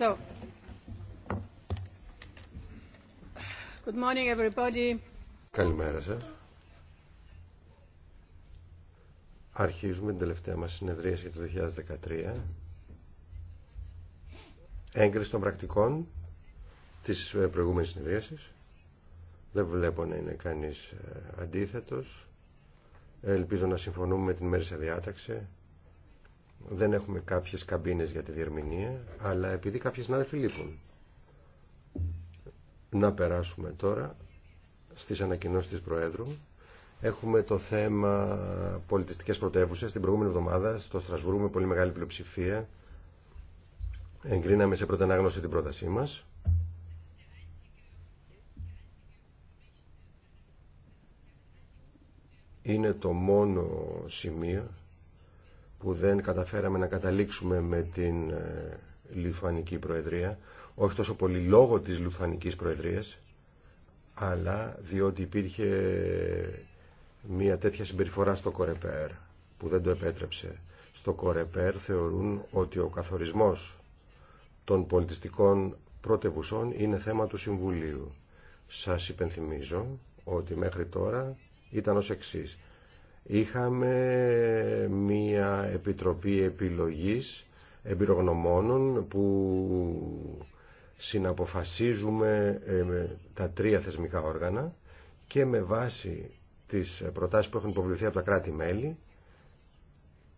So, good morning everybody. Καλημέρα σας. Αρχίζουμε την τελευταία μας συνεδρίαση του 2013. Έγκριση των πρακτικών της ε, προηγούμενης συνεδρίασης. Δεν βλέπω να είναι κανείς ε, αντίθετος. Ε, ελπίζω να συμφωνούμε με την μέρη σε διάταξη δεν έχουμε κάποιες καμπίνες για τη διερμηνία, αλλά επειδή κάποιοι συνάδελφοι λείπουν. Να περάσουμε τώρα στις ανακοινώσεις της Προέδρου. Έχουμε το θέμα πολιτιστικές πρωτεύουσες. Την προηγούμενη εβδομάδα στο Στρασβούργο με πολύ μεγάλη πλειοψηφία εγκρίναμε σε πρώτη ανάγνωση την πρότασή μας. Είναι το μόνο σημείο που δεν καταφέραμε να καταλήξουμε με την ε, Λιθουανική Προεδρία, όχι τόσο πολύ λόγω της Λιθουανικής Προεδρίας, αλλά διότι υπήρχε μια τέτοια συμπεριφορά στο Κορεπέρ που δεν το επέτρεψε. Στο Κορεπέρ θεωρούν ότι ο καθορισμός των πολιτιστικών πρωτευουσών είναι θέμα του Συμβουλίου. Σας υπενθυμίζω ότι μέχρι τώρα ήταν ως εξής είχαμε μία επιτροπή επιλογής εμπειρογνωμόνων που συναποφασίζουμε ε, τα τρία θεσμικά όργανα και με βάση τις προτάσεις που έχουν υποβληθεί από τα κράτη-μέλη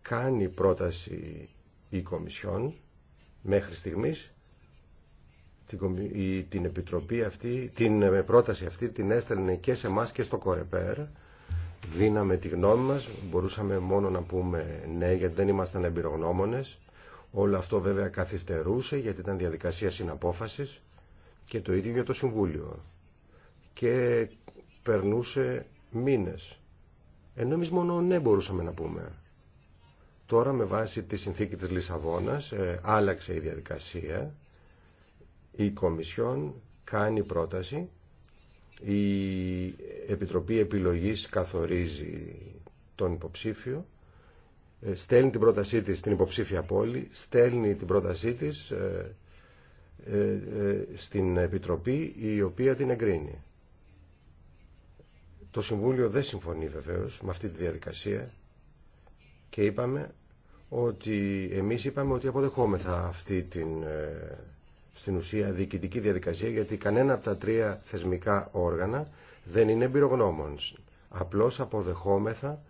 κάνει πρόταση η Κομισιόν μέχρι στιγμής την επιτροπή αυτή, την ε, πρόταση αυτή την έστελνε και σε εμά και στο Κορεπέρ δίναμε τη γνώμη μας, μπορούσαμε μόνο να πούμε ναι γιατί δεν ήμασταν εμπειρογνώμονες. Όλο αυτό βέβαια καθυστερούσε γιατί ήταν διαδικασία συναπόφασης και το ίδιο για το Συμβούλιο. Και περνούσε μήνες. Ενώ εμείς μόνο ναι μπορούσαμε να πούμε. Τώρα με βάση τη συνθήκη της Λισαβόνας ε, άλλαξε η διαδικασία. Η Κομισιόν κάνει πρόταση η Επιτροπή Επιλογής καθορίζει τον υποψήφιο, ε, στέλνει την πρότασή της στην υποψήφια πόλη, στέλνει την πρότασή της ε, ε, στην Επιτροπή η οποία την εγκρίνει. Το Συμβούλιο δεν συμφωνεί βεβαίως με αυτή τη διαδικασία και είπαμε ότι εμείς είπαμε ότι αποδεχόμεθα αυτή την στην ουσία διοικητική διαδικασία γιατί κανένα από τα τρία θεσμικά όργανα δεν είναι εμπειρογνώμων. Απλώς αποδεχόμεθα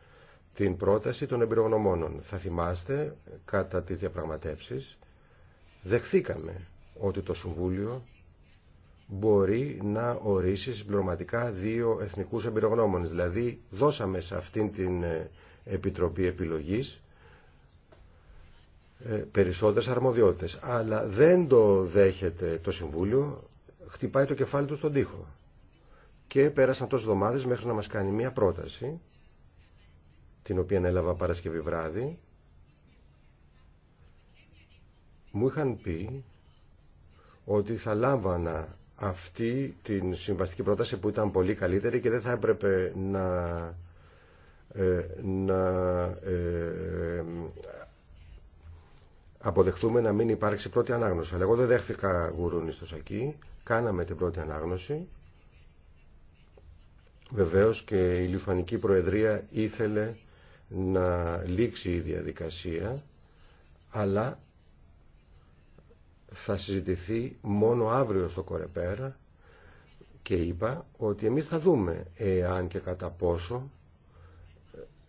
την πρόταση των εμπειρογνωμόνων. Θα θυμάστε, κατά τις διαπραγματεύσεις, δεχθήκαμε ότι το Συμβούλιο μπορεί να ορίσει συμπληρωματικά δύο εθνικούς εμπειρογνώμονες. Δηλαδή, δώσαμε σε αυτήν την ε, Επιτροπή Επιλογής ε, περισσότερες αρμοδιότητες. Αλλά δεν το δέχεται το Συμβούλιο, χτυπάει το κεφάλι του στον τοίχο. Και πέρασαν τόσες εβδομάδες μέχρι να μας κάνει μία πρόταση, την οποία έλαβα Παρασκευή βράδυ. Μου είχαν πει ότι θα λάμβανα αυτή την συμβαστική πρόταση που ήταν πολύ καλύτερη και δεν θα έπρεπε να ε, να ε, αποδεχτούμε να μην υπάρξει πρώτη ανάγνωση. Αλλά εγώ δεν δέχθηκα γουρούνι στο σακί. Κάναμε την πρώτη ανάγνωση. Βεβαίως και η Λιφανική Προεδρία ήθελε να λήξει η διαδικασία, αλλά θα συζητηθεί μόνο αύριο στο Κορεπέρα και είπα ότι εμείς θα δούμε εάν και κατά πόσο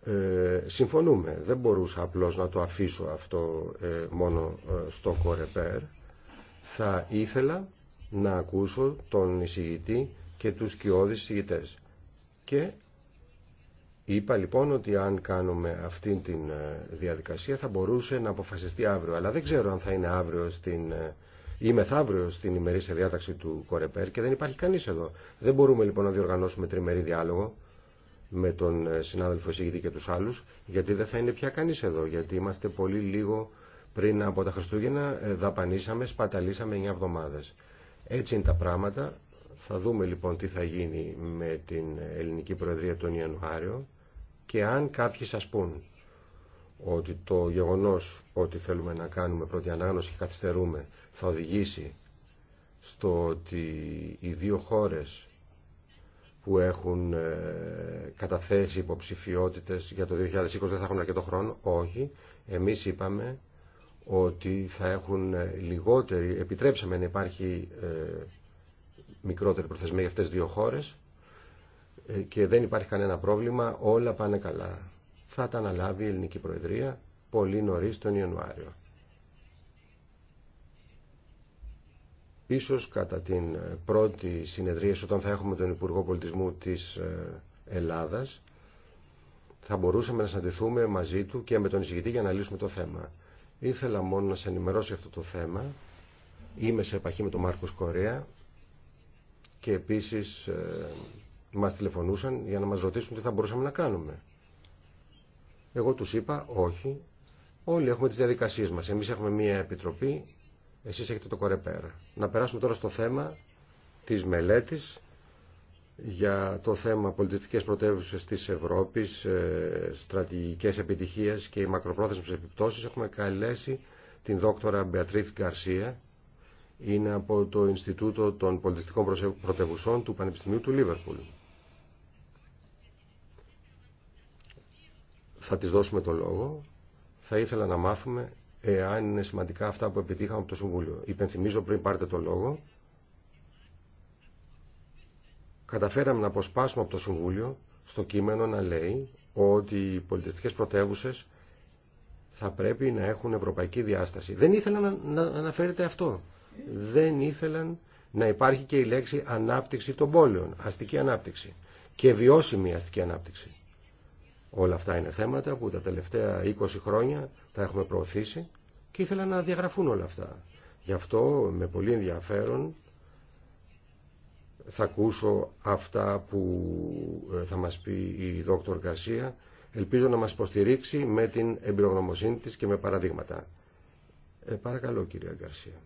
ε, συμφωνούμε. Δεν μπορούσα απλώς να το αφήσω αυτό ε, μόνο ε, στο κορεπέρ. Θα ήθελα να ακούσω τον εισηγητή και τους σκιώδεις εισηγητές. Και είπα λοιπόν ότι αν κάνουμε αυτή τη ε, διαδικασία θα μπορούσε να αποφασιστεί αύριο. Αλλά δεν ξέρω αν θα είναι αύριο στην, ή μεθαύριο στην σε διάταξη του Κορεπέρ και δεν υπάρχει κανείς εδώ. Δεν μπορούμε λοιπόν να διοργανώσουμε τριμερή διάλογο με τον ε, συνάδελφο Σίγητη και τους άλλους, γιατί δεν θα είναι πια κανείς εδώ, γιατί είμαστε πολύ λίγο πριν από τα Χριστούγεννα, ε, δαπανίσαμε, σπαταλήσαμε 9 εβδομάδες. Έτσι είναι τα πράγματα. Θα δούμε λοιπόν τι θα γίνει με την Ελληνική Προεδρία τον Ιανουάριο και αν κάποιοι σας πούν ότι το γεγονός ότι θέλουμε να κάνουμε πρώτη ανάγνωση και καθυστερούμε θα οδηγήσει στο ότι οι δύο χώρες που έχουν ε, καταθέσει υποψηφιότητες για το 2020 δεν θα έχουν αρκετό χρόνο. Όχι. Εμείς είπαμε ότι θα έχουν ε, λιγότερη, επιτρέψαμε να υπάρχει ε, μικρότερη προθεσμία για αυτές τις δύο χώρες και δεν υπάρχει κανένα πρόβλημα, όλα πάνε καλά. Θα τα αναλάβει η Ελληνική Προεδρία πολύ νωρίς τον Ιανουάριο. Ίσως κατά την πρώτη συνεδρία, όταν θα έχουμε τον Υπουργό Πολιτισμού της ε, Ελλάδας, θα μπορούσαμε να συναντηθούμε μαζί του και με τον εισηγητή για να λύσουμε το θέμα. Ήθελα μόνο να σε ενημερώσει αυτό το θέμα. Είμαι σε επαχή με τον Μάρκος Κορέα και επίσης ε, μας τηλεφωνούσαν για να μας ρωτήσουν τι θα μπορούσαμε να κάνουμε. Εγώ τους είπα όχι, όλοι έχουμε τις διαδικασίες μας. Εμείς έχουμε μία επιτροπή εσείς έχετε το κορεπέρα. Να περάσουμε τώρα στο θέμα της μελέτης για το θέμα πολιτιστικές πρωτεύουσες της Ευρώπης, ε, στρατηγικές επιτυχίες και οι μακροπρόθεσμες επιπτώσεις. Έχουμε καλέσει την δόκτωρα Μπεατρίθ Γκαρσία, είναι από το Ινστιτούτο των Πολιτιστικών Πρωτευουσών του Πανεπιστημίου του Λίβερπουλ. Θα της δώσουμε το λόγο. Θα ήθελα να μάθουμε εάν είναι σημαντικά αυτά που επιτύχαμε από το Συμβούλιο. Υπενθυμίζω πριν πάρετε το λόγο, καταφέραμε να αποσπάσουμε από το Συμβούλιο στο κείμενο να λέει ότι οι πολιτιστικές πρωτεύουσε θα πρέπει να έχουν ευρωπαϊκή διάσταση. Δεν ήθελαν να αναφέρεται αυτό. Δεν ήθελαν να υπάρχει και η λέξη ανάπτυξη των πόλεων, αστική ανάπτυξη και βιώσιμη αστική ανάπτυξη. Όλα αυτά είναι θέματα που τα τελευταία 20 χρόνια τα έχουμε προωθήσει και ήθελα να διαγραφούν όλα αυτά. Γι' αυτό με πολύ ενδιαφέρον θα ακούσω αυτά που ε, θα μας πει η δόκτωρ Γκαρσία. Ελπίζω να μας υποστηρίξει με την εμπειρογνωμοσύνη της και με παραδείγματα. Ε, παρακαλώ κυρία Γκαρσία.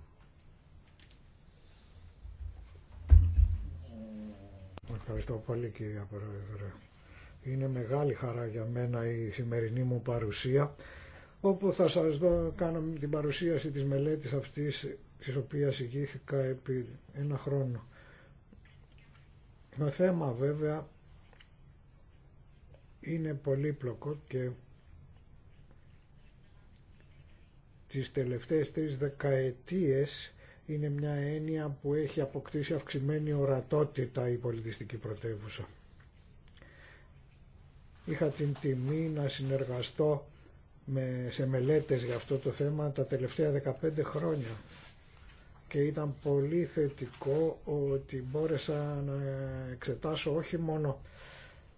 Ευχαριστώ πολύ κύριε Πρόεδρε. Είναι μεγάλη χαρά για μένα η σημερινή μου παρουσία όπου θα σας δω, κάνω την παρουσίαση της μελέτης αυτής της οποίας ηγήθηκα επί ένα χρόνο. Το θέμα βέβαια είναι πολύπλοκο και τις τελευταίες τρεις δεκαετίες είναι μια έννοια που έχει αποκτήσει αυξημένη ορατότητα η πολιτιστική πρωτεύουσα. Είχα την τιμή να συνεργαστώ με, σε μελέτες για αυτό το θέμα τα τελευταία 15 χρόνια και ήταν πολύ θετικό ότι μπόρεσα να εξετάσω όχι μόνο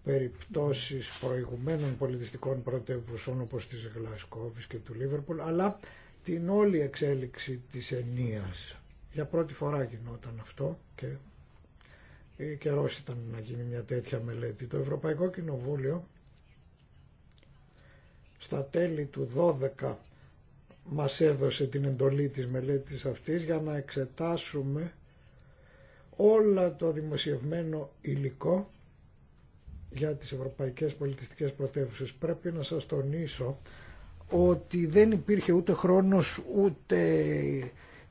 περιπτώσεις προηγουμένων πολιτιστικών πρωτεύουσων όπως της Γλασκόβης και του Λίβερπουλ αλλά την όλη εξέλιξη της ενίας. Για πρώτη φορά γινόταν αυτό και ε, καιρός ήταν να γίνει μια τέτοια μελέτη. Το Ευρωπαϊκό Κοινοβούλιο στα τέλη του 12 μας έδωσε την εντολή της μελέτης αυτής για να εξετάσουμε όλα το δημοσιευμένο υλικό για τις ευρωπαϊκές πολιτιστικές πρωτεύουσες. Πρέπει να σας τονίσω ότι δεν υπήρχε ούτε χρόνος ούτε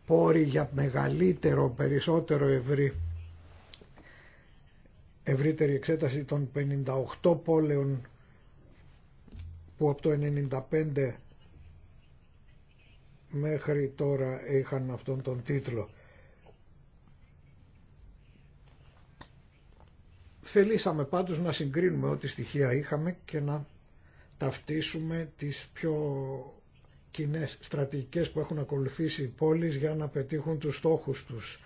πόροι για μεγαλύτερο, περισσότερο ευρύ ευρύτερη εξέταση των 58 πόλεων που από το 95 μέχρι τώρα είχαν αυτόν τον τίτλο. Θελήσαμε πάντως να συγκρίνουμε ό,τι στοιχεία είχαμε και να ταυτίσουμε τις πιο κοινέ στρατηγικές που έχουν ακολουθήσει οι πόλεις για να πετύχουν τους στόχους τους.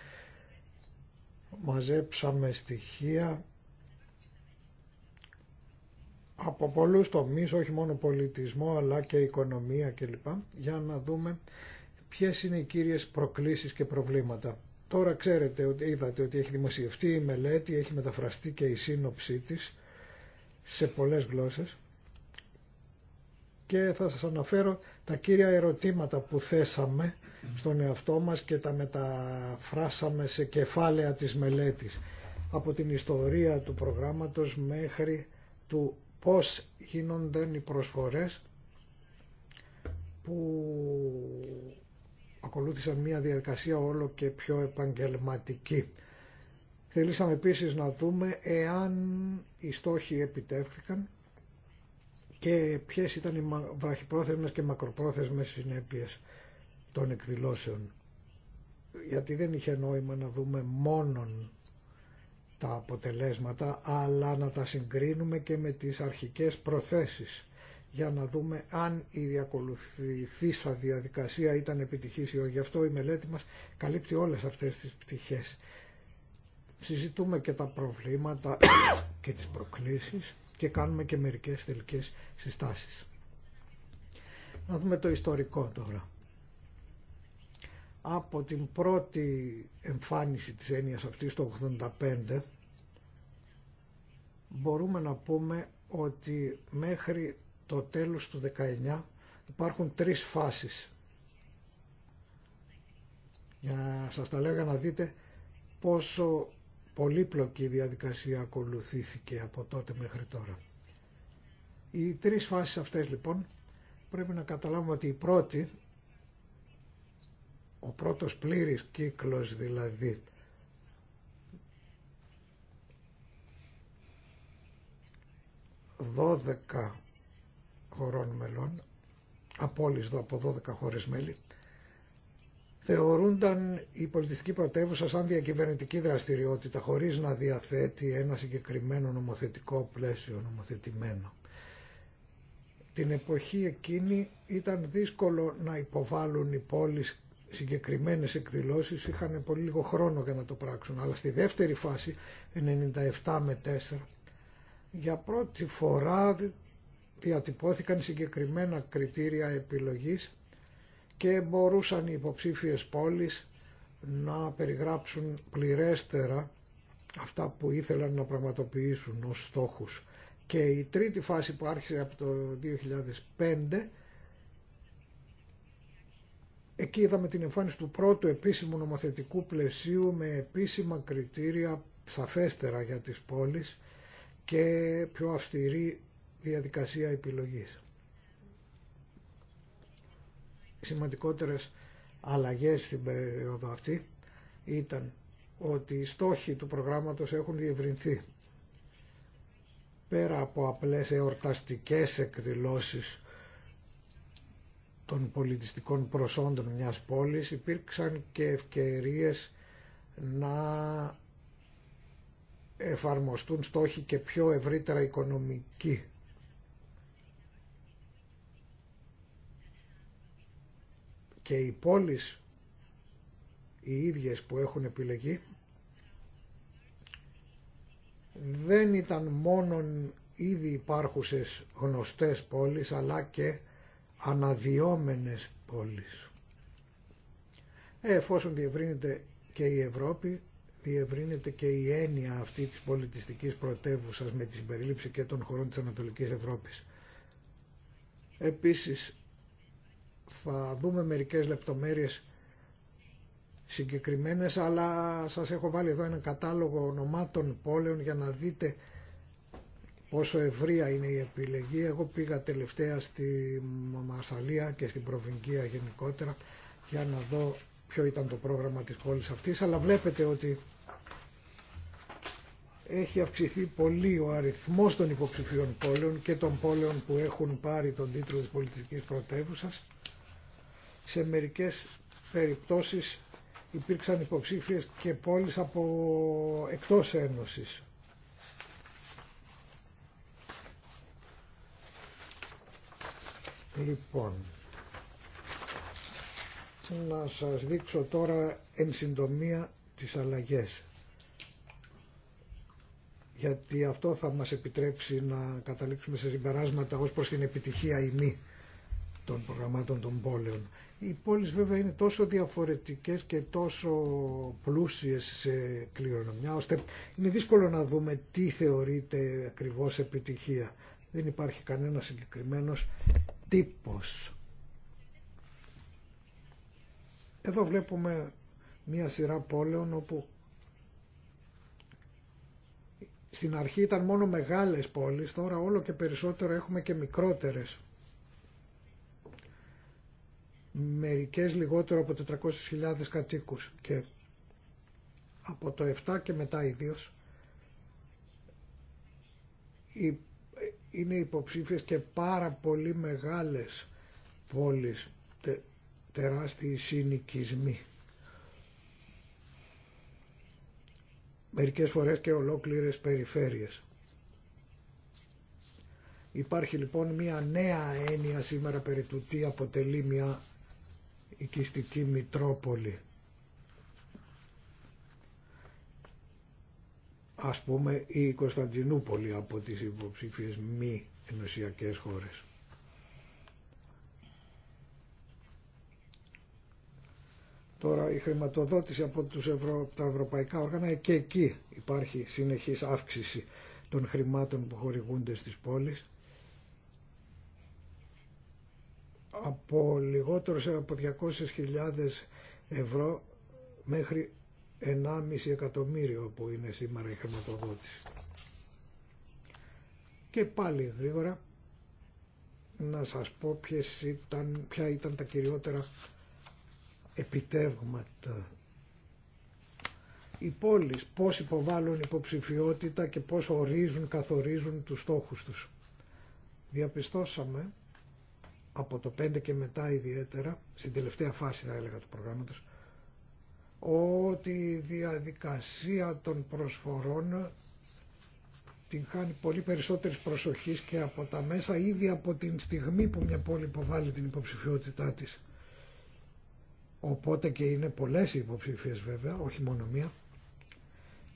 Μαζέψαμε στοιχεία από πολλούς τομείς, όχι μόνο πολιτισμό αλλά και οικονομία κλπ. Για να δούμε ποιες είναι οι κύριες προκλήσεις και προβλήματα. Τώρα ξέρετε, ότι είδατε ότι έχει δημοσιευτεί η μελέτη, έχει μεταφραστεί και η σύνοψή της σε πολλές γλώσσες και θα σας αναφέρω τα κύρια ερωτήματα που θέσαμε στον εαυτό μας και τα μεταφράσαμε σε κεφάλαια της μελέτης από την ιστορία του προγράμματος μέχρι του πώς γίνονταν οι προσφορές που ακολούθησαν μια διαδικασία όλο και πιο επαγγελματική. Θέλησαμε επίσης να δούμε εάν οι στόχοι επιτεύχθηκαν και ποιες ήταν οι βραχυπρόθεσμες και μακροπρόθεσμες συνέπειες των εκδηλώσεων. Γιατί δεν είχε νόημα να δούμε μόνον τα αποτελέσματα αλλά να τα συγκρίνουμε και με τις αρχικές προθέσεις για να δούμε αν η διακολουθηθήσα διαδικασία ήταν επιτυχής ή όχι. Γι' αυτό η μελέτη μας καλύπτει όλες αυτές τις πτυχές. Συζητούμε και τα προβλήματα και τις προκλήσεις και κάνουμε και μερικές τελικές συστάσεις. Να δούμε το ιστορικό τώρα από την πρώτη εμφάνιση της έννοιας αυτής το 85 μπορούμε να πούμε ότι μέχρι το τέλος του 19 υπάρχουν τρεις φάσεις. Για να σας τα για να δείτε πόσο πολύπλοκη διαδικασία ακολουθήθηκε από τότε μέχρι τώρα. Οι τρεις φάσεις αυτές λοιπόν πρέπει να καταλάβουμε ότι η πρώτη ο πρώτος πλήρης κύκλος δηλαδή δώδεκα χωρών μελών εδώ από 12 χώρες μέλη θεωρούνταν η πολιτιστική πρωτεύουσα σαν διακυβερνητική δραστηριότητα χωρίς να διαθέτει ένα συγκεκριμένο νομοθετικό πλαίσιο νομοθετημένο. Την εποχή εκείνη ήταν δύσκολο να υποβάλουν οι πόλεις συγκεκριμένες εκδηλώσεις είχαν πολύ λίγο χρόνο για να το πράξουν. Αλλά στη δεύτερη φάση, 97 με 4, για πρώτη φορά διατυπώθηκαν συγκεκριμένα κριτήρια επιλογής και μπορούσαν οι υποψήφιες πόλεις να περιγράψουν πληρέστερα αυτά που ήθελαν να πραγματοποιήσουν ως στόχους. Και η τρίτη φάση που άρχισε από το 2005 Εκεί είδαμε την εμφάνιση του πρώτου επίσημου νομοθετικού πλαισίου με επίσημα κριτήρια σαφέστερα για τις πόλεις και πιο αυστηρή διαδικασία επιλογής. Σημαντικότερες αλλαγές στην περίοδο αυτή ήταν ότι οι στόχοι του προγράμματος έχουν διευρυνθεί. Πέρα από απλές εορταστικές εκδηλώσεις των πολιτιστικών προσόντων μιας πόλης υπήρξαν και ευκαιρίες να εφαρμοστούν στόχοι και πιο ευρύτερα οικονομικοί. Και οι πόλεις οι ίδιες που έχουν επιλεγεί δεν ήταν μόνον ήδη υπάρχουσες γνωστές πόλεις αλλά και αναδιόμενες πόλεις. Ε, εφόσον διευρύνεται και η Ευρώπη, διευρύνεται και η έννοια αυτή της πολιτιστικής πρωτεύουσας με τη συμπερίληψη και των χωρών της Ανατολικής Ευρώπης. Επίσης, θα δούμε μερικές λεπτομέρειες συγκεκριμένες, αλλά σας έχω βάλει εδώ ένα κατάλογο ονομάτων πόλεων για να δείτε όσο ευρία είναι η επιλογή. Εγώ πήγα τελευταία στη Μασαλία και στην Προβυγγία γενικότερα για να δω ποιο ήταν το πρόγραμμα της πόλης αυτής, αλλά βλέπετε ότι έχει αυξηθεί πολύ ο αριθμός των υποψηφίων πόλεων και των πόλεων που έχουν πάρει τον τίτλο της πολιτικής πρωτεύουσα Σε μερικές περιπτώσεις υπήρξαν υποψήφιες και πόλεις από εκτός Ένωσης. Λοιπόν, να σας δείξω τώρα εν συντομία τις αλλαγές. Γιατί αυτό θα μας επιτρέψει να καταλήξουμε σε συμπεράσματα ως προς την επιτυχία ή μη των προγραμμάτων των πόλεων. Οι πόλεις βέβαια είναι τόσο διαφορετικές και τόσο πλούσιες σε κληρονομιά, ώστε είναι δύσκολο να δούμε τι θεωρείται ακριβώς επιτυχία. Δεν υπάρχει κανένα συγκεκριμένος τύπος. Εδώ βλέπουμε μία σειρά πόλεων όπου στην αρχή ήταν μόνο μεγάλες πόλεις, τώρα όλο και περισσότερο έχουμε και μικρότερες. Μερικές λιγότερο από 400.000 κατοίκους και από το 7 και μετά ιδίως είναι υποψήφιες και πάρα πολύ μεγάλες πόλεις, τε, τεράστιοι συνοικισμοί. Μερικές φορές και ολόκληρες περιφέρειες. Υπάρχει λοιπόν μια νέα έννοια σήμερα περί του τι αποτελεί μια οικιστική Μητρόπολη. ας πούμε η Κωνσταντινούπολη από τις υποψήφιες μη ενωσιακές χώρες. Τώρα η χρηματοδότηση από τους τα ευρωπαϊκά όργανα και εκεί υπάρχει συνεχής αύξηση των χρημάτων που χορηγούνται στις πόλεις από λιγότερο από 200.000 ευρώ μέχρι 1,5 εκατομμύριο που είναι σήμερα η χρηματοδότηση. Και πάλι γρήγορα να σας πω ήταν, ποια ήταν τα κυριότερα επιτεύγματα. Οι πόλεις πώς υποβάλλουν υποψηφιότητα και πώς ορίζουν, καθορίζουν τους στόχους τους. Διαπιστώσαμε από το 5 και μετά ιδιαίτερα, στην τελευταία φάση θα έλεγα του προγράμματος, ότι η διαδικασία των προσφορών την χάνει πολύ περισσότερης προσοχής και από τα μέσα ήδη από την στιγμή που μια πόλη υποβάλλει την υποψηφιότητά της. Οπότε και είναι πολλές οι υποψήφιες βέβαια, όχι μόνο μία.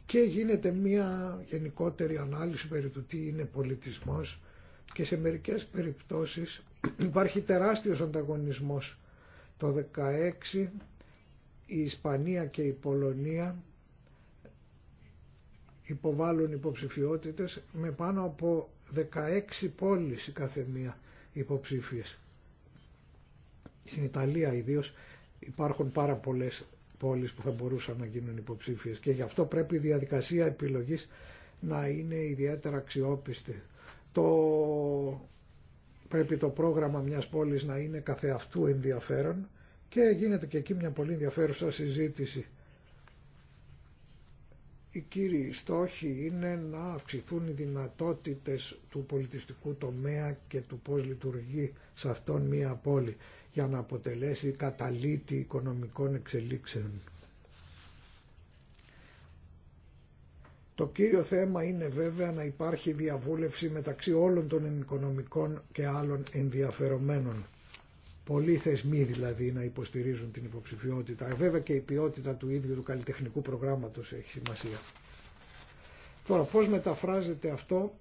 Και γίνεται μια γενικότερη ανάλυση περί του τι είναι πολιτισμός και σε μερικές περιπτώσεις υπάρχει τεράστιος ανταγωνισμός. Το η Ισπανία και η Πολωνία υποβάλλουν υποψηφιότητες με πάνω από 16 πόλεις η καθεμία υποψήφιες. Στην Ιταλία ιδίως υπάρχουν πάρα πολλές πόλεις που θα μπορούσαν να γίνουν υποψήφιες και γι' αυτό πρέπει η διαδικασία επιλογής να είναι ιδιαίτερα αξιόπιστη. Το... Πρέπει το πρόγραμμα μιας πόλης να είναι καθεαυτού ενδιαφέρον και γίνεται και εκεί μια πολύ ενδιαφέρουσα συζήτηση. Οι κύριοι στόχοι είναι να αυξηθούν οι δυνατότητες του πολιτιστικού τομέα και του πώς λειτουργεί σε αυτόν μία πόλη για να αποτελέσει καταλήτη οικονομικών εξελίξεων. Το κύριο θέμα είναι βέβαια να υπάρχει διαβούλευση μεταξύ όλων των οικονομικών και άλλων ενδιαφερομένων πολλοί θεσμοί δηλαδή να υποστηρίζουν την υποψηφιότητα. Ε, βέβαια και η ποιότητα του ίδιου του καλλιτεχνικού προγράμματος έχει σημασία. Τώρα πώς μεταφράζεται αυτό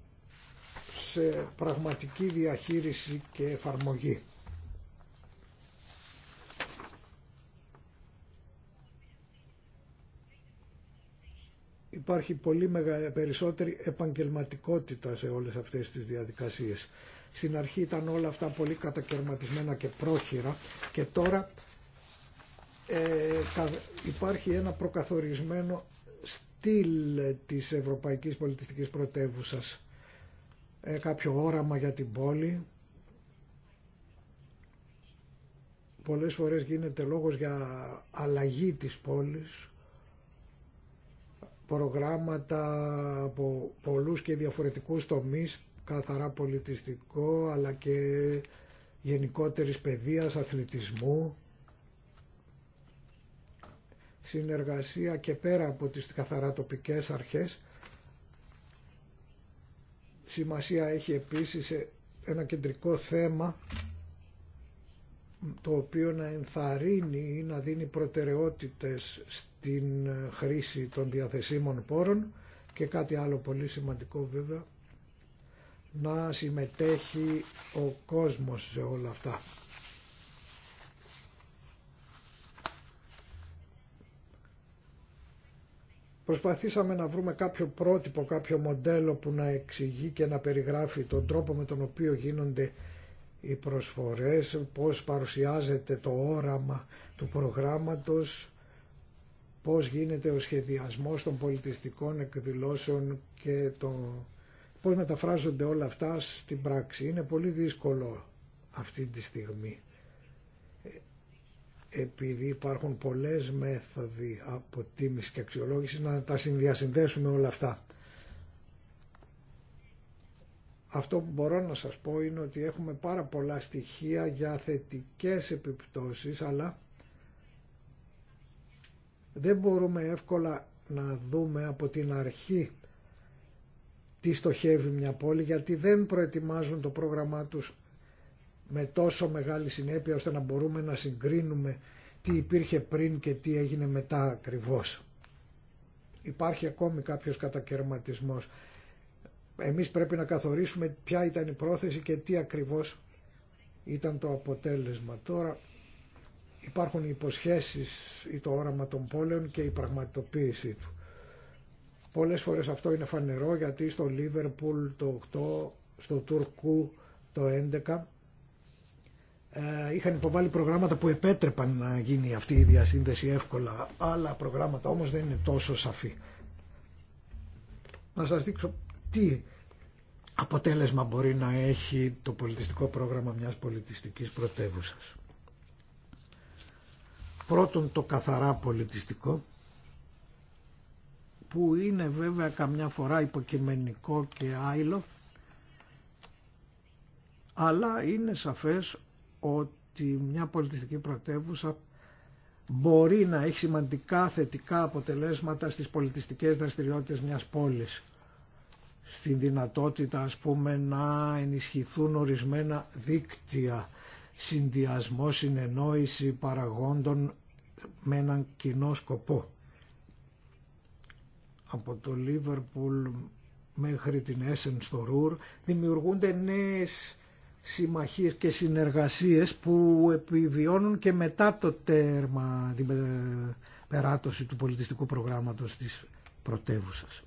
σε πραγματική διαχείριση και εφαρμογή. Υπάρχει πολύ περισσότερη επαγγελματικότητα σε όλες αυτές τις διαδικασίες. Στην αρχή ήταν όλα αυτά πολύ κατακαιρματισμένα και πρόχειρα και τώρα ε, υπάρχει ένα προκαθορισμένο στυλ της Ευρωπαϊκής Πολιτιστικής Πρωτεύουσας. Ε, κάποιο όραμα για την πόλη. Πολλές φορές γίνεται λόγος για αλλαγή της πόλης, προγράμματα από πολλούς και διαφορετικούς τομείς καθαρά πολιτιστικό αλλά και γενικότερης παιδείας, αθλητισμού, συνεργασία και πέρα από τις καθαρά τοπικές αρχές. Σημασία έχει επίσης ένα κεντρικό θέμα το οποίο να ενθαρρύνει ή να δίνει προτεραιότητες στην χρήση των διαθεσίμων πόρων και κάτι άλλο πολύ σημαντικό βέβαια να συμμετέχει ο κόσμος σε όλα αυτά. Προσπαθήσαμε να βρούμε κάποιο πρότυπο, κάποιο μοντέλο που να εξηγεί και να περιγράφει τον τρόπο με τον οποίο γίνονται οι προσφορές, πώς παρουσιάζεται το όραμα του προγράμματος, πώς γίνεται ο σχεδιασμός των πολιτιστικών εκδηλώσεων και των Πώς μεταφράζονται όλα αυτά στην πράξη. Είναι πολύ δύσκολο αυτή τη στιγμή ε, επειδή υπάρχουν πολλές μέθοδοι αποτίμησης και αξιολόγηση να τα συνδιασυνδέσουμε όλα αυτά. Αυτό που μπορώ να σας πω είναι ότι έχουμε πάρα πολλά στοιχεία για θετικές επιπτώσεις αλλά δεν μπορούμε εύκολα να δούμε από την αρχή τι στοχεύει μια πόλη γιατί δεν προετοιμάζουν το πρόγραμμά τους με τόσο μεγάλη συνέπεια ώστε να μπορούμε να συγκρίνουμε τι υπήρχε πριν και τι έγινε μετά ακριβώς. Υπάρχει ακόμη κάποιος κατακαιρματισμός. Εμείς πρέπει να καθορίσουμε ποια ήταν η πρόθεση και τι ακριβώς ήταν το αποτέλεσμα. Τώρα υπάρχουν οι υποσχέσεις ή το όραμα των πόλεων και η πραγματοποίησή του. Πολλές φορές αυτό είναι φανερό γιατί στο Λίβερπουλ το 8, στο Τουρκού το 11 ε, είχαν υποβάλει προγράμματα που επέτρεπαν να γίνει αυτή η διασύνδεση εύκολα. Άλλα προγράμματα όμως δεν είναι τόσο σαφή. Να σας δείξω τι αποτέλεσμα μπορεί να έχει το πολιτιστικό πρόγραμμα μιας πολιτιστικής πρωτεύουσας. Πρώτον το καθαρά πολιτιστικό που είναι βέβαια καμιά φορά υποκειμενικό και άειλο αλλά είναι σαφές ότι μια πολιτιστική πρωτεύουσα μπορεί να έχει σημαντικά θετικά αποτελέσματα στις πολιτιστικές δραστηριότητες μιας πόλης. Στην δυνατότητα ας πούμε να ενισχυθούν ορισμένα δίκτυα, συνδυασμό, συνεννόηση παραγόντων με έναν κοινό σκοπό από το Λίβερπουλ μέχρι την Έσεν στο Ρουρ δημιουργούνται νέες συμμαχίες και συνεργασίες που επιβιώνουν και μετά το τέρμα, την περάτωση του πολιτιστικού προγράμματος της πρωτεύουσας.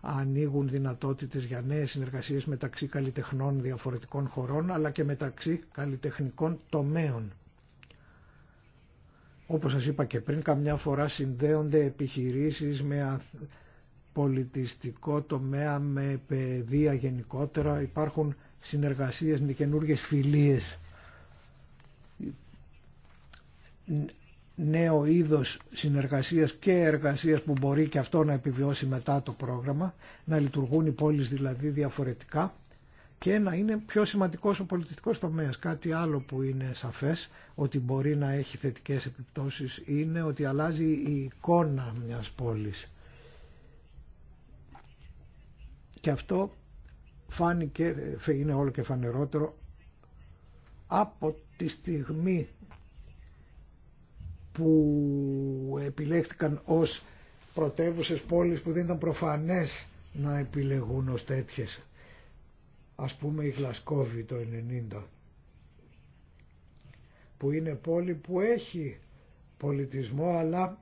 Ανοίγουν δυνατότητες για νέες συνεργασίες μεταξύ καλλιτεχνών διαφορετικών χωρών αλλά και μεταξύ καλλιτεχνικών τομέων. Όπως σας είπα και πριν, καμιά φορά συνδέονται επιχειρήσεις με πολιτιστικό τομέα, με παιδεία γενικότερα. Υπάρχουν συνεργασίες με καινούργιες φιλίες. Νέο είδος συνεργασίας και εργασίας που μπορεί και αυτό να επιβιώσει μετά το πρόγραμμα, να λειτουργούν οι πόλεις δηλαδή διαφορετικά και να είναι πιο σημαντικός ο πολιτιστικός τομέας. Κάτι άλλο που είναι σαφές ότι μπορεί να έχει θετικές επιπτώσεις είναι ότι αλλάζει η εικόνα μιας πόλης. Και αυτό φάνηκε, είναι όλο και φανερότερο από τη στιγμή που επιλέχτηκαν ως πρωτεύουσες πόλεις που δεν ήταν προφανές να επιλεγούν ως τέτοιες ας πούμε η Γλασκόβη το 90 που είναι πόλη που έχει πολιτισμό αλλά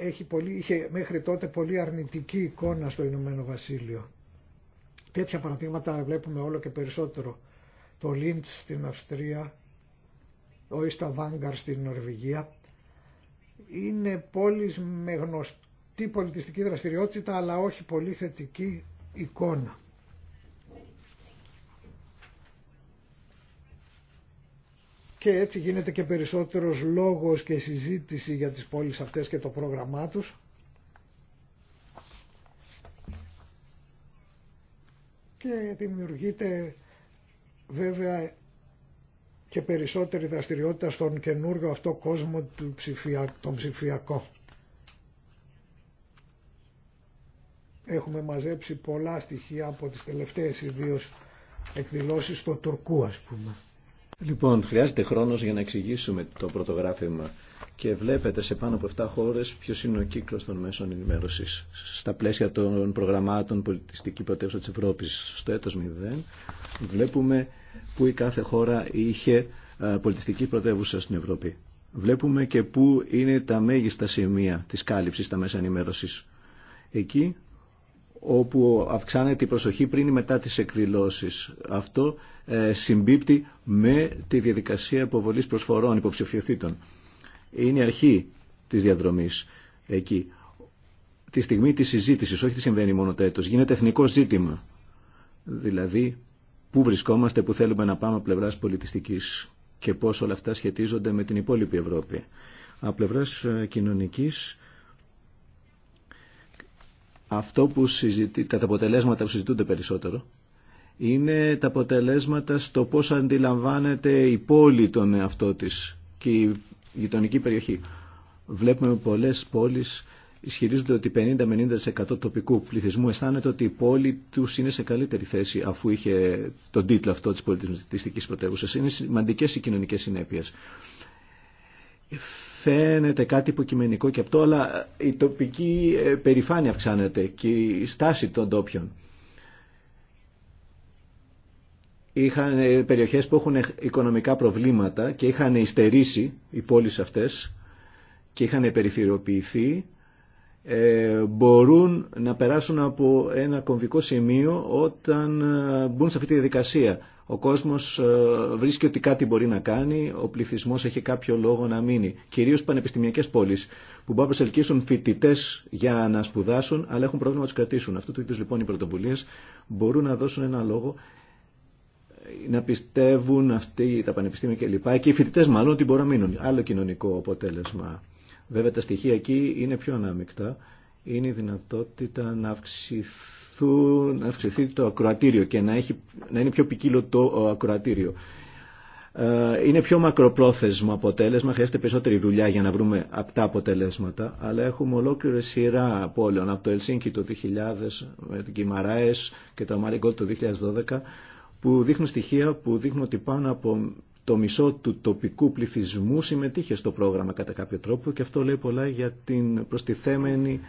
έχει πολύ, είχε μέχρι τότε πολύ αρνητική εικόνα στο Ηνωμένο Βασίλειο. Τέτοια παραδείγματα βλέπουμε όλο και περισσότερο. Το Λίντς στην Αυστρία, ο Ισταβάνγκαρ στην Νορβηγία. Είναι πόλεις με γνωστή πολιτιστική δραστηριότητα αλλά όχι πολύ θετική εικόνα. και έτσι γίνεται και περισσότερος λόγος και συζήτηση για τις πόλεις αυτές και το πρόγραμμά τους. Και δημιουργείται βέβαια και περισσότερη δραστηριότητα στον καινούργιο αυτό κόσμο του ψηφιακ, τον ψηφιακό. Έχουμε μαζέψει πολλά στοιχεία από τις τελευταίες ιδίως εκδηλώσεις στο Τουρκού ας πούμε. Λοιπόν, χρειάζεται χρόνος για να εξηγήσουμε το πρωτογράφημα και βλέπετε σε πάνω από 7 χώρε ποιο είναι ο κύκλος των μέσων ενημέρωση. στα πλαίσια των προγραμμάτων πολιτιστική πρωτεύουσα της Ευρώπης στο έτος 0 βλέπουμε που η κάθε χώρα είχε πολιτιστική πρωτεύουσα στην Ευρώπη. Βλέπουμε και πού είναι τα μέγιστα σημεία της κάλυψης στα μέσα ενημέρωση Εκεί όπου αυξάνεται η προσοχή πριν ή μετά τις εκδηλώσεις. Αυτό ε, συμπίπτει με τη διαδικασία υποβολής προσφορών υποψηφιωθήτων. Είναι η αρχή της διαδρομής εκεί. Τη στιγμή της συζήτησης, όχι τι συμβαίνει μόνο το γίνεται εθνικό ζήτημα. Δηλαδή, πού βρισκόμαστε, πού θέλουμε να πάμε από πλευράς πολιτιστικής και πώς όλα αυτά σχετίζονται με την υπόλοιπη Ευρώπη. Από πλευράς ε, κοινωνικής, αυτό που συζητεί, τα αποτελέσματα που συζητούνται περισσότερο είναι τα αποτελέσματα στο πώς αντιλαμβάνεται η πόλη τον εαυτό της και η γειτονική περιοχή. Βλέπουμε πολλές πόλεις ισχυρίζονται ότι 50-90% τοπικού πληθυσμού αισθάνεται ότι η πόλη του είναι σε καλύτερη θέση αφού είχε τον τίτλο αυτό της πολιτιστικής πρωτεύουσα. Είναι σημαντικές οι κοινωνικές συνέπειες φαίνεται κάτι υποκειμενικό και αυτό, αλλά η τοπική ε, περηφάνεια αυξάνεται και η στάση των τόπιων. Είχαν ε, περιοχές που έχουν οικονομικά προβλήματα και είχαν ειστερήσει οι πόλεις αυτές και είχαν περιθυροποιηθεί. Ε, μπορούν να περάσουν από ένα κομβικό σημείο όταν μπουν σε αυτή τη διαδικασία. Ο κόσμος ε, βρίσκει ότι κάτι μπορεί να κάνει, ο πληθυσμό έχει κάποιο λόγο να μείνει. Κυρίως πανεπιστημιακές πόλει που μπορούν να προσελκύσουν φοιτητέ για να σπουδάσουν, αλλά έχουν πρόβλημα να του κρατήσουν. Αυτού του είδους λοιπόν οι πρωτοβουλίες μπορούν να δώσουν ένα λόγο ε, να πιστεύουν αυτοί τα πανεπιστήμια κλπ. Και, και οι φοιτητέ μάλλον ότι μπορούν να μείνουν. Άλλο κοινωνικό αποτέλεσμα. Βέβαια τα στοιχεία εκεί είναι πιο ανάμεικτα. Είναι η δυνατότητα να αυξηθεί αυξηθούν, να αυξηθεί το ακροατήριο και να, έχει, να είναι πιο ποικίλο το ακροατήριο. Ε, είναι πιο μακροπρόθεσμο αποτέλεσμα, χρειάζεται περισσότερη δουλειά για να βρούμε αυτά αποτελέσματα, αλλά έχουμε ολόκληρη σειρά πόλεων από το Ελσίνκι το 2000, με την Κιμαράες και το Μαριγκόλ το 2012, που δείχνουν στοιχεία που δείχνουν ότι πάνω από το μισό του τοπικού πληθυσμού συμμετείχε στο πρόγραμμα κατά κάποιο τρόπο και αυτό λέει πολλά για την προστιθέμενη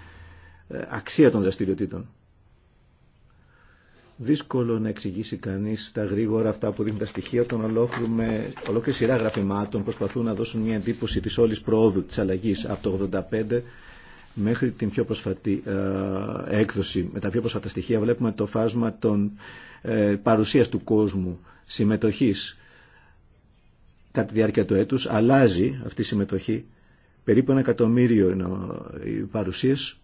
ε, αξία των δραστηριοτήτων. Δύσκολο να εξηγήσει κανεί τα γρήγορα αυτά που δίνουν τα στοιχεία όταν ολόκληρη σειρά γραφημάτων προσπαθούν να δώσουν μια εντύπωση τη όλη προόδου τη αλλαγή από το 85 μέχρι την πιο προσφατή ε, έκδοση. Με τα πιο προσφατά στοιχεία βλέπουμε το φάσμα των ε, του κόσμου, συμμετοχής κατά τη διάρκεια του έτου, Αλλάζει αυτή η συμμετοχή. Περίπου ένα εκατομμύριο είναι οι παρουσίες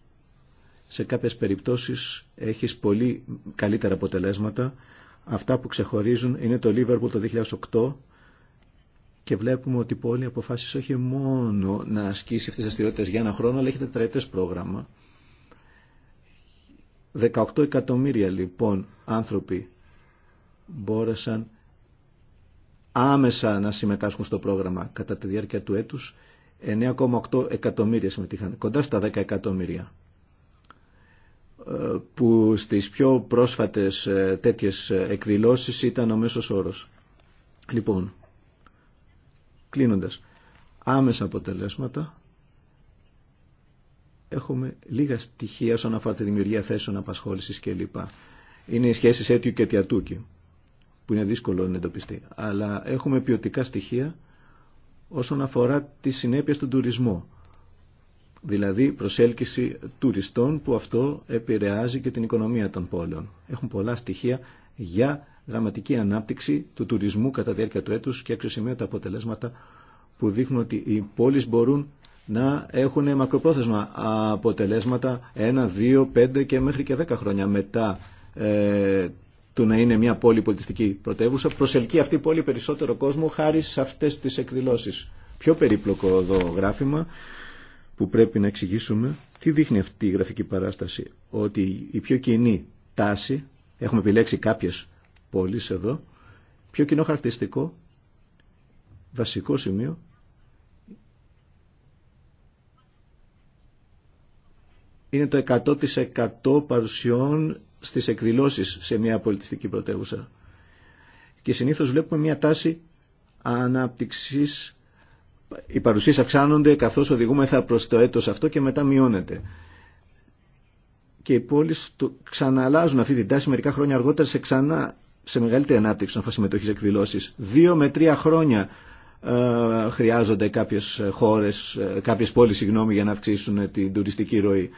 σε κάποιες περιπτώσεις έχεις πολύ καλύτερα αποτελέσματα. Αυτά που ξεχωρίζουν είναι το liverpool το 2008 και βλέπουμε ότι η πόλη αποφάσισε όχι μόνο να ασκήσει αυτές τις δραστηριότητε για ένα χρόνο, αλλά έχει τετραετές πρόγραμμα. 18 εκατομμύρια λοιπόν άνθρωποι μπόρεσαν άμεσα να συμμετάσχουν στο πρόγραμμα κατά τη διάρκεια του έτους 9,8 εκατομμύρια συμμετείχαν, κοντά στα 10 εκατομμύρια που στις πιο πρόσφατες ε, τέτοιες ε, εκδηλώσεις ήταν ο μέσος όρος. Λοιπόν, κλείνοντας, άμεσα αποτελέσματα έχουμε λίγα στοιχεία όσον αφορά τη δημιουργία θέσεων απασχόλησης κλπ. Είναι οι σχέσεις αίτιου και τιατούκι που είναι δύσκολο να εντοπιστεί. Αλλά έχουμε ποιοτικά στοιχεία όσον αφορά τη συνέπεια στον τουρισμό δηλαδή προσέλκυση τουριστών που αυτό επηρεάζει και την οικονομία των πόλεων. Έχουν πολλά στοιχεία για δραματική ανάπτυξη του τουρισμού κατά διάρκεια του έτους και τα αποτελέσματα που δείχνουν ότι οι πόλεις μπορούν να έχουν μακροπρόθεσμα αποτελέσματα 1, 2, 5 και μέχρι και 10 χρόνια μετά ε, του να είναι μια πόλη πολιτιστική πρωτεύουσα. Προσελκύει αυτή η πόλη περισσότερο κόσμο χάρη σε αυτές τις εκδηλώσεις. Πιο περίπλοκο εδώ γράφημα που πρέπει να εξηγήσουμε τι δείχνει αυτή η γραφική παράσταση. Ότι η πιο κοινή τάση, έχουμε επιλέξει κάποιες πόλεις εδώ, πιο κοινό χαρακτηριστικό, βασικό σημείο, είναι το 100% παρουσιών στις εκδηλώσεις σε μια πολιτιστική πρωτεύουσα. Και συνήθως βλέπουμε μια τάση ανάπτυξης οι παρουσίες αυξάνονται καθώς οδηγούμεθα προς το έτος αυτό και μετά μειώνεται. Και οι πόλεις ξαναλάζουν αυτή την τάση μερικά χρόνια αργότερα σε ξανά σε μεγαλύτερη ανάπτυξη να συμμετοχή εκδηλώσεις. Δύο με τρία χρόνια ε, χρειάζονται κάποιες χώρες, ε, κάποιες πόλεις συγγνώμη, για να αυξήσουν την τουριστική ροή.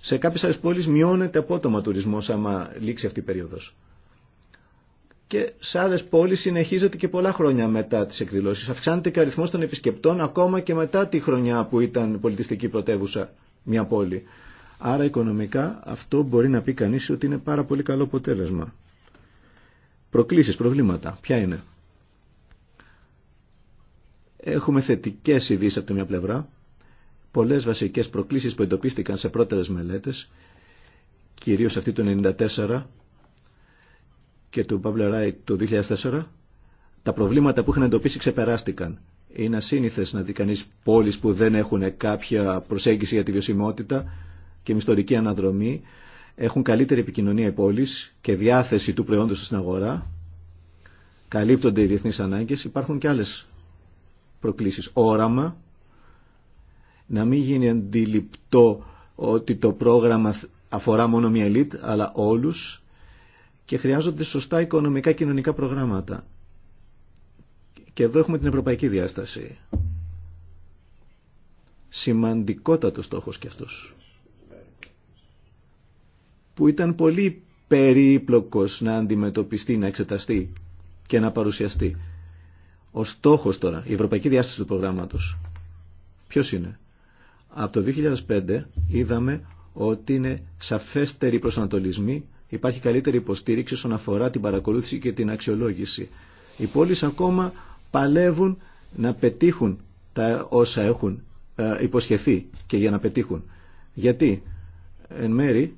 Σε κάποιες άλλες πόλεις μειώνεται απότομα τουρισμός άμα λήξει αυτή η περίοδος και σε άλλες πόλεις συνεχίζεται και πολλά χρόνια μετά τις εκδηλώσεις. Αυξάνεται και ο αριθμός των επισκεπτών ακόμα και μετά τη χρονιά που ήταν πολιτιστική πρωτεύουσα μια πόλη. Άρα οικονομικά αυτό μπορεί να πει κανείς ότι είναι πάρα πολύ καλό αποτέλεσμα. Προκλήσεις, προβλήματα. Ποια είναι. Έχουμε θετικές ειδήσει από τη μια πλευρά. Πολλές βασικές προκλήσεις που εντοπίστηκαν σε πρώτερες μελέτες, κυρίως αυτή του 94, και του Ράιτ του 2004, τα προβλήματα που είχαν εντοπίσει ξεπεράστηκαν. Είναι ασύνηθε να δει κανεί πόλει που δεν έχουν κάποια προσέγγιση για τη βιωσιμότητα και μισθωρική αναδρομή. Έχουν καλύτερη επικοινωνία οι πόλει και διάθεση του προϊόντο στην αγορά. Καλύπτονται οι διεθνεί ανάγκε. Υπάρχουν και άλλε προκλήσει. Όραμα. Να μην γίνει αντιληπτό ότι το πρόγραμμα αφορά μόνο μια ελίτ, αλλά όλους και χρειάζονται σωστά οικονομικά κοινωνικά προγράμματα. Και εδώ έχουμε την ευρωπαϊκή διάσταση. Σημαντικότατος στόχος και αυτός. Που ήταν πολύ περίπλοκος να αντιμετωπιστεί, να εξεταστεί και να παρουσιαστεί. Ο στόχος τώρα, η ευρωπαϊκή διάσταση του προγράμματος, ποιος είναι. Από το 2005 είδαμε ότι είναι σαφέστεροι προσανατολισμοί υπάρχει καλύτερη υποστήριξη όσον αφορά την παρακολούθηση και την αξιολόγηση. Οι πόλεις ακόμα παλεύουν να πετύχουν τα όσα έχουν ε, υποσχεθεί και για να πετύχουν. Γιατί, εν μέρη,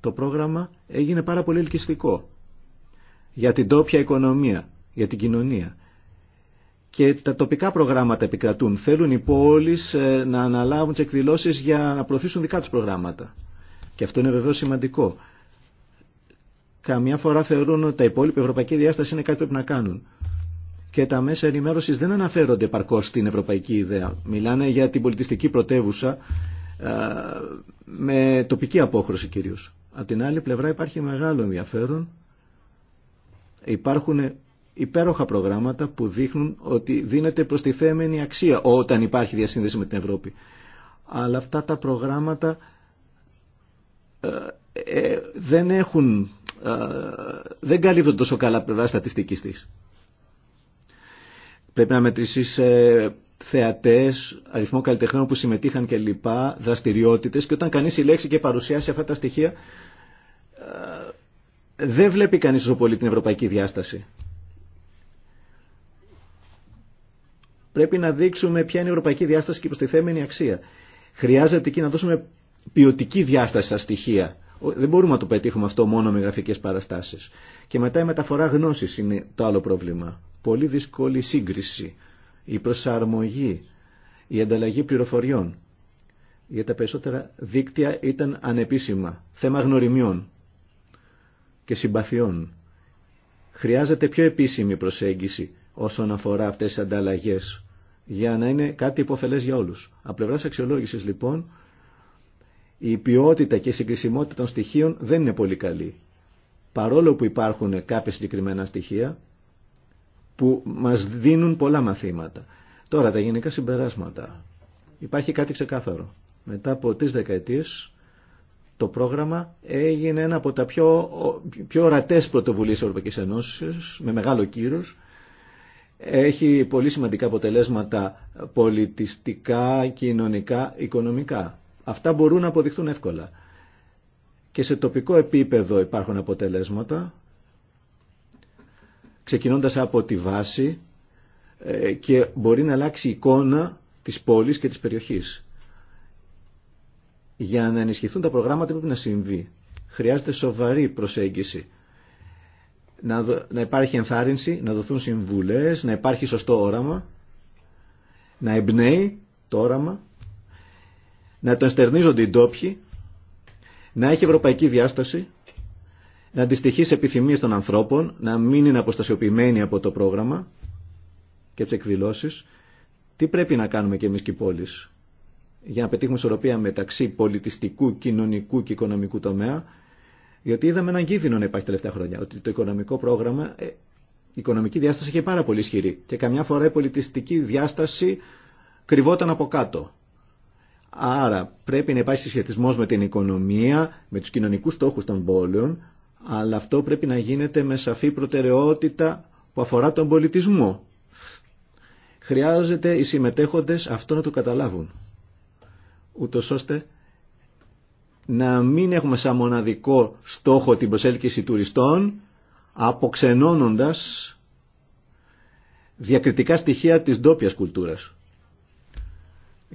το πρόγραμμα έγινε πάρα πολύ ελκυστικό για την τόπια οικονομία, για την κοινωνία. Και τα τοπικά προγράμματα επικρατούν. Θέλουν οι πόλεις ε, να αναλάβουν τι εκδηλώσεις για να προωθήσουν δικά τους προγράμματα. Και αυτό είναι βεβαίως σημαντικό καμιά φορά θεωρούν ότι τα υπόλοιπα ευρωπαϊκή διάσταση είναι κάτι που πρέπει να κάνουν. Και τα μέσα ενημέρωση δεν αναφέρονται παρκώ στην ευρωπαϊκή ιδέα. Μιλάνε για την πολιτιστική πρωτεύουσα με τοπική απόχρωση κυρίω. Απ' την άλλη πλευρά υπάρχει μεγάλο ενδιαφέρον. Υπάρχουν υπέροχα προγράμματα που δείχνουν ότι δίνεται προστιθέμενη αξία όταν υπάρχει διασύνδεση με την Ευρώπη. Αλλά αυτά τα προγράμματα ε, ε δεν έχουν δεν καλύπτουν τόσο καλά πλευρά στατιστική τη. Πρέπει να μετρήσεις ε, θεατές, αριθμό καλλιτεχνών που συμμετείχαν κλπ, δραστηριότητε και όταν κανείς συλλέξει και παρουσιάσει αυτά τα στοιχεία ε, δεν βλέπει κανεί τόσο πολύ την ευρωπαϊκή διάσταση. Πρέπει να δείξουμε ποια είναι η ευρωπαϊκή διάσταση και προστιθέμενη αξία. Χρειάζεται εκεί να δώσουμε ποιοτική διάσταση στα στοιχεία δεν μπορούμε να το πετύχουμε αυτό μόνο με γραφικέ παραστάσει. Και μετά η μεταφορά γνώση είναι το άλλο πρόβλημα. Πολύ δύσκολη σύγκριση, η προσαρμογή, η ανταλλαγή πληροφοριών. Για τα περισσότερα δίκτυα ήταν ανεπίσημα, θέμα γνωριμιών και συμπαθιών. Χρειάζεται πιο επίσημη προσέγγιση όσον αφορά αυτές τις ανταλλαγές για να είναι κάτι υποφελές για όλους. Από πλευράς λοιπόν η ποιότητα και η συγκρισιμότητα των στοιχείων δεν είναι πολύ καλή. Παρόλο που υπάρχουν κάποια συγκεκριμένα στοιχεία που μας δίνουν πολλά μαθήματα. Τώρα τα γενικά συμπεράσματα. Υπάρχει κάτι ξεκάθαρο. Μετά από τρεις δεκαετίες το πρόγραμμα έγινε ένα από τα πιο, πιο ορατές πρωτοβουλίες της με μεγάλο κύρος. Έχει πολύ σημαντικά αποτελέσματα πολιτιστικά, κοινωνικά, οικονομικά. Αυτά μπορούν να αποδειχθούν εύκολα. Και σε τοπικό επίπεδο υπάρχουν αποτελέσματα, ξεκινώντας από τη βάση ε, και μπορεί να αλλάξει η εικόνα της πόλης και της περιοχής. Για να ενισχυθούν τα προγράμματα πρέπει να συμβεί. Χρειάζεται σοβαρή προσέγγιση. Να, να υπάρχει ενθάρρυνση, να δοθούν συμβουλές, να υπάρχει σωστό όραμα, να εμπνέει το όραμα να τον στερνίζονται οι ντόπιοι, να έχει ευρωπαϊκή διάσταση, να αντιστοιχεί σε επιθυμίες των ανθρώπων, να μην είναι αποστασιοποιημένοι από το πρόγραμμα και τι εκδηλώσει Τι πρέπει να κάνουμε κι εμεί και οι πόλεις για να πετύχουμε ισορροπία μεταξύ πολιτιστικού, κοινωνικού και οικονομικού τομέα, γιατί είδαμε έναν κίνδυνο να υπάρχει τελευταία χρόνια, ότι το οικονομικό πρόγραμμα, ε, η οικονομική διάσταση είχε πάρα πολύ ισχυρή και καμιά φορά η πολιτιστική διάσταση κρυβόταν από κάτω. Άρα πρέπει να υπάρχει συσχετισμός με την οικονομία, με τους κοινωνικούς στόχους των πόλεων, αλλά αυτό πρέπει να γίνεται με σαφή προτεραιότητα που αφορά τον πολιτισμό. Χρειάζεται οι συμμετέχοντες αυτό να το καταλάβουν, ούτω ώστε να μην έχουμε σαν μοναδικό στόχο την προσέλκυση τουριστών, αποξενώνοντας διακριτικά στοιχεία της ντόπια κουλτούρας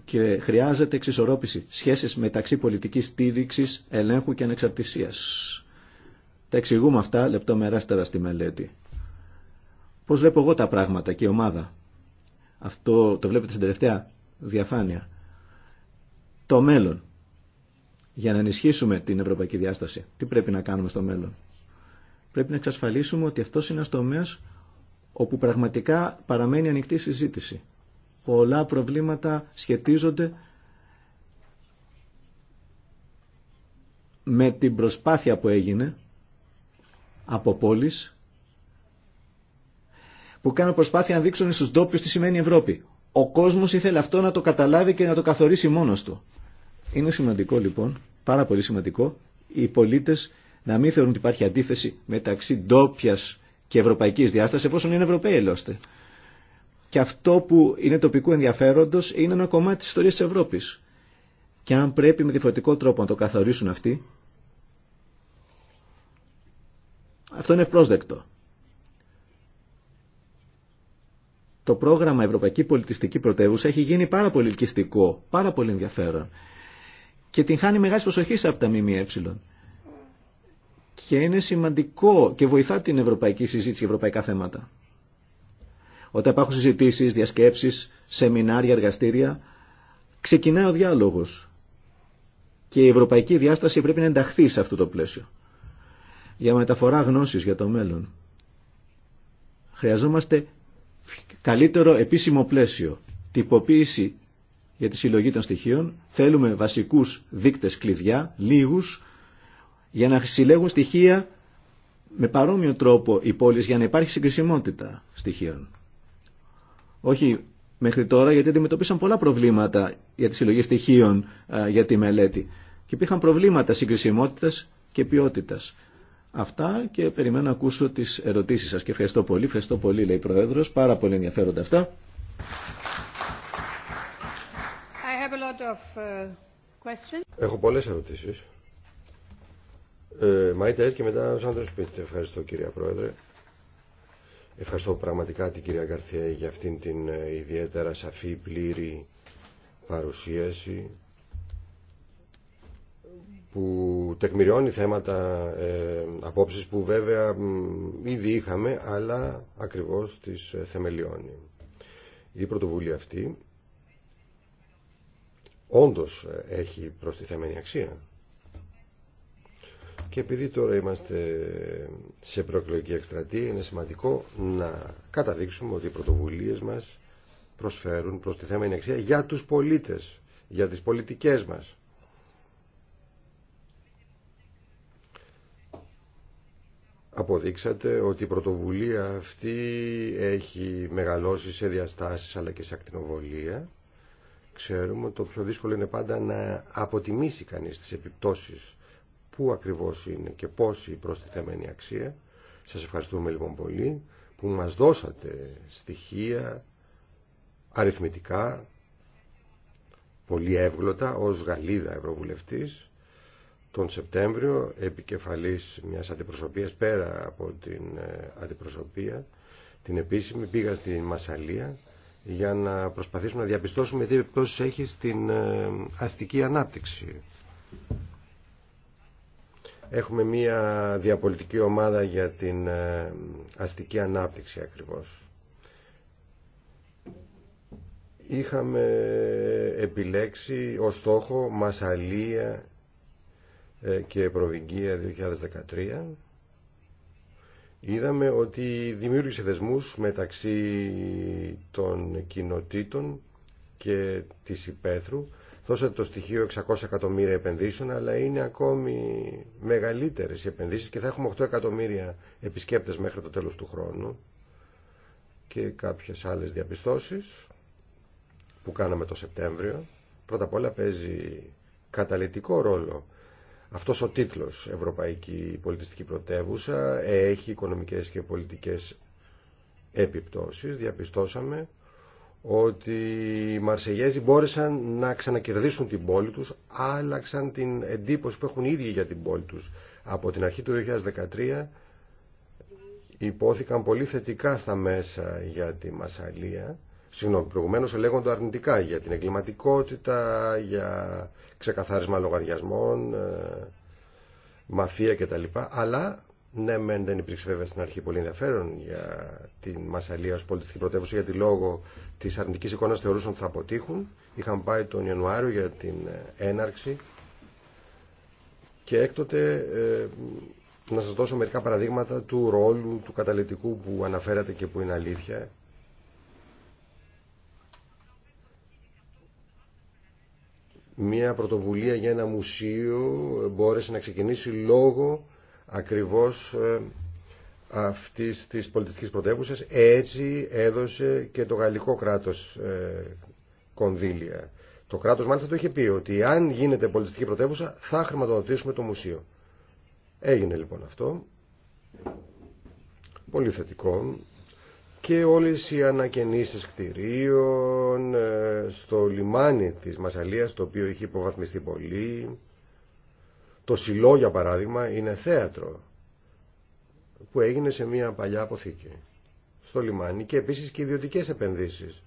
και χρειάζεται εξισορρόπηση σχέσεις μεταξύ πολιτικής στήριξης, ελέγχου και ανεξαρτησίας. Τα εξηγούμε αυτά λεπτομεράστερα στη μελέτη. Πώς βλέπω εγώ τα πράγματα και η ομάδα. Αυτό το βλέπετε στην τελευταία διαφάνεια. Το μέλλον. Για να ενισχύσουμε την ευρωπαϊκή διάσταση. Τι πρέπει να κάνουμε στο μέλλον. Πρέπει να εξασφαλίσουμε ότι αυτό είναι ένα τομέα όπου πραγματικά παραμένει ανοιχτή συζήτηση πολλά προβλήματα σχετίζονται με την προσπάθεια που έγινε από πόλεις που κάνουν προσπάθεια να δείξουν στους ντόπιου τι σημαίνει Ευρώπη. Ο κόσμος ήθελε αυτό να το καταλάβει και να το καθορίσει μόνος του. Είναι σημαντικό λοιπόν, πάρα πολύ σημαντικό, οι πολίτες να μην θεωρούν ότι υπάρχει αντίθεση μεταξύ ντόπια και ευρωπαϊκής διάστασης εφόσον είναι Ευρωπαίοι ελώστε και αυτό που είναι τοπικού ενδιαφέροντος είναι ένα κομμάτι της ιστορίας της Ευρώπης. Και αν πρέπει με διαφορετικό τρόπο να το καθορίσουν αυτοί, αυτό είναι ευπρόσδεκτο. Το πρόγραμμα Ευρωπαϊκή Πολιτιστική Πρωτεύουσα έχει γίνει πάρα πολύ ελκυστικό, πάρα πολύ ενδιαφέρον και την χάνει μεγάλη προσοχή από τα ΜΜΕ. Και είναι σημαντικό και βοηθά την ευρωπαϊκή συζήτηση για ευρωπαϊκά θέματα. Όταν υπάρχουν συζητήσει, διασκέψει, σεμινάρια, εργαστήρια, ξεκινάει ο διάλογο. Και η ευρωπαϊκή διάσταση πρέπει να ενταχθεί σε αυτό το πλαίσιο. Για μεταφορά γνώση για το μέλλον. Χρειαζόμαστε καλύτερο επίσημο πλαίσιο. Τυποποίηση για τη συλλογή των στοιχείων. Θέλουμε βασικούς δείκτες κλειδιά, λίγου, για να συλλέγουν στοιχεία με παρόμοιο τρόπο οι πόλεις για να υπάρχει συγκρισιμότητα στοιχείων. Όχι μέχρι τώρα γιατί αντιμετωπίσαν πολλά προβλήματα για τη συλλογή στοιχείων για τη μελέτη. Και υπήρχαν προβλήματα συγκρισιμότητας και ποιότητας. Αυτά και περιμένω να ακούσω τις ερωτήσεις σας και ευχαριστώ πολύ. Ευχαριστώ πολύ λέει η Πρόεδρος. Πάρα πολύ ενδιαφέροντα αυτά. I have a lot of uh, Έχω πολλές ερωτήσεις. Ε, και μετά ο Σάντρος Ευχαριστώ κυρία Πρόεδρε. Ευχαριστώ πραγματικά την κυρία Γκαρθία για αυτήν την ε, ιδιαίτερα σαφή, πλήρη παρουσίαση που τεκμηριώνει θέματα ε, απόψεις που βέβαια ήδη είχαμε αλλά ακριβώς τις ε, θεμελιώνει. Η πρωτοβουλία αυτή όντως ε, έχει προστιθέμενη αξία και επειδή τώρα είμαστε σε προεκλογική εκστρατεία, είναι σημαντικό να καταδείξουμε ότι οι πρωτοβουλίες μας προσφέρουν προς τη θέμα αξία για τους πολίτες, για τις πολιτικές μας. Αποδείξατε ότι η πρωτοβουλία αυτή έχει μεγαλώσει σε διαστάσεις αλλά και σε ακτινοβολία. Ξέρουμε ότι το πιο δύσκολο είναι πάντα να αποτιμήσει κανείς τις επιπτώσεις πού ακριβώς είναι και πώς η προστιθέμενη αξία. Σας ευχαριστούμε λοιπόν πολύ που μας δώσατε στοιχεία αριθμητικά, πολύ εύγλωτα, ως Γαλλίδα Ευρωβουλευτής. Τον Σεπτέμβριο, επικεφαλής μιας αντιπροσωπείας, πέρα από την ε, αντιπροσωπεία, την επίσημη, πήγα στη Μασαλία για να προσπαθήσουμε να διαπιστώσουμε τι επιπτώσεις έχει στην ε, αστική ανάπτυξη. Έχουμε μία διαπολιτική ομάδα για την ε, αστική ανάπτυξη ακριβώς. Είχαμε επιλέξει ως στόχο Μασαλία ε, και Προβυγγία 2013. Είδαμε ότι δημιούργησε δεσμούς μεταξύ των κοινοτήτων και της υπαίθρου Δώσατε το στοιχείο 600 εκατομμύρια επενδύσεων, αλλά είναι ακόμη μεγαλύτερες οι επενδύσεις και θα έχουμε 8 εκατομμύρια επισκέπτες μέχρι το τέλος του χρόνου και κάποιες άλλες διαπιστώσεις που κάναμε το Σεπτέμβριο. Πρώτα απ' όλα παίζει καταλητικό ρόλο αυτός ο τίτλος Ευρωπαϊκή Πολιτιστική Πρωτεύουσα έχει οικονομικές και πολιτικές επιπτώσεις. Διαπιστώσαμε ότι οι Μαρσεγέζοι μπόρεσαν να ξανακερδίσουν την πόλη τους, άλλαξαν την εντύπωση που έχουν οι ίδιοι για την πόλη τους. Από την αρχή του 2013 υπόθηκαν πολύ θετικά στα μέσα για τη Μασαλία, συγγνώμη, προηγουμένως λέγονται αρνητικά για την εγκληματικότητα, για ξεκαθάρισμα λογαριασμών, ε, μαφία κτλ. Αλλά ναι, μεν δεν υπήρξε βέβαια στην αρχή πολύ ενδιαφέρον για την Μασαλία ω πολιτιστική πρωτεύουσα, γιατί λόγω τη αρνητική εικόνα θεωρούσαν ότι θα αποτύχουν. Είχαν πάει τον Ιανουάριο για την ε, έναρξη και έκτοτε ε, να σα δώσω μερικά παραδείγματα του ρόλου του καταλητικού που αναφέρατε και που είναι αλήθεια. Μία πρωτοβουλία για ένα μουσείο μπόρεσε να ξεκινήσει λόγω ακριβώς ε, αυτής της πολιτιστικής πρωτεύουσας. Έτσι έδωσε και το γαλλικό κράτος ε, κονδύλια. Το κράτος μάλιστα το είχε πει ότι αν γίνεται πολιτιστική πρωτεύουσα θα χρηματοδοτήσουμε το μουσείο. Έγινε λοιπόν αυτό. Πολύ θετικό. Και όλες οι ανακαινήσεις κτηρίων ε, στο λιμάνι της Μασαλίας, το οποίο είχε υποβαθμιστεί πολύ, το Σιλό, για παράδειγμα, είναι θέατρο που έγινε σε μια παλιά αποθήκη στο λιμάνι και επίσης και ιδιωτικές επενδύσεις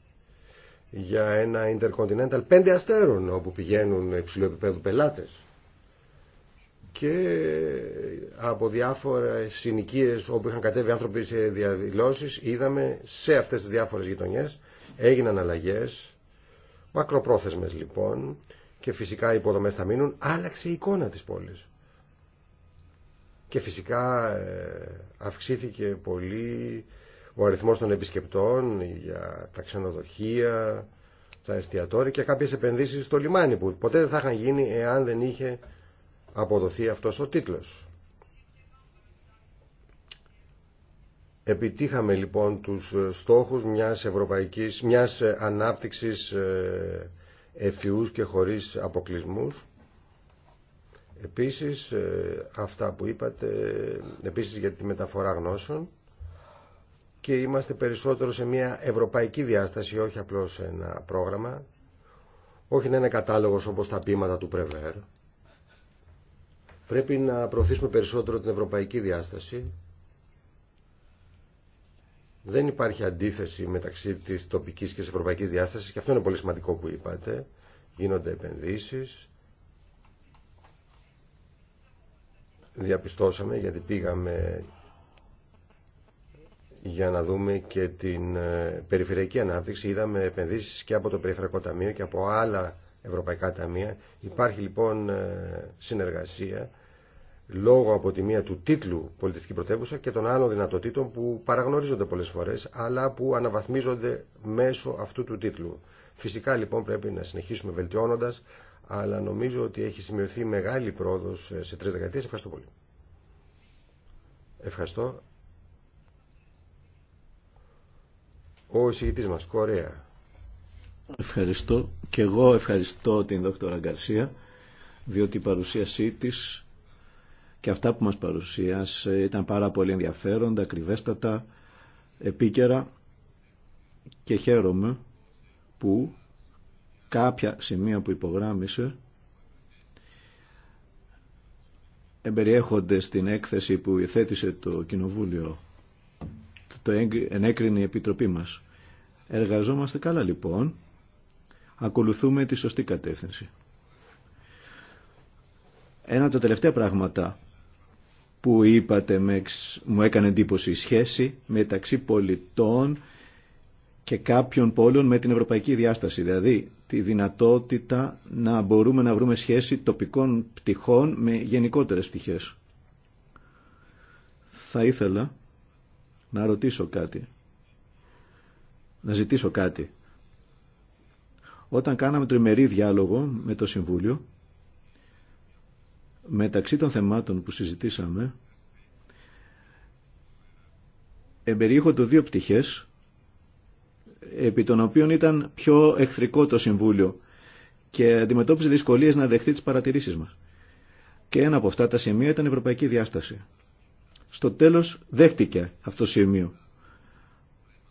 για ένα Intercontinental πέντε αστέρων όπου πηγαίνουν υψηλού επίπεδου πελάτες και από διάφορες συνοικίες όπου είχαν κατέβει άνθρωποι σε διαδηλώσεις είδαμε σε αυτές τις διάφορες γειτονιές έγιναν αλλαγές μακροπρόθεσμες λοιπόν και φυσικά οι υποδομές θα μείνουν, άλλαξε η εικόνα της πόλης. Και φυσικά ε, αυξήθηκε πολύ ο αριθμός των επισκεπτών για τα ξενοδοχεία, τα εστιατόρια και κάποιες επενδύσεις στο λιμάνι που ποτέ δεν θα είχαν γίνει εάν δεν είχε αποδοθεί αυτός ο τίτλος. Επιτύχαμε λοιπόν τους στόχους μιας, ευρωπαϊκής, μιας ε, ανάπτυξης ε, ευφυούς και χωρίς αποκλεισμούς. Επίσης, ε, αυτά που είπατε, επίσης για τη μεταφορά γνώσεων και είμαστε περισσότερο σε μια ευρωπαϊκή διάσταση, όχι απλώς σε ένα πρόγραμμα, όχι να είναι κατάλογος όπως τα πείματα του Πρεβέρ. Πρέπει να προωθήσουμε περισσότερο την ευρωπαϊκή διάσταση δεν υπάρχει αντίθεση μεταξύ της τοπικής και της ευρωπαϊκής διάστασης και αυτό είναι πολύ σημαντικό που είπατε. Γίνονται επενδύσεις. Διαπιστώσαμε γιατί πήγαμε για να δούμε και την ε, περιφερειακή ανάπτυξη. Είδαμε επενδύσεις και από το Περιφερειακό Ταμείο και από άλλα ευρωπαϊκά ταμεία. Υπάρχει λοιπόν ε, συνεργασία λόγω από τη μία του τίτλου πολιτιστική πρωτεύουσα και των άλλων δυνατοτήτων που παραγνωρίζονται πολλές φορές αλλά που αναβαθμίζονται μέσω αυτού του τίτλου. Φυσικά λοιπόν πρέπει να συνεχίσουμε βελτιώνοντας αλλά νομίζω ότι έχει σημειωθεί μεγάλη πρόοδος ε, σε τρεις δεκαετίες. Ευχαριστώ πολύ. Ευχαριστώ. Ο εισηγητής μας, Κορέα. Ευχαριστώ. Και εγώ ευχαριστώ την δόκτωρα Γκαρσία διότι η παρουσίασή της και αυτά που μας παρουσίασε ήταν πάρα πολύ ενδιαφέροντα, ακριβέστατα, επίκαιρα και χαίρομαι που κάποια σημεία που υπογράμμισε εμπεριέχονται στην έκθεση που υθέτησε το Κοινοβούλιο, το ενέκρινε η Επιτροπή μας. Εργαζόμαστε καλά λοιπόν, ακολουθούμε τη σωστή κατεύθυνση. Ένα από τα τελευταία πράγματα που είπατε μου έκανε εντύπωση η σχέση μεταξύ πολιτών και κάποιων πόλεων με την ευρωπαϊκή διάσταση. Δηλαδή τη δυνατότητα να μπορούμε να βρούμε σχέση τοπικών πτυχών με γενικότερες πτυχές. Θα ήθελα να ρωτήσω κάτι. Να ζητήσω κάτι. Όταν κάναμε τριμερή διάλογο με το Συμβούλιο, Μεταξύ των θεμάτων που συζητήσαμε εμπεριείχονται δύο πτυχές επί των οποίων ήταν πιο εχθρικό το Συμβούλιο και αντιμετώπιζε δυσκολίες να δεχτεί τις παρατηρήσεις μας. Και ένα από αυτά τα σημεία ήταν η Ευρωπαϊκή Διάσταση. Στο τέλος δέχτηκε αυτό το σημείο.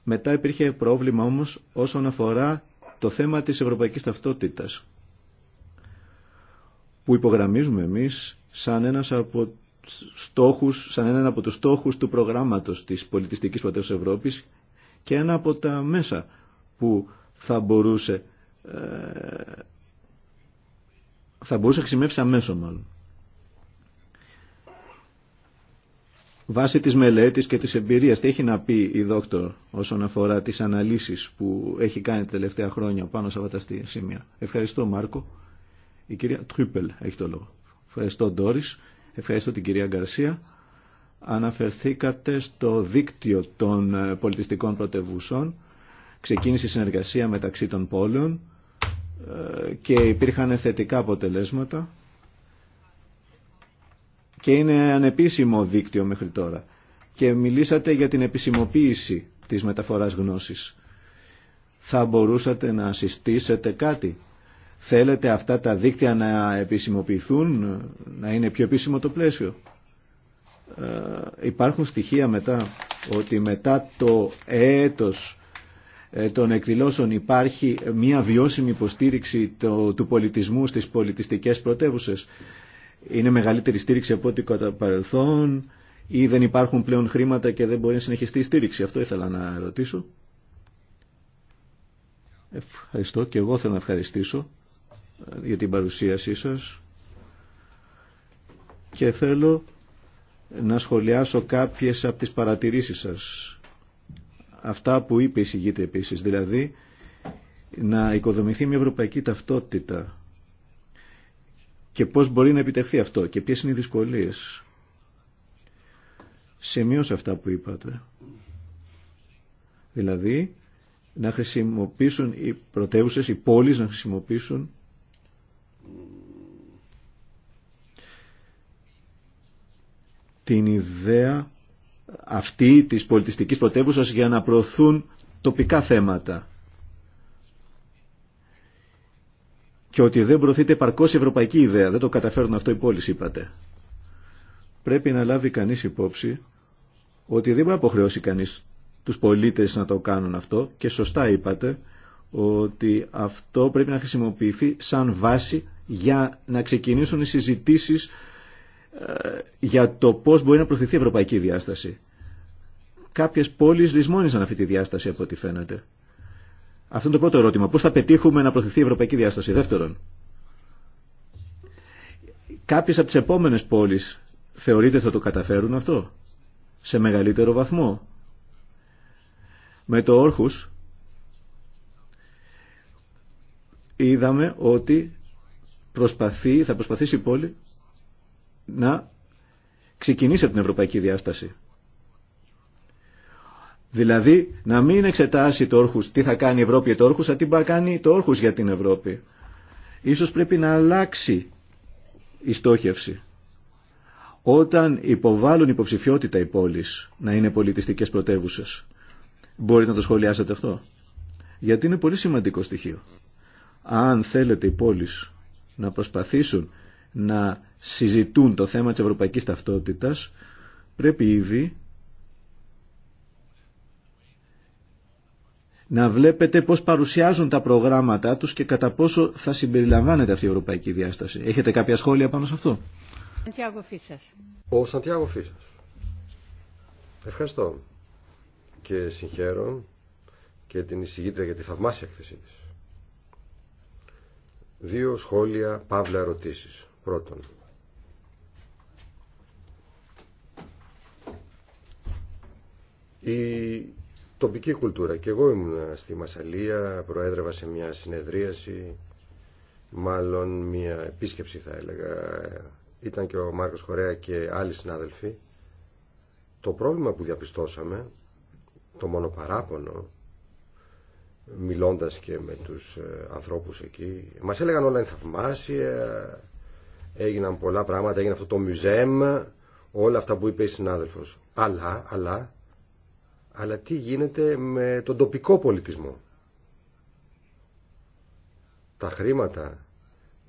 Μετά υπήρχε πρόβλημα όμως όσον αφορά το θέμα της ευρωπαϊκής ταυτότητας που υπογραμμίζουμε εμείς σαν ένας από στόχους, σαν έναν από τους στόχους του προγράμματος της πολιτιστικής πρωτεύουσας Ευρώπης και ένα από τα μέσα που θα μπορούσε ε, θα μπορούσε να χρησιμεύσει αμέσω μάλλον. Βάσει της μελέτης και της εμπειρίας, τι έχει να πει η δόκτωρ όσον αφορά τις αναλύσεις που έχει κάνει τα τελευταία χρόνια πάνω σε αυτά τα σημεία. Ευχαριστώ Μάρκο. Η κυρία Τρίπελ έχει το λόγο. Ευχαριστώ Ντόρις, ευχαριστώ την κυρία Γκαρσία. Αναφερθήκατε στο δίκτυο των ε, πολιτιστικών πρωτευουσών. Ξεκίνησε η συνεργασία μεταξύ των πόλεων ε, και υπήρχαν θετικά αποτελέσματα και είναι ανεπίσημο δίκτυο μέχρι τώρα. Και μιλήσατε για την επισημοποίηση της μεταφοράς γνώσης. Θα μπορούσατε να συστήσετε κάτι Θέλετε αυτά τα δίκτυα να επισημοποιηθούν, να είναι πιο επίσημο το πλαίσιο. Ε, υπάρχουν στοιχεία μετά ότι μετά το έτος ε, των εκδηλώσεων υπάρχει μια βιώσιμη υποστήριξη το, του πολιτισμού στις πολιτιστικές πρωτεύουσες. Είναι μεγαλύτερη στήριξη από ό,τι κατά παρελθόν ή δεν υπάρχουν πλέον χρήματα και δεν μπορεί να συνεχιστεί η στήριξη. Αυτό ήθελα να ρωτήσω. Ευχαριστώ και εγώ θέλω να ευχαριστήσω για την παρουσίασή σας και θέλω να σχολιάσω κάποιες από τις παρατηρήσεις σας. Αυτά που είπε η επίσης, δηλαδή να οικοδομηθεί μια ευρωπαϊκή ταυτότητα και πώς μπορεί να επιτευχθεί αυτό και ποιες είναι οι δυσκολίες. μείωσα αυτά που είπατε. Δηλαδή, να χρησιμοποιήσουν οι πρωτεύουσες, οι πόλεις να χρησιμοποιήσουν την ιδέα αυτή της πολιτιστικής πρωτεύουσα για να προωθούν τοπικά θέματα και ότι δεν προωθείται παρκώς η ευρωπαϊκή ιδέα. Δεν το καταφέρουν αυτό οι πόλεις, είπατε. Πρέπει να λάβει κανείς υπόψη ότι δεν μπορεί να αποχρεώσει κανείς τους πολίτες να το κάνουν αυτό και σωστά είπατε ότι αυτό πρέπει να χρησιμοποιηθεί σαν βάση για να ξεκινήσουν οι συζητήσεις ε, για το πώς μπορεί να προωθηθεί η ευρωπαϊκή διάσταση. Κάποιες πόλεις λησμόνησαν αυτή τη διάσταση από ό,τι φαίνεται. Αυτό είναι το πρώτο ερώτημα. Πώς θα πετύχουμε να προωθηθεί η ευρωπαϊκή διάσταση. Δεύτερον, κάποιες από τις επόμενες πόλεις θεωρείτε θα το καταφέρουν αυτό. Σε μεγαλύτερο βαθμό. Με το όρχους είδαμε ότι προσπαθεί, θα προσπαθήσει η πόλη να ξεκινήσει από την ευρωπαϊκή διάσταση. Δηλαδή να μην εξετάσει το όρχους, τι θα κάνει η Ευρώπη για το όρχους, αλλά τι θα κάνει το όρχους για την Ευρώπη. Ίσως πρέπει να αλλάξει η στόχευση. Όταν υποβάλλουν υποψηφιότητα οι πόλεις να είναι πολιτιστικές πρωτεύουσε. Μπορείτε να το σχολιάσετε αυτό. Γιατί είναι πολύ σημαντικό στοιχείο. Αν θέλετε οι πόλεις να προσπαθήσουν να συζητούν το θέμα της ευρωπαϊκής ταυτότητας πρέπει ήδη να βλέπετε πώς παρουσιάζουν τα προγράμματα τους και κατά πόσο θα συμπεριλαμβάνεται αυτή η ευρωπαϊκή διάσταση. Έχετε κάποια σχόλια πάνω σε αυτό. Ο Σαντιάγο Φίσας. Ευχαριστώ και συγχαίρω και την εισηγήτρια για τη θαυμάσια εκθεσή της. Δύο σχόλια, παύλα ερωτήσει. Πρώτον. Η τοπική κουλτούρα. Και εγώ ήμουν στη Μασαλία, προέδρευα σε μια συνεδρίαση, μάλλον μια επίσκεψη θα έλεγα. Ήταν και ο Μάρκος Χορέα και άλλοι συνάδελφοι. Το πρόβλημα που διαπιστώσαμε, το μόνο παράπονο, μιλώντας και με τους ε, ανθρώπους εκεί μας έλεγαν όλα είναι θαυμάσια έγιναν πολλά πράγματα έγινε αυτό το μουζέμ όλα αυτά που είπε η συνάδελφος αλλά, αλλά, αλλά τι γίνεται με τον τοπικό πολιτισμό τα χρήματα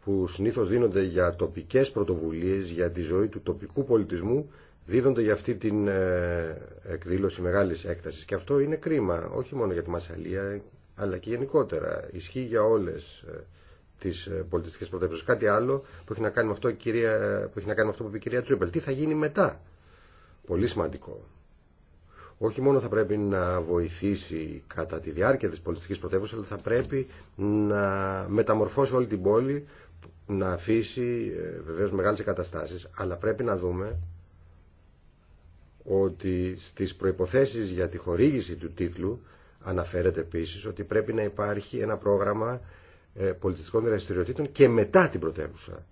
που συνήθως δίνονται για τοπικές πρωτοβουλίες για τη ζωή του τοπικού πολιτισμού δίδονται για αυτή την ε, εκδήλωση μεγάλης έκτασης και αυτό είναι κρίμα όχι μόνο για τη Μασαλία αλλά και γενικότερα. Ισχύει για όλε τι ε, πολιτιστικέ πρωτεύουσε, Κάτι άλλο ε, που έχει να κάνει με αυτό, που, είπε η κυρία Τρίπελ. Τι θα γίνει μετά. Πολύ σημαντικό. Όχι μόνο θα πρέπει να βοηθήσει κατά τη διάρκεια τη πολιτιστική πρωτεύουσα, αλλά θα πρέπει να μεταμορφώσει όλη την πόλη, να αφήσει ε, βεβαίω μεγάλε εγκαταστάσει. αλλά πρέπει να δούμε ότι στις προϋποθέσεις για τη χορήγηση του τίτλου Αναφέρεται επίσης ότι πρέπει να υπάρχει ένα πρόγραμμα ε, πολιτιστικών δραστηριοτήτων και μετά την πρωτεύουσα.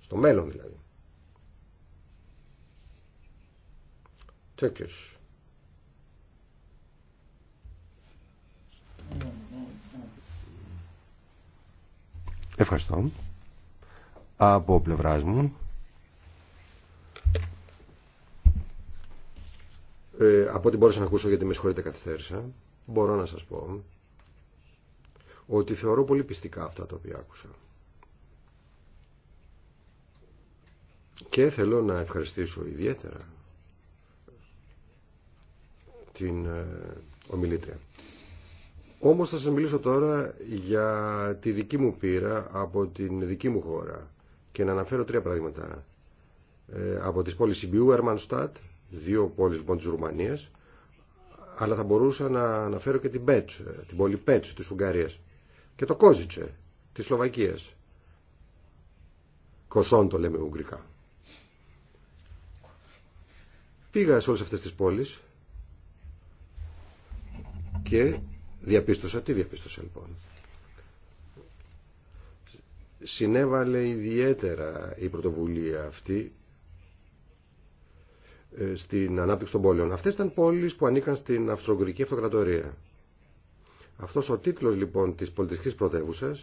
Στο μέλλον δηλαδή. Ευχαριστώ. Από πλευράς μου. Ε, από ό,τι μπορούσα να ακούσω γιατί με συγχωρείτε καθυστέρησα μπορώ να σας πω ότι θεωρώ πολύ πιστικά αυτά τα οποία άκουσα. Και θέλω να ευχαριστήσω ιδιαίτερα την ε, ομιλήτρια. Όμως θα σας μιλήσω τώρα για τη δική μου πείρα από την δική μου χώρα και να αναφέρω τρία παραδείγματα. Ε, από τις πόλεις Σιμπιού, Ερμανστάτ, δύο πόλεις λοιπόν της Ρουμανίας αλλά θα μπορούσα να αναφέρω και την Πέτς, την πόλη Πέτς της Ουγγαρίας και το Κόζιτσε της Σλοβακίας. Κοσόν το λέμε ουγγρικά. Πήγα σε όλες αυτές τις πόλεις και διαπίστωσα, τι διαπίστωσα λοιπόν. Συνέβαλε ιδιαίτερα η πρωτοβουλία αυτή ε, στην ανάπτυξη των πόλεων. Αυτές ήταν πόλεις που ανήκαν στην Αυστρογγρική Αυτοκρατορία. Αυτός ο τίτλος λοιπόν της πολιτιστικής πρωτεύουσα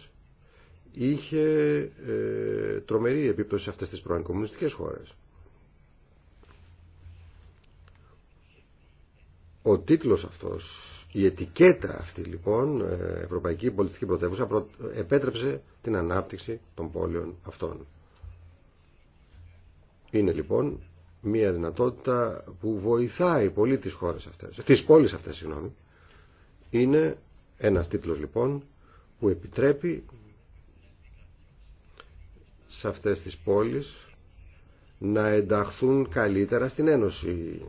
είχε ε, τρομερή επίπτωση σε αυτές τις πρώην χώρες. Ο τίτλος αυτός, η ετικέτα αυτή λοιπόν, ε, Ευρωπαϊκή Πολιτιστική Πρωτεύουσα, επέτρεψε την ανάπτυξη των πόλεων αυτών. Είναι λοιπόν μια δυνατότητα που βοηθάει πολύ τις χώρες αυτές, τις πόλεις αυτές, Είναι ένας τίτλος λοιπόν που επιτρέπει σε αυτές τις πόλεις να ενταχθούν καλύτερα στην Ένωση.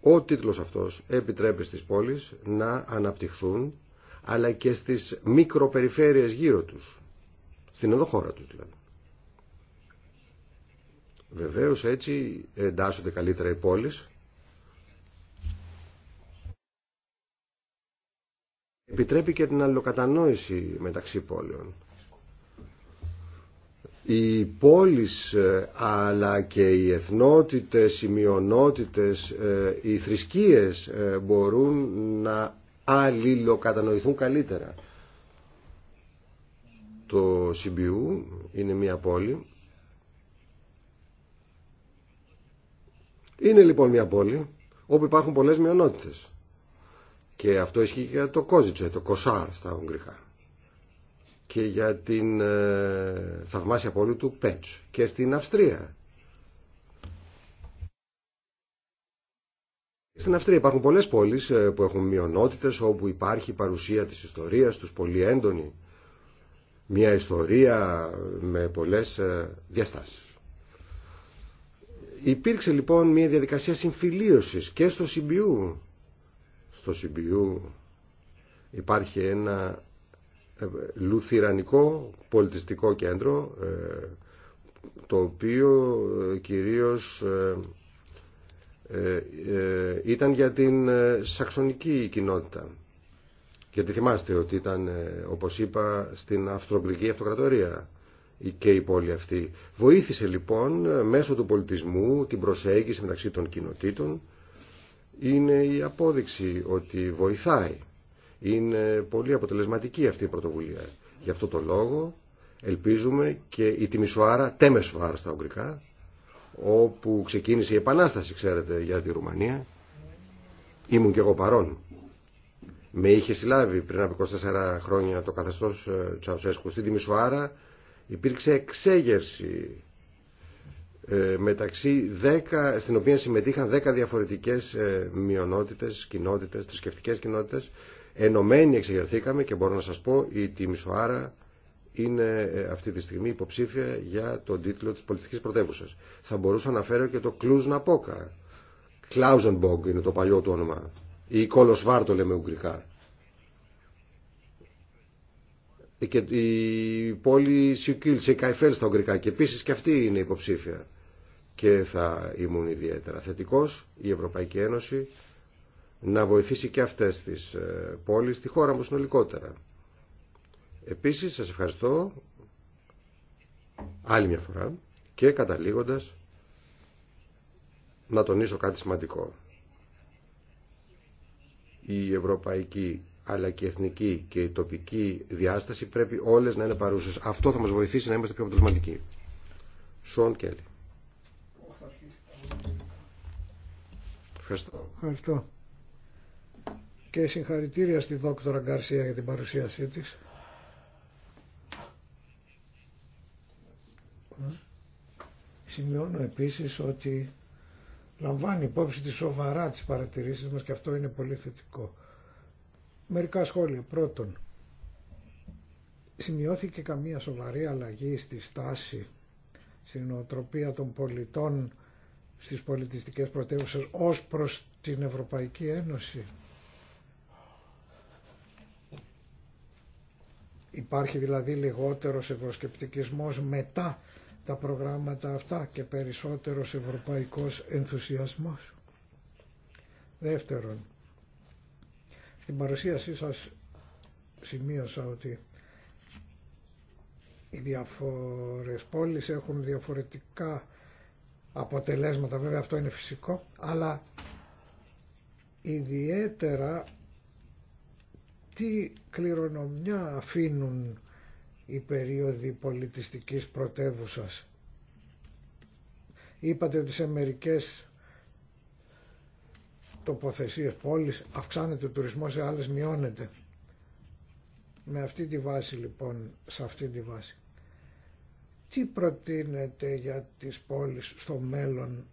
Ο τίτλος αυτός επιτρέπει στις πόλεις να αναπτυχθούν αλλά και στις μικροπεριφέρειες γύρω τους, στην εδώ χώρα τους δηλαδή. Βεβαίως έτσι εντάσσονται καλύτερα οι πόλεις. Επιτρέπει και την αλληλοκατανόηση μεταξύ πόλεων. Οι πόλεις ε, αλλά και οι εθνότητες, οι μειονότητες, ε, οι θρησκείες ε, μπορούν να αλληλοκατανοηθούν καλύτερα. Το Σιμπιού είναι μια πόλη Είναι λοιπόν μια πόλη όπου υπάρχουν πολλές μειονότητε. Και αυτό ισχύει και για το Κόζιτσε, το Κοσάρ στα Ουγγρικά. Και για την ε, θαυμάσια πόλη του Πέτς και στην Αυστρία. Στην Αυστρία υπάρχουν πολλές πόλεις ε, που έχουν μειονότητες όπου υπάρχει παρουσία της ιστορίας τους πολύ έντονη. Μια ιστορία με πολλές ε, διαστάσεις. Υπήρξε λοιπόν μια διαδικασία συμφιλίωσης και στο ΣΥΜΠΙΟΥ. Στο ΣΥΜΠΙΟΥ υπάρχει ένα ε, λουθυρανικό πολιτιστικό κέντρο ε, το οποίο ε, κυρίως ήταν για την σαξονική κοινότητα. Γιατί θυμάστε ότι ήταν, όπως είπα, στην Αυστρογγλική Αυτοκρατορία και η πόλη αυτή. Βοήθησε λοιπόν μέσω του πολιτισμού την προσέγγιση μεταξύ των κοινοτήτων. Είναι η απόδειξη ότι βοηθάει. Είναι πολύ αποτελεσματική αυτή η πρωτοβουλία. Γι' αυτό το λόγο ελπίζουμε και η Τιμισοάρα, Τέμεσοάρα στα Ουγγρικά, όπου ξεκίνησε η επανάσταση, ξέρετε, για τη Ρουμανία. Ήμουν και εγώ παρόν. Με είχε συλλάβει πριν από 24 χρόνια το καθεστώς ε, Τσαουσέσκου στην Τιμισοάρα υπήρξε εξέγερση ε, μεταξύ 10, στην οποία συμμετείχαν 10 διαφορετικές ε, μειονότητες, κοινότητες, θρησκευτικέ κοινότητες. Ενωμένοι εξεγερθήκαμε και μπορώ να σας πω η μισοάρα είναι ε, αυτή τη στιγμή υποψήφια για τον τίτλο της πολιτικής πρωτεύουσα. Θα μπορούσα να φέρω και το Κλούζνα Πόκα. Κλάουζενμπόγκ είναι το παλιό του όνομα. Ή Κόλος Βάρτο λέμε ουγγρικά. Ε, και η πόλη Σιουκίλ η Καϊφέλ στα Ουγγρικά και επίση και αυτή είναι υποψήφια και θα ήμουν ιδιαίτερα θετικό η Ευρωπαϊκή Ένωση να βοηθήσει και αυτές τις ε, πόλεις στη χώρα μου συνολικότερα. Επίσης σας ευχαριστώ άλλη μια φορά και καταλήγοντας να τονίσω κάτι σημαντικό. Η Ευρωπαϊκή αλλά και η εθνική και η τοπική διάσταση πρέπει όλες να είναι παρούσες. Αυτό θα μας βοηθήσει να είμαστε πιο αποτελεσματικοί. Σον Κέλλη. Ευχαριστώ. Ευχαριστώ. Και συγχαρητήρια στη δόκτωρα Γκαρσία για την παρουσίασή της. Σημειώνω επίσης ότι λαμβάνει υπόψη τη σοβαρά τις παρατηρήσεις μας και αυτό είναι πολύ θετικό. Μερικά σχόλια. Πρώτον, σημειώθηκε καμία σοβαρή αλλαγή στη στάση, στην νοοτροπία των πολιτών στις πολιτιστικές πρωτεύουσες ως προς την Ευρωπαϊκή Ένωση. Υπάρχει δηλαδή λιγότερος ευρωσκεπτικισμός μετά τα προγράμματα αυτά και περισσότερος ευρωπαϊκός ενθουσιασμός. Δεύτερον, στην παρουσίασή σας σημείωσα ότι οι διαφορές πόλεις έχουν διαφορετικά αποτελέσματα, βέβαια αυτό είναι φυσικό, αλλά ιδιαίτερα τι κληρονομιά αφήνουν οι περίοδοι πολιτιστικής πρωτεύουσας. Είπατε ότι σε τοποθεσίες πόλης, αυξάνεται ο τουρισμός, σε άλλες μειώνεται. Με αυτή τη βάση λοιπόν, σε αυτή τη βάση. Τι προτείνετε για τις πόλεις στο μέλλον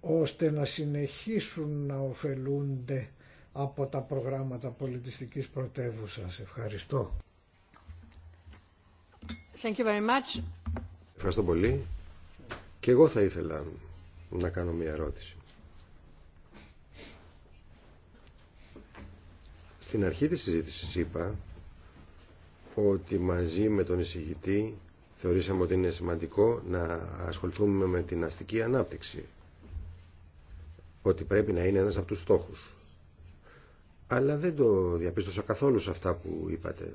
ώστε να συνεχίσουν να ωφελούνται από τα προγράμματα πολιτιστικής πρωτεύουσας. Ευχαριστώ. Thank you very Ευχαριστώ πολύ. Και εγώ θα ήθελα να κάνω μια ερώτηση. Στην αρχή της συζήτησης είπα ότι μαζί με τον εισηγητή θεωρήσαμε ότι είναι σημαντικό να ασχοληθούμε με την αστική ανάπτυξη. Ότι πρέπει να είναι ένας από τους στόχους. Αλλά δεν το διαπίστωσα καθόλου σε αυτά που είπατε.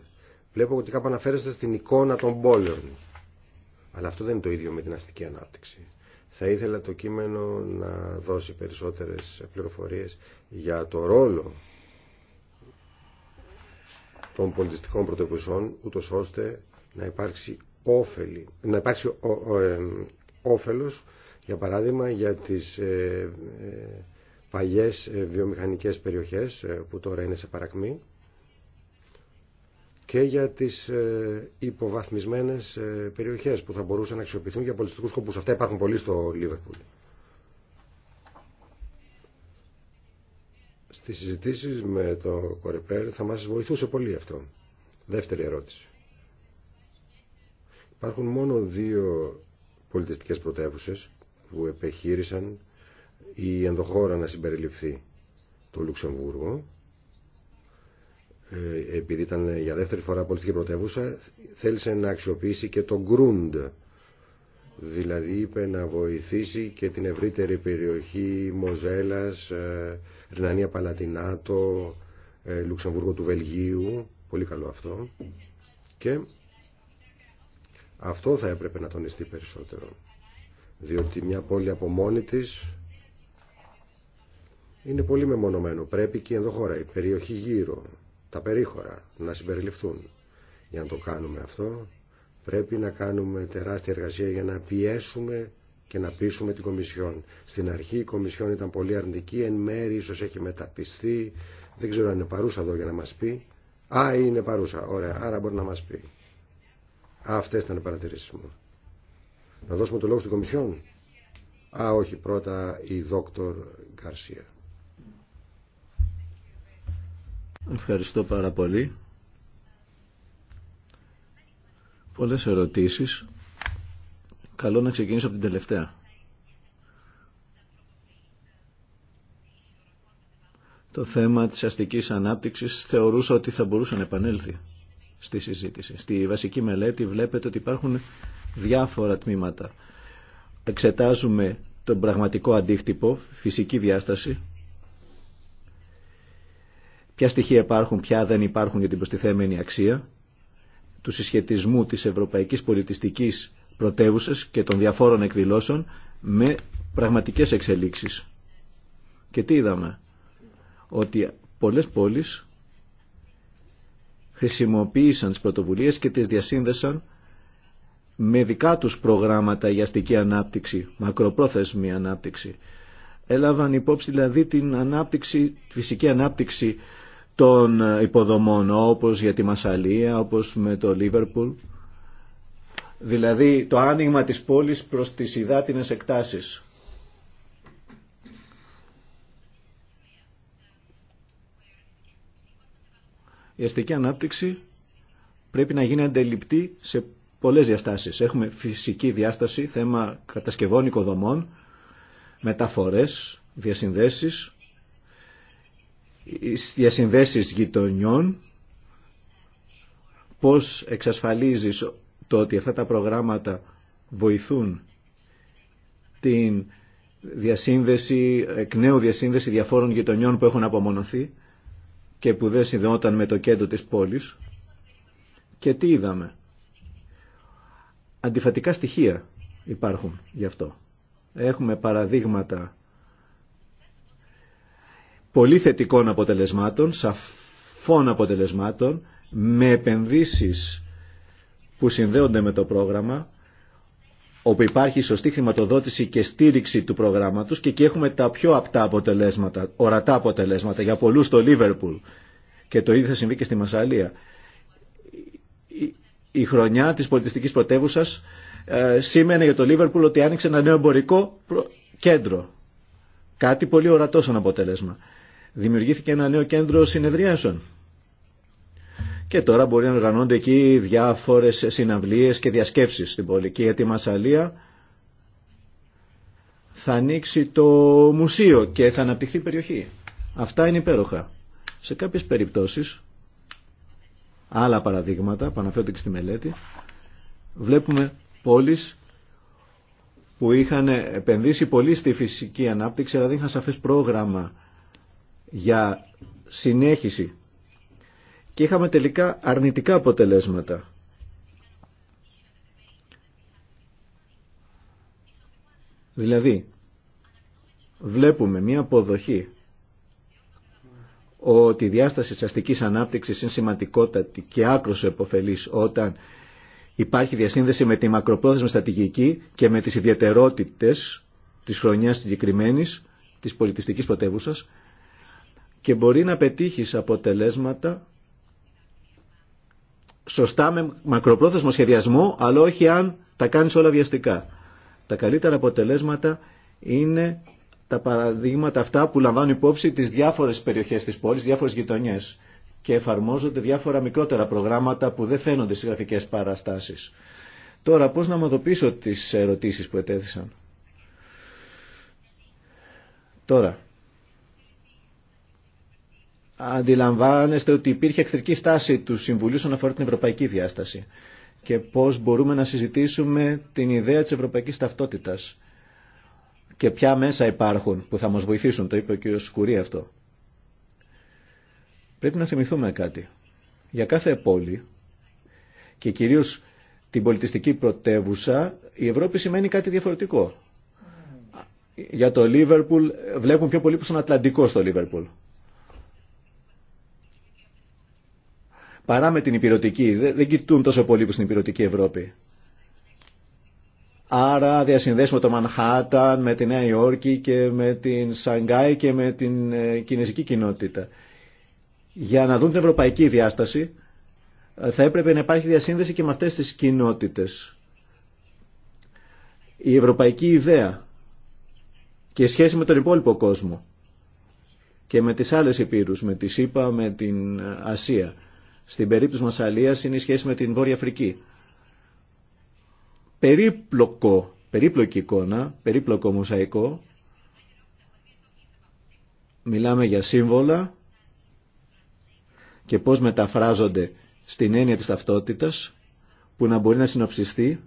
Βλέπω ότι κάπου αναφέρεστε στην εικόνα των πόλεων. Αλλά αυτό δεν είναι το ίδιο με την αστική ανάπτυξη. Θα ήθελα το κείμενο να δώσει περισσότερες πληροφορίες για το ρόλο των πολιτιστικών πρωτευουσών, ούτω ώστε να υπάρξει, όφελη, να υπάρξει ο, όφελος, για παράδειγμα, για τις ε, ε, παλιές ε, βιομηχανικές περιοχές ε, που τώρα είναι σε παρακμή και για τις ε, υποβαθμισμένες ε, περιοχές που θα μπορούσαν να αξιοποιηθούν για πολιτιστικούς σκοπούς. Αυτά υπάρχουν πολύ στο Λίβερπουλ. Στις συζητήσεις με το Κορεπέρ θα μας βοηθούσε πολύ αυτό. Δεύτερη ερώτηση. Υπάρχουν μόνο δύο πολιτιστικές πρωτεύουσες που επιχείρησαν η ενδοχώρα να συμπεριληφθεί το Λουξεμβούργο ε, επειδή ήταν για δεύτερη φορά πολιτική πρωτεύουσα, θέλησε να αξιοποιήσει και το Grund. Δηλαδή είπε να βοηθήσει και την ευρύτερη περιοχή Μοζέλας, ε, Ρινανία Παλατινάτο, ε, Λουξεμβούργο του Βελγίου. Πολύ καλό αυτό. Και αυτό θα έπρεπε να τονιστεί περισσότερο. Διότι μια πόλη από μόνη της είναι πολύ μεμονωμένο. Πρέπει και ενδοχώρα η περιοχή γύρω τα περίχωρα να συμπεριληφθούν. Για να το κάνουμε αυτό πρέπει να κάνουμε τεράστια εργασία για να πιέσουμε και να πείσουμε την Κομισιόν. Στην αρχή η Κομισιόν ήταν πολύ αρνητική, εν μέρη ίσως έχει μεταπιστεί, δεν ξέρω αν είναι παρούσα εδώ για να μας πει. Α, είναι παρούσα, ωραία, άρα μπορεί να μας πει. Αυτέ ήταν οι παρατηρήσει μου. Να δώσουμε το λόγο στην Κομισιόν. Α, όχι, πρώτα η Δόκτωρ Γκαρσία. Ευχαριστώ πάρα πολύ. Πολλές ερωτήσεις. Καλό να ξεκινήσω από την τελευταία. Το θέμα της αστικής ανάπτυξης θεωρούσα ότι θα μπορούσε να επανέλθει στη συζήτηση. Στη βασική μελέτη βλέπετε ότι υπάρχουν διάφορα τμήματα. Εξετάζουμε τον πραγματικό αντίκτυπο, φυσική διάσταση, ποια στοιχεία υπάρχουν, ποια δεν υπάρχουν για την προστιθέμενη αξία, του συσχετισμού της ευρωπαϊκής πολιτιστικής πρωτεύουσα και των διαφόρων εκδηλώσεων με πραγματικές εξελίξεις. Και τι είδαμε, ότι πολλές πόλεις χρησιμοποίησαν τις πρωτοβουλίες και τις διασύνδεσαν με δικά τους προγράμματα για αστική ανάπτυξη, μακροπρόθεσμη ανάπτυξη. Έλαβαν υπόψη δηλαδή την ανάπτυξη, τη φυσική ανάπτυξη των υποδομών όπως για τη Μασαλία, όπως με το Λίβερπουλ. Δηλαδή το άνοιγμα της πόλης προς τις υδάτινες εκτάσεις. Η αστική ανάπτυξη πρέπει να γίνει αντεληπτή σε πολλές διαστάσεις. Έχουμε φυσική διάσταση, θέμα κατασκευών οικοδομών, μεταφορές, διασυνδέσεις, διασυνδέσεις γειτονιών, πώς εξασφαλίζεις το ότι αυτά τα προγράμματα βοηθούν την διασύνδεση, εκ νέου διασύνδεση διαφόρων γειτονιών που έχουν απομονωθεί και που δεν συνδεόταν με το κέντρο της πόλης. Και τι είδαμε. Αντιφατικά στοιχεία υπάρχουν γι' αυτό. Έχουμε παραδείγματα πολύ θετικών αποτελεσμάτων, σαφών αποτελεσμάτων, με επενδύσεις που συνδέονται με το πρόγραμμα, όπου υπάρχει σωστή χρηματοδότηση και στήριξη του προγράμματος και εκεί έχουμε τα πιο απτά αποτελέσματα, ορατά αποτελέσματα για πολλούς στο Λίβερπουλ και το ίδιο θα συμβεί και στη Μασαλία. Η χρονιά της πολιτιστικής πρωτεύουσα ε, σήμαινε για το Λίβερπουλ ότι άνοιξε ένα νέο εμπορικό κέντρο. Κάτι πολύ ορατό σαν αποτέλεσμα δημιουργήθηκε ένα νέο κέντρο συνεδριάσεων. Και τώρα μπορεί να οργανώνται εκεί διάφορες συναυλίες και διασκέψεις στην πολιτική Και για τη Μασαλία θα ανοίξει το μουσείο και θα αναπτυχθεί περιοχή. Αυτά είναι υπέροχα. Σε κάποιες περιπτώσεις, άλλα παραδείγματα που αναφέρονται και στη μελέτη, βλέπουμε πόλεις που είχαν επενδύσει πολύ στη φυσική ανάπτυξη αλλά δεν είχαν σαφές πρόγραμμα για συνέχιση και είχαμε τελικά αρνητικά αποτελέσματα. Δηλαδή, βλέπουμε μία αποδοχή ότι η διάσταση της αστικής ανάπτυξης είναι σημαντικότατη και άκρος επωφελής όταν υπάρχει διασύνδεση με τη μακροπρόθεσμη στρατηγική και με τις ιδιαιτερότητες της χρονιάς συγκεκριμένη της πολιτιστικής πρωτεύουσα και μπορεί να πετύχεις αποτελέσματα σωστά με μακροπρόθεσμο σχεδιασμό, αλλά όχι αν τα κάνεις όλα βιαστικά. Τα καλύτερα αποτελέσματα είναι τα παραδείγματα αυτά που λαμβάνουν υπόψη τις διάφορες περιοχές της πόλης, διάφορες γειτονιές και εφαρμόζονται διάφορα μικρότερα προγράμματα που δεν φαίνονται στις γραφικές παραστάσεις. Τώρα, πώς να ομαδοποιήσω τις ερωτήσεις που ετέθησαν. Τώρα, αντιλαμβάνεστε ότι υπήρχε εχθρική στάση του Συμβουλίου στον αφορά την ευρωπαϊκή διάσταση και πώς μπορούμε να συζητήσουμε την ιδέα της ευρωπαϊκής ταυτότητας και ποια μέσα υπάρχουν που θα μας βοηθήσουν, το είπε ο κ. Σκουρή αυτό. Πρέπει να θυμηθούμε κάτι. Για κάθε πόλη και κυρίως την πολιτιστική πρωτεύουσα η Ευρώπη σημαίνει κάτι διαφορετικό. Για το Λίβερπουλ βλέπουν πιο πολύ που στον Ατλαντικό στο Λίβερπουλ. παρά με την υπηρετική. Δεν κοιτούν τόσο πολύ που στην υπηρετική Ευρώπη. Άρα διασυνδέσουμε το Μανχάταν με τη Νέα Υόρκη και με την Σανγκάη και με την ε, κινέζικη κοινότητα. Για να δουν την ευρωπαϊκή διάσταση ε, θα έπρεπε να υπάρχει διασύνδεση και με αυτές τις κοινότητες. Η ευρωπαϊκή ιδέα και σχέση με τον υπόλοιπο κόσμο και με τις άλλες υπήρους, με τη ΣΥΠΑ, με την ε, Ασία στην περίπτωση μας είναι η σχέση με την Βόρεια Αφρική. Περίπλοκο, περίπλοκη εικόνα, περίπλοκο μοσαϊκό. Μιλάμε για σύμβολα και πώς μεταφράζονται στην έννοια της ταυτότητας που να μπορεί να συνοψιστεί.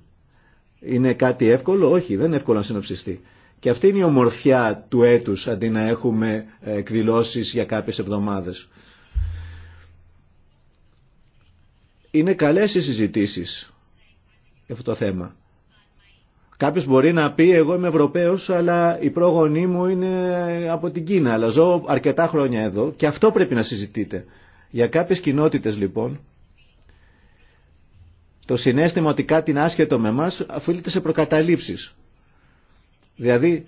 Είναι κάτι εύκολο, όχι δεν είναι εύκολο να συνοψιστεί. Και αυτή είναι η ομορφιά του έτους αντί να έχουμε ε, εκδηλώσεις για κάποιες εβδομάδες. είναι καλές οι συζητήσεις για αυτό το θέμα. Κάποιος μπορεί να πει εγώ είμαι Ευρωπαίος αλλά η πρόγονή μου είναι από την Κίνα αλλά ζω αρκετά χρόνια εδώ και αυτό πρέπει να συζητείτε. Για κάποιες κοινότητες λοιπόν το συνέστημα ότι κάτι είναι άσχετο με μας αφήνεται σε προκαταλήψεις. Δηλαδή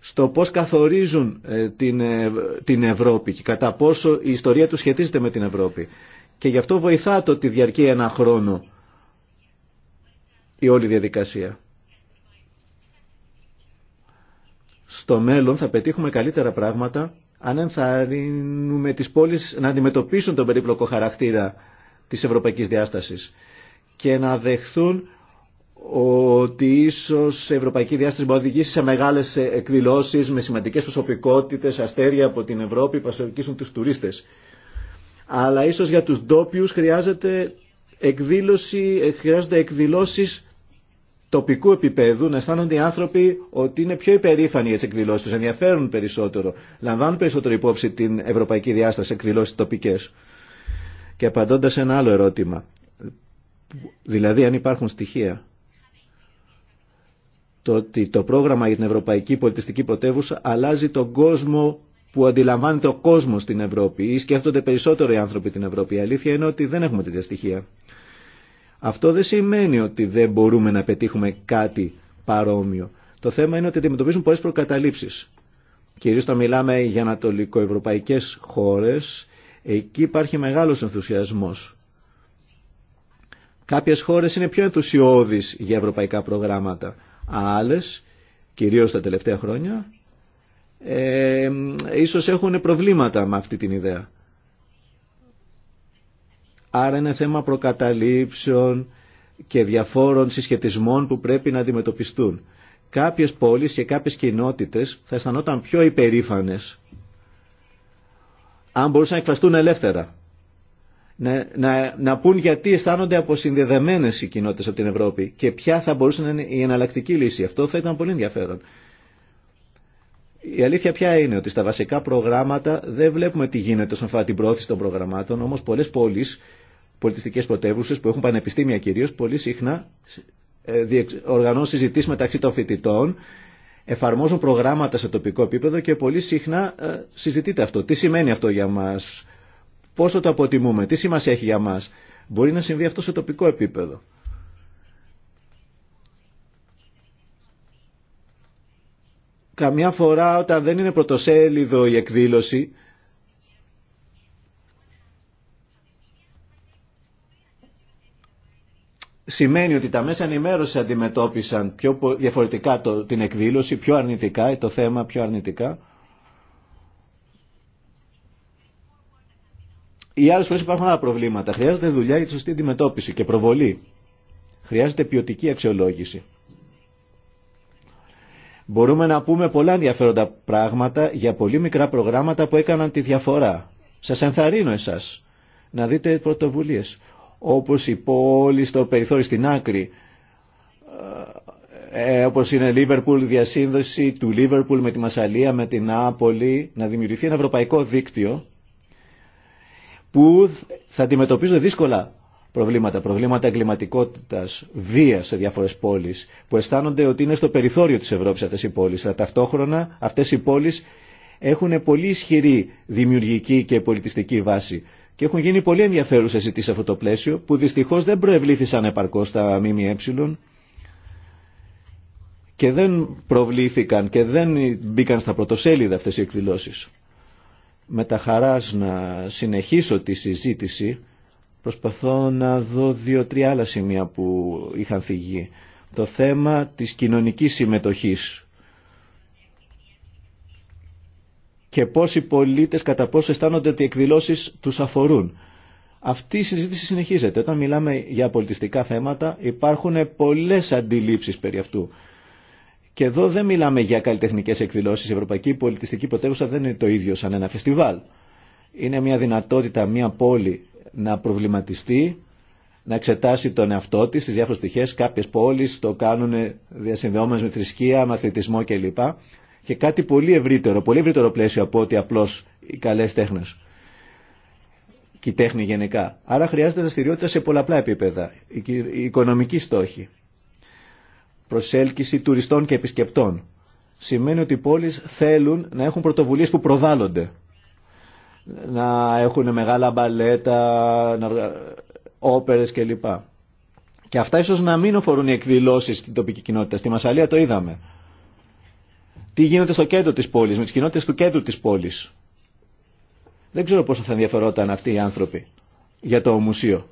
στο πώς καθορίζουν ε, την, ε, την Ευρώπη και κατά πόσο η ιστορία του σχετίζεται με την Ευρώπη. Και γι' αυτό βοηθά το ότι διαρκεί ένα χρόνο η όλη διαδικασία. Στο μέλλον θα πετύχουμε καλύτερα πράγματα αν ενθαρρύνουμε τις πόλεις να αντιμετωπίσουν τον περίπλοκο χαρακτήρα της ευρωπαϊκής διάστασης και να δεχθούν ότι ίσως η ευρωπαϊκή διάσταση μπορεί να οδηγήσει σε μεγάλες εκδηλώσεις με σημαντικές προσωπικότητες, αστέρια από την Ευρώπη που αστορκήσουν τους τουρίστες αλλά ίσως για τους ντόπιου χρειάζεται εκδήλωση, ε, χρειάζονται εκδηλώσεις τοπικού επίπεδου, να αισθάνονται οι άνθρωποι ότι είναι πιο υπερήφανοι για τι εκδηλώσει του, ενδιαφέρουν περισσότερο, λαμβάνουν περισσότερο υπόψη την ευρωπαϊκή διάσταση εκδηλώσει τοπικέ. Και απαντώντα σε ένα άλλο ερώτημα, δηλαδή αν υπάρχουν στοιχεία το ότι το πρόγραμμα για την Ευρωπαϊκή Πολιτιστική Πρωτεύουσα αλλάζει τον κόσμο που αντιλαμβάνεται ο κόσμος στην Ευρώπη ή σκέφτονται περισσότερο οι άνθρωποι την Ευρώπη. Η αλήθεια είναι ότι δεν έχουμε τέτοια στοιχεία. Αυτό δεν σημαίνει ότι δεν μπορούμε να πετύχουμε κάτι παρόμοιο. Το θέμα είναι ότι αντιμετωπίζουν πολλές προκαταλήψεις. Κυρίως όταν μιλάμε για ανατολικοευρωπαϊκές χώρες, εκεί υπάρχει μεγάλος ενθουσιασμός. Κάποιες χώρες είναι πιο ενθουσιώδεις για ευρωπαϊκά προγράμματα, άλλες, κυρίως τα τελευταία χρόνια, ε, ίσως έχουν προβλήματα με αυτή την ιδέα. Άρα είναι θέμα προκαταλήψεων και διαφόρων συσχετισμών που πρέπει να αντιμετωπιστούν. Κάποιες πόλεις και κάποιες κοινότητες θα αισθανόταν πιο υπερήφανες αν μπορούσαν να εκφραστούν ελεύθερα. Να, να, να πούν γιατί αισθάνονται αποσυνδεδεμένες οι κοινότητες από την Ευρώπη και ποια θα μπορούσε να είναι η εναλλακτική λύση. Αυτό θα ήταν πολύ ενδιαφέρον. Η αλήθεια πια είναι ότι στα βασικά προγράμματα δεν βλέπουμε τι γίνεται όσον αφορά την πρόθεση των προγραμμάτων, όμω πολλέ πόλεις, πολιτιστικέ πρωτεύουσε που έχουν πανεπιστήμια κυρίω, πολύ συχνά ε, οργανώνουν συζητήσει μεταξύ των φοιτητών, εφαρμόζουν προγράμματα σε τοπικό επίπεδο και πολύ συχνά ε, συζητείται αυτό. Τι σημαίνει αυτό για μας, πόσο το αποτιμούμε, τι σημασία έχει για μας. Μπορεί να συμβεί αυτό σε τοπικό επίπεδο. Καμιά φορά όταν δεν είναι πρωτοσέλιδο η εκδήλωση, σημαίνει ότι τα μέσα ενημέρωση αντιμετώπισαν πιο διαφορετικά το, την εκδήλωση, πιο αρνητικά, ε, το θέμα πιο αρνητικά. Οι άλλε φορέ υπάρχουν άλλα προβλήματα. Χρειάζεται δουλειά για τη σωστή αντιμετώπιση και προβολή. Χρειάζεται ποιοτική αξιολόγηση. Μπορούμε να πούμε πολλά ενδιαφέροντα πράγματα για πολύ μικρά προγράμματα που έκαναν τη διαφορά. Σας ενθαρρύνω εσάς να δείτε πρωτοβουλίες. Όπως η πόλη στο περιθώριο στην άκρη, ε, ε όπως είναι Λίβερπουλ, διασύνδεση του Λίβερπουλ με τη Μασαλία, με την Νάπολη, να δημιουργηθεί ένα ευρωπαϊκό δίκτυο που θα αντιμετωπίζονται δύσκολα προβλήματα, προβλήματα εγκληματικότητα, βία σε διάφορε πόλει, που αισθάνονται ότι είναι στο περιθώριο τη Ευρώπη αυτέ οι πόλει. Αλλά ταυτόχρονα αυτέ οι πόλει έχουν πολύ ισχυρή δημιουργική και πολιτιστική βάση και έχουν γίνει πολύ ενδιαφέρουσε ζητήσει σε αυτό το πλαίσιο που δυστυχώ δεν προευλήθησαν επαρκώ τα ΜΜΕ και δεν προβλήθηκαν και δεν μπήκαν στα πρωτοσέλιδα αυτές οι εκδηλώσεις. Με τα χαράς να συνεχίσω τη συζήτηση Προσπαθώ να δω δύο-τρία άλλα σημεία που είχαν θυγεί. Το θέμα της κοινωνικής συμμετοχής και πώς οι πολίτες κατά πόσο αισθάνονται ότι οι εκδηλώσεις τους αφορούν. Αυτή η συζήτηση συνεχίζεται. Όταν μιλάμε για πολιτιστικά θέματα υπάρχουν πολλές αντιλήψεις περί αυτού. Και εδώ δεν μιλάμε για καλλιτεχνικέ εκδηλώσει. Η Ευρωπαϊκή Πολιτιστική Πρωτεύουσα δεν είναι το ίδιο σαν ένα φεστιβάλ. Είναι μια δυνατότητα μια πόλη να προβληματιστεί, να εξετάσει τον εαυτό της, στις διάφορες πτυχές, κάποιες πόλεις το κάνουν διασυνδεόμενες με θρησκεία, μαθητισμό κλπ. Και κάτι πολύ ευρύτερο, πολύ ευρύτερο πλαίσιο από ότι απλώς οι καλές τέχνες και η τέχνη γενικά. Άρα χρειάζεται δραστηριότητα σε πολλαπλά επίπεδα. Οι οικονομικοί στόχοι, προσέλκυση τουριστών και επισκεπτών. Σημαίνει ότι οι πόλεις θέλουν να έχουν πρωτοβουλίες που προβάλλονται να έχουν μεγάλα μπαλέτα, να, όπερες κλπ. Και αυτά ίσως να μην αφορούν οι εκδηλώσεις στην τοπική κοινότητα. Στη Μασαλία το είδαμε. Τι γίνεται στο κέντρο της πόλης, με τις κοινότητες του κέντρου της πόλης. Δεν ξέρω πόσο θα ενδιαφερόταν αυτοί οι άνθρωποι για το μουσείο.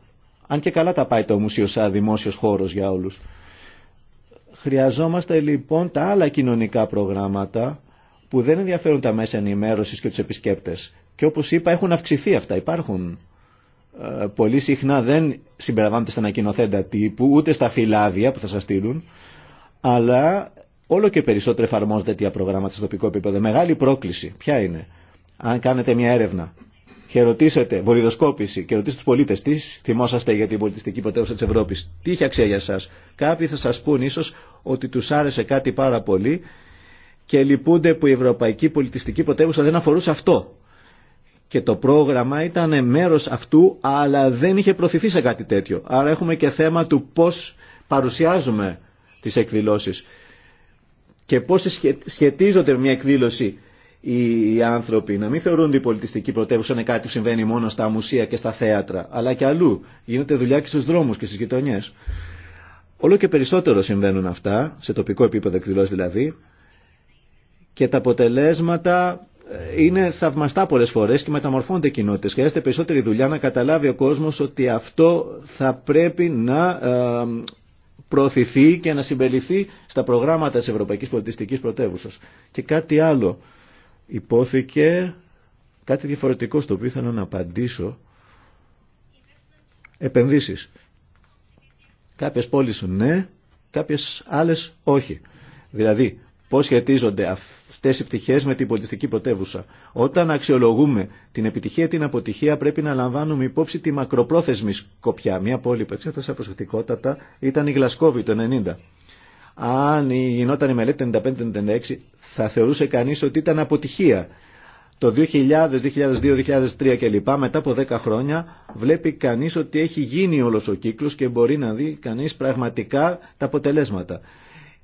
Αν και καλά τα πάει το μουσείο σαν δημόσιος χώρος για όλους. Χρειαζόμαστε λοιπόν τα άλλα κοινωνικά προγράμματα που δεν ενδιαφέρουν τα μέσα ενημέρωσης και τους επισκέπτες. Και όπως είπα έχουν αυξηθεί αυτά, υπάρχουν. Ε, πολύ συχνά δεν συμπεριλαμβάνονται στα ανακοινοθέντα τύπου, ούτε στα φυλάδια που θα σας στείλουν, αλλά όλο και περισσότερο εφαρμόζονται τέτοια προγράμματα στο τοπικό επίπεδο. Μεγάλη πρόκληση ποια είναι. Αν κάνετε μια έρευνα και ρωτήσετε, βολιδοσκόπηση και ρωτήσετε του πολίτε τι θυμόσαστε για την πολιτιστική πρωτεύουσα τη Ευρώπη, τι είχε αξία για εσά. Κάποιοι θα σα πούν ίσω ότι του άρεσε κάτι πάρα πολύ και λυπούνται που η ευρωπαϊκή πολιτιστική πρωτεύουσα δεν αφορούσε αυτό και το πρόγραμμα ήταν μέρος αυτού αλλά δεν είχε προωθηθεί σε κάτι τέτοιο. Άρα έχουμε και θέμα του πώς παρουσιάζουμε τις εκδηλώσεις και πώς σχετίζονται με μια εκδήλωση οι άνθρωποι. Να μην θεωρούν ότι η πολιτιστική πρωτεύουσα είναι κάτι που συμβαίνει μόνο στα μουσεία και στα θέατρα αλλά και αλλού. Γίνεται δουλειά και στους δρόμους και στις γειτονιές. Όλο και περισσότερο συμβαίνουν αυτά, σε τοπικό επίπεδο εκδηλώσει δηλαδή, και τα αποτελέσματα είναι θαυμαστά πολλές φορές και μεταμορφώνται κοινότητε. Χρειάζεται περισσότερη δουλειά να καταλάβει ο κόσμος ότι αυτό θα πρέπει να ε, προωθηθεί και να συμπεριληφθεί στα προγράμματα της Ευρωπαϊκής Πολιτιστικής Πρωτεύουσας. Και κάτι άλλο υπόθηκε, κάτι διαφορετικό στο οποίο ήθελα να απαντήσω, επενδύσεις. Κάποιες πόλεις ναι, κάποιες άλλες όχι. Δηλαδή, πώς σχετίζονται αυτοί αυτές οι πτυχές με την πολιτιστική πρωτεύουσα. Όταν αξιολογούμε την επιτυχία η την αποτυχία πρέπει να λαμβάνουμε υπόψη τη μακροπρόθεσμη σκοπιά. Μια πόλη που εξέτασα προσεκτικότατα ήταν η Γλασκόβη το 90. Αν γινόταν η μελέτη 95-96 θα θεωρούσε κανεί ότι ήταν αποτυχία. Το 2000, 2002, 2003 κλπ. μετά από 10 χρόνια βλέπει κανείς ότι έχει γίνει όλος ο κύκλος και μπορεί να δει κανείς πραγματικά τα αποτελέσματα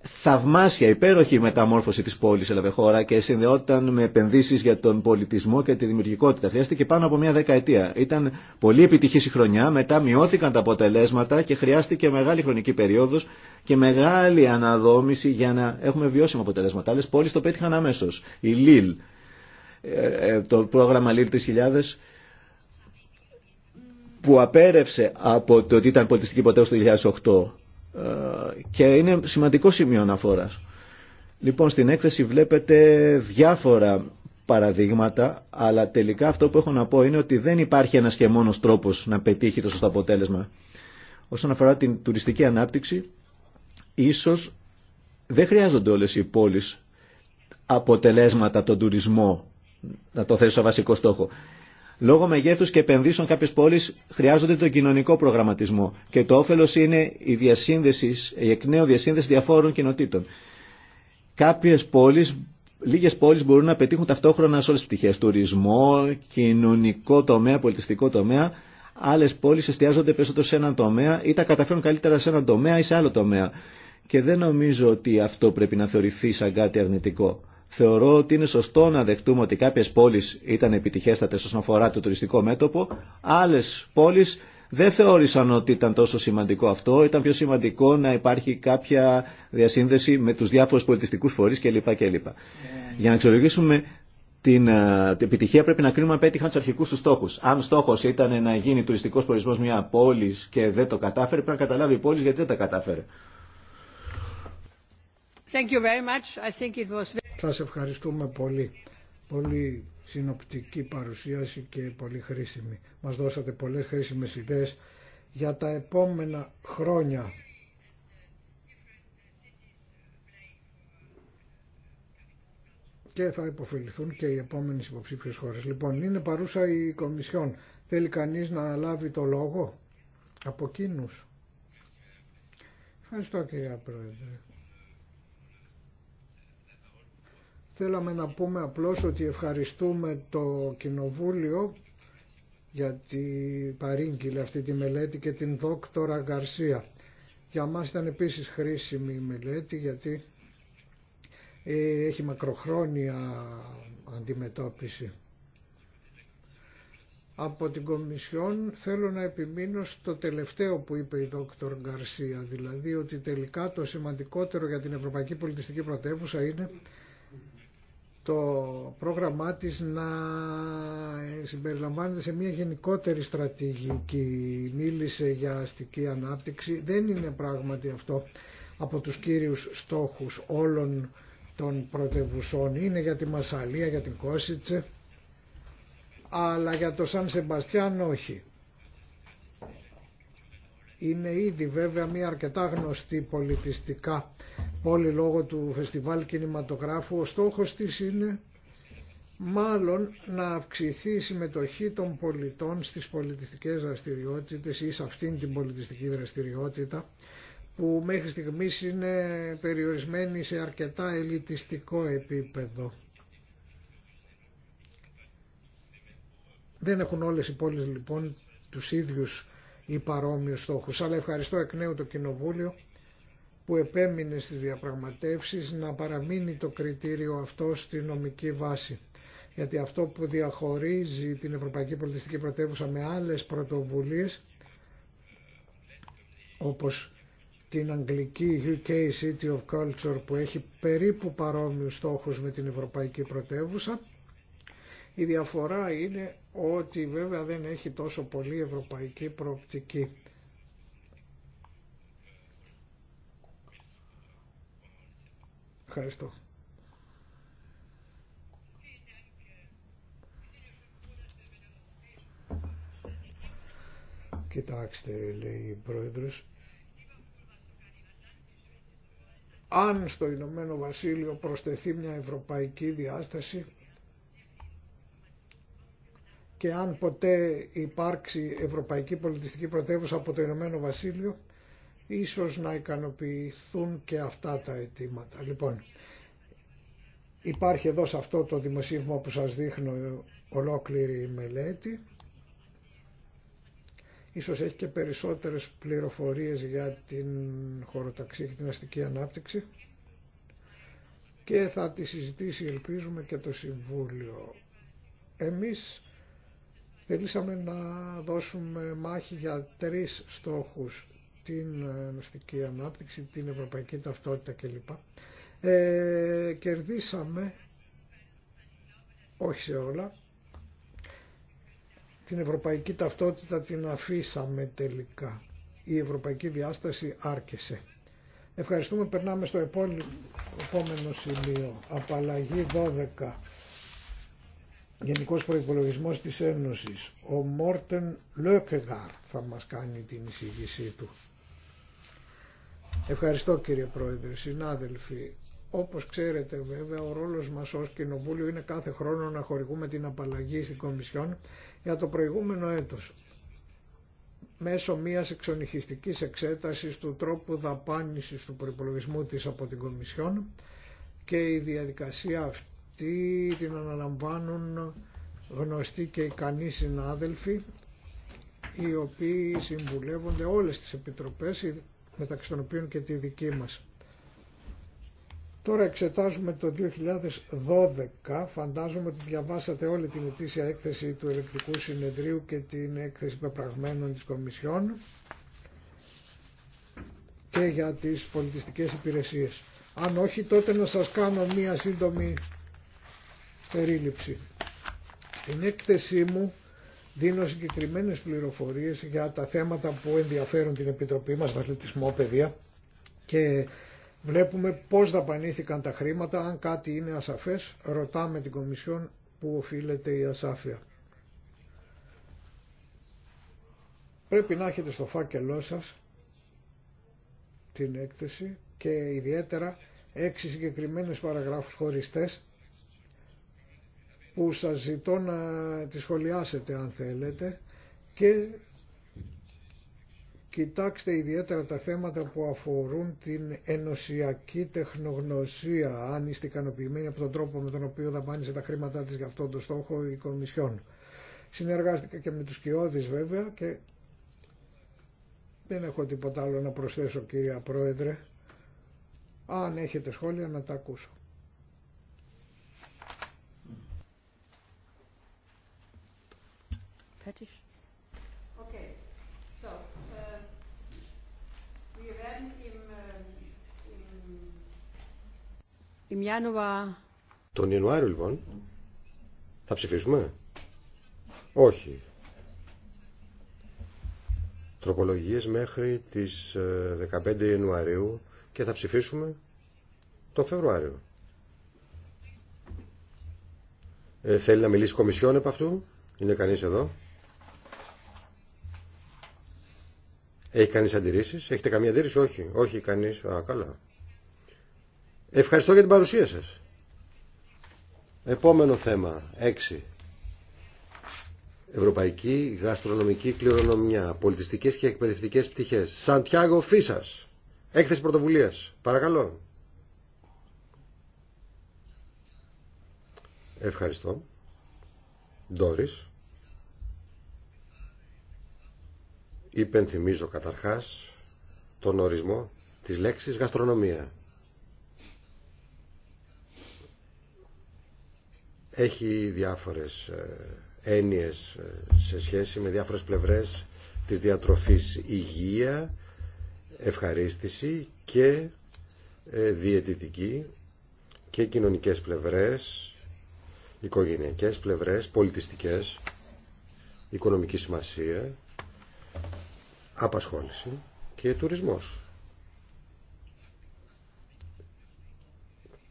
θαυμάσια, υπέροχη μεταμόρφωση της πόλης έλαβε χώρα και συνδεόταν με επενδύσεις για τον πολιτισμό και τη δημιουργικότητα. Χρειάστηκε πάνω από μια δεκαετία. Ήταν πολύ επιτυχής η χρονιά, μετά μειώθηκαν τα αποτελέσματα και χρειάστηκε μεγάλη χρονική περίοδος και μεγάλη αναδόμηση για να έχουμε βιώσιμα αποτελέσματα. Άλλες πόλεις το πέτυχαν αμέσω. Η Λίλ, ε, ε, το πρόγραμμα Λίλ 3000, που απέρευσε από το ότι ήταν πολιτιστική ποτέ το 2008 ε, και είναι σημαντικό σημείο αναφοράς. Λοιπόν, στην έκθεση βλέπετε διάφορα παραδείγματα, αλλά τελικά αυτό που έχω να πω είναι ότι δεν υπάρχει ένας και μόνος τρόπος να πετύχει το σωστό αποτέλεσμα. Όσον αφορά την τουριστική ανάπτυξη, ίσως δεν χρειάζονται όλες οι πόλεις αποτελέσματα τον τουρισμό, να το θέσω σαν βασικό στόχο. Λόγω μεγέθου και επενδύσεων κάποιε πόλει χρειάζονται τον κοινωνικό προγραμματισμό και το όφελο είναι η, διασύνδεση, η εκ νέου διασύνδεση διαφόρων κοινοτήτων. Κάποιε πόλει, λίγε πόλει μπορούν να πετύχουν ταυτόχρονα σε όλε τι πτυχέ. Τουρισμό, κοινωνικό τομέα, πολιτιστικό τομέα. Άλλε πόλει εστιάζονται περισσότερο σε έναν τομέα ή τα καταφέρουν καλύτερα σε έναν τομέα ή σε άλλο τομέα. Και δεν νομίζω ότι αυτό πρέπει να θεωρηθεί σαν κάτι αρνητικό. Θεωρώ ότι είναι σωστό να δεχτούμε ότι κάποιες πόλεις ήταν επιτυχέστατες όσον αφορά το τουριστικό μέτωπο, άλλες πόλεις δεν θεώρησαν ότι ήταν τόσο σημαντικό αυτό, ήταν πιο σημαντικό να υπάρχει κάποια διασύνδεση με τους διάφορους πολιτιστικούς φορείς κλπ. Ναι. Για να αξιολογήσουμε την, ε, την, επιτυχία πρέπει να κρίνουμε αν πέτυχαν του αρχικού του στόχου. Αν στόχο ήταν να γίνει τουριστικό προορισμό μια πόλη και δεν το κατάφερε, πρέπει να καταλάβει η πόλη γιατί δεν τα κατάφερε. Thank you very much. I think it was... Σας ευχαριστούμε πολύ. Πολύ συνοπτική παρουσίαση και πολύ χρήσιμη. Μας δώσατε πολλές χρήσιμες ιδέες για τα επόμενα χρόνια. Και θα υποφεληθούν και οι επόμενες υποψήφιες χώρες. Λοιπόν, είναι παρούσα η Κομισιόν. Θέλει κανείς να λάβει το λόγο από εκείνους. Ευχαριστώ κυρία Πρόεδρε. Θέλαμε να πούμε απλώς ότι ευχαριστούμε το Κοινοβούλιο γιατί παρήγγειλε αυτή τη μελέτη και την δόκτορα Γκαρσία. Για μας ήταν επίσης χρήσιμη η μελέτη γιατί ε, έχει μακροχρόνια αντιμετώπιση. Από την Κομισιόν θέλω να επιμείνω στο τελευταίο που είπε η δόκτωρ Γκαρσία, δηλαδή ότι τελικά το σημαντικότερο για την Ευρωπαϊκή Πολιτιστική Πρωτεύουσα είναι το πρόγραμμά της να συμπεριλαμβάνεται σε μια γενικότερη στρατηγική. Μίλησε για αστική ανάπτυξη. Δεν είναι πράγματι αυτό από τους κύριους στόχους όλων των πρωτευουσών. Είναι για τη Μασαλία, για την Κόσιτσε, αλλά για το Σαν Σεμπαστιάν όχι. Είναι ήδη βέβαια μια αρκετά γνωστή πολιτιστικά όλοι λόγω του φεστιβάλ κινηματογράφου. Ο στόχος της είναι μάλλον να αυξηθεί η συμμετοχή των πολιτών στις πολιτιστικές δραστηριότητες ή σε αυτήν την πολιτιστική δραστηριότητα που μέχρι στιγμής είναι περιορισμένη σε αρκετά ελιτιστικό επίπεδο. Δεν έχουν όλες οι πόλεις λοιπόν τους ίδιους ή παρόμοιους στόχους, αλλά ευχαριστώ εκ νέου το Κοινοβούλιο που επέμεινε στις διαπραγματεύσεις να παραμείνει το κριτήριο αυτό στη νομική βάση. Γιατί αυτό που διαχωρίζει την Ευρωπαϊκή Πολιτιστική Πρωτεύουσα με άλλες πρωτοβουλίες όπως την Αγγλική UK City of Culture που έχει περίπου παρόμοιους στόχους με την Ευρωπαϊκή Πρωτεύουσα η διαφορά είναι ότι βέβαια δεν έχει τόσο πολύ ευρωπαϊκή προοπτική. Ευχαριστώ. Κοιτάξτε, λέει η πρόεδρος, αν στο Ηνωμένο Βασίλειο προσθεθεί μια ευρωπαϊκή διάσταση και αν ποτέ υπάρξει ευρωπαϊκή πολιτιστική πρωτεύουσα από το Ηνωμένο Βασίλειο, ίσως να ικανοποιηθούν και αυτά τα αιτήματα. Λοιπόν, υπάρχει εδώ σε αυτό το δημοσίευμα που σας δείχνω ολόκληρη η μελέτη. Ίσως έχει και περισσότερες πληροφορίες για την χωροταξία και την αστική ανάπτυξη και θα τη συζητήσει ελπίζουμε και το Συμβούλιο. Εμείς θέλησαμε να δώσουμε μάχη για τρεις στόχους την νοστική ε, ανάπτυξη, την ευρωπαϊκή ταυτότητα κλπ. Ε, κερδίσαμε, όχι σε όλα, την ευρωπαϊκή ταυτότητα την αφήσαμε τελικά. Η ευρωπαϊκή διάσταση άρκεσε. Ευχαριστούμε, περνάμε στο επόμενο σημείο. Απαλλαγή 12. Γενικός Προϋπολογισμός της Ένωσης. Ο Μόρτεν Λόκεγαρ θα μας κάνει την εισηγήσή του. Ευχαριστώ κύριε Πρόεδρε, συνάδελφοι. Όπως ξέρετε βέβαια ο ρόλος μας ως Κοινοβούλιο είναι κάθε χρόνο να χορηγούμε την απαλλαγή στην Κομισιόν για το προηγούμενο έτος μέσω μιας εξονυχιστικής εξέτασης του τρόπου δαπάνησης του προϋπολογισμού της από την Κομισιόν και η διαδικασία αυτή την αναλαμβάνουν γνωστοί και ικανοί συνάδελφοι οι οποίοι συμβουλεύονται όλες τις επιτροπές μεταξύ των οποίων και τη δική μας. Τώρα εξετάζουμε το 2012, φαντάζομαι ότι διαβάσατε όλη την ετήσια έκθεση του Ελεκτικού Συνεδρίου και την έκθεση πεπραγμένων της Κομισιόν και για τις πολιτιστικές υπηρεσίες. Αν όχι τότε να σας κάνω μία σύντομη περίληψη. Στην έκθεσή μου δίνω συγκεκριμένε πληροφορίες για τα θέματα που ενδιαφέρουν την Επιτροπή μας, αθλητισμό, παιδεία και βλέπουμε πώς δαπανήθηκαν τα χρήματα, αν κάτι είναι ασαφές ρωτάμε την Κομισιόν που οφείλεται η ασάφεια. Πρέπει να έχετε στο φάκελό σας την έκθεση και ιδιαίτερα έξι συγκεκριμένες παραγράφους χωριστές που σας ζητώ να τη σχολιάσετε αν θέλετε και κοιτάξτε ιδιαίτερα τα θέματα που αφορούν την ενωσιακή τεχνογνωσία αν είστε ικανοποιημένοι από τον τρόπο με τον οποίο δαπάνησε τα χρήματά της για αυτόν τον στόχο η Κομισιόν. Συνεργάστηκα και με τους Κιώδης βέβαια και δεν έχω τίποτα άλλο να προσθέσω κύριε Πρόεδρε. Αν έχετε σχόλια να τα ακούσω. fertig. Okay. So, äh, äh, Τον Ιανουάριο λοιπόν θα ψηφίσουμε. Όχι. Τροπολογίες μέχρι τις 15 ε, Ιανουαρίου και θα ψηφίσουμε το Φεβρουάριο. Ε, θέλει να μιλήσει η Κομισιόν επ' αυτού. Είναι κανείς εδώ. Έχει κάνει αντιρρήσει. Έχετε καμία αντίρρηση. Όχι. Όχι κανεί Α, καλά. Ευχαριστώ για την παρουσία σας. Επόμενο θέμα. 6. Ευρωπαϊκή γαστρονομική κληρονομιά. Πολιτιστικές και εκπαιδευτικέ πτυχές. Σαντιάγο Φίσας. Έκθεση πρωτοβουλίας. Παρακαλώ. Ευχαριστώ. Ντόρις. υπενθυμίζω καταρχάς τον ορισμό της λέξης γαστρονομία. Έχει διάφορες ε, έννοιες ε, σε σχέση με διάφορες πλευρές της διατροφής υγεία, ευχαρίστηση και ε, διαιτητική και κοινωνικές πλευρές, οικογενειακές πλευρές, πολιτιστικές, οικονομική σημασία απασχόληση και τουρισμός.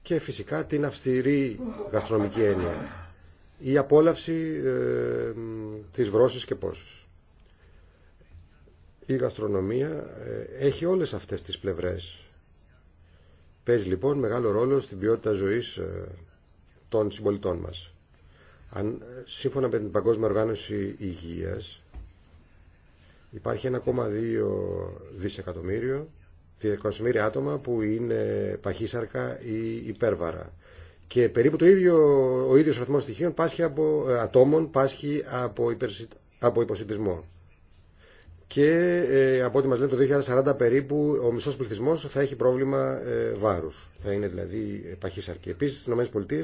Και φυσικά την αυστηρή γαστρονομική έννοια. Η απόλαυση ε, της βρώσης και πόσης. Η γαστρονομία ε, έχει όλες αυτές τις πλευρές. Παίζει λοιπόν μεγάλο ρόλο στην ποιότητα ζωής ε, των συμπολιτών μας. Αν, σύμφωνα με την Παγκόσμια Οργάνωση Υγείας, Υπάρχει 1,2 δισεκατομμύριο, δισεκατομμύρια άτομα που είναι παχύσαρκα ή υπέρβαρα. Και περίπου το ίδιο, ο ίδιος αριθμός στοιχείων πάσχει από, ε, ατόμων πάσχει από, υπερσι, από υποσυντισμό. Και ε, από ό,τι μας λένε το 2040 περίπου ο μισός πληθυσμός θα έχει πρόβλημα ε, βάρους. Θα είναι δηλαδή παχύσαρκη. Επίσης στις ΗΠΑ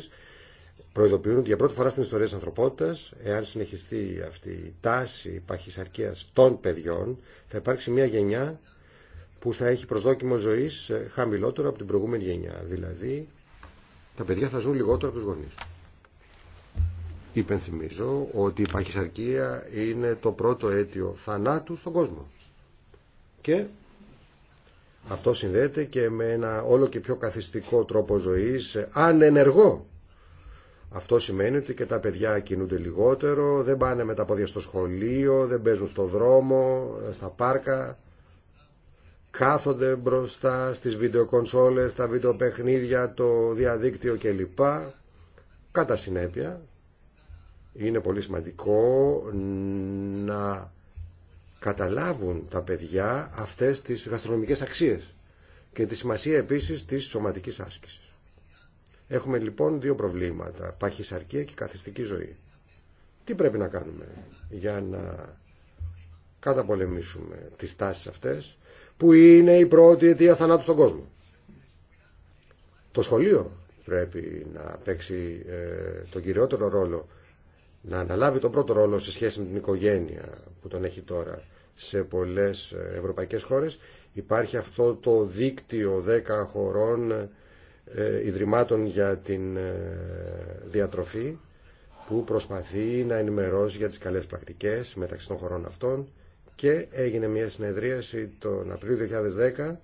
προειδοποιούν ότι για πρώτη φορά στην ιστορία της ανθρωπότητας, εάν συνεχιστεί αυτή η τάση παχυσαρκίας των παιδιών, θα υπάρξει μια γενιά που θα έχει προσδόκιμο ζωής ε, χαμηλότερο από την προηγούμενη γενιά. Δηλαδή, τα παιδιά θα ζουν λιγότερο από τους γονείς. Υπενθυμίζω ότι η παχυσαρκία είναι το πρώτο αίτιο θανάτου στον κόσμο. Και αυτό συνδέεται και με ένα όλο και πιο καθιστικό τρόπο ζωής, ε, ανενεργό αυτό σημαίνει ότι και τα παιδιά κινούνται λιγότερο, δεν πάνε με τα πόδια στο σχολείο, δεν παίζουν στο δρόμο, στα πάρκα. Κάθονται μπροστά στις βιντεοκονσόλες, στα βιντεοπαιχνίδια, το διαδίκτυο κλπ. Κατά συνέπεια, είναι πολύ σημαντικό να καταλάβουν τα παιδιά αυτές τις γαστρονομικές αξίες και τη σημασία επίσης της σωματικής άσκησης. Έχουμε λοιπόν δύο προβλήματα, παχυσαρκία και καθιστική ζωή. Τι πρέπει να κάνουμε για να καταπολεμήσουμε τις τάσεις αυτές που είναι η πρώτη αιτία θανάτου στον κόσμο. Το σχολείο πρέπει να παίξει ε, τον κυριότερο ρόλο, να αναλάβει τον πρώτο ρόλο σε σχέση με την οικογένεια που τον έχει τώρα σε πολλές ε, ευρωπαϊκές χώρες. Υπάρχει αυτό το δίκτυο 10 χωρών ε, ιδρυμάτων για την ε, Διατροφή που προσπαθεί να ενημερώσει για τις καλές πρακτικές μεταξύ των χωρών αυτών και έγινε μια συνεδρίαση τον Απρίλιο 2010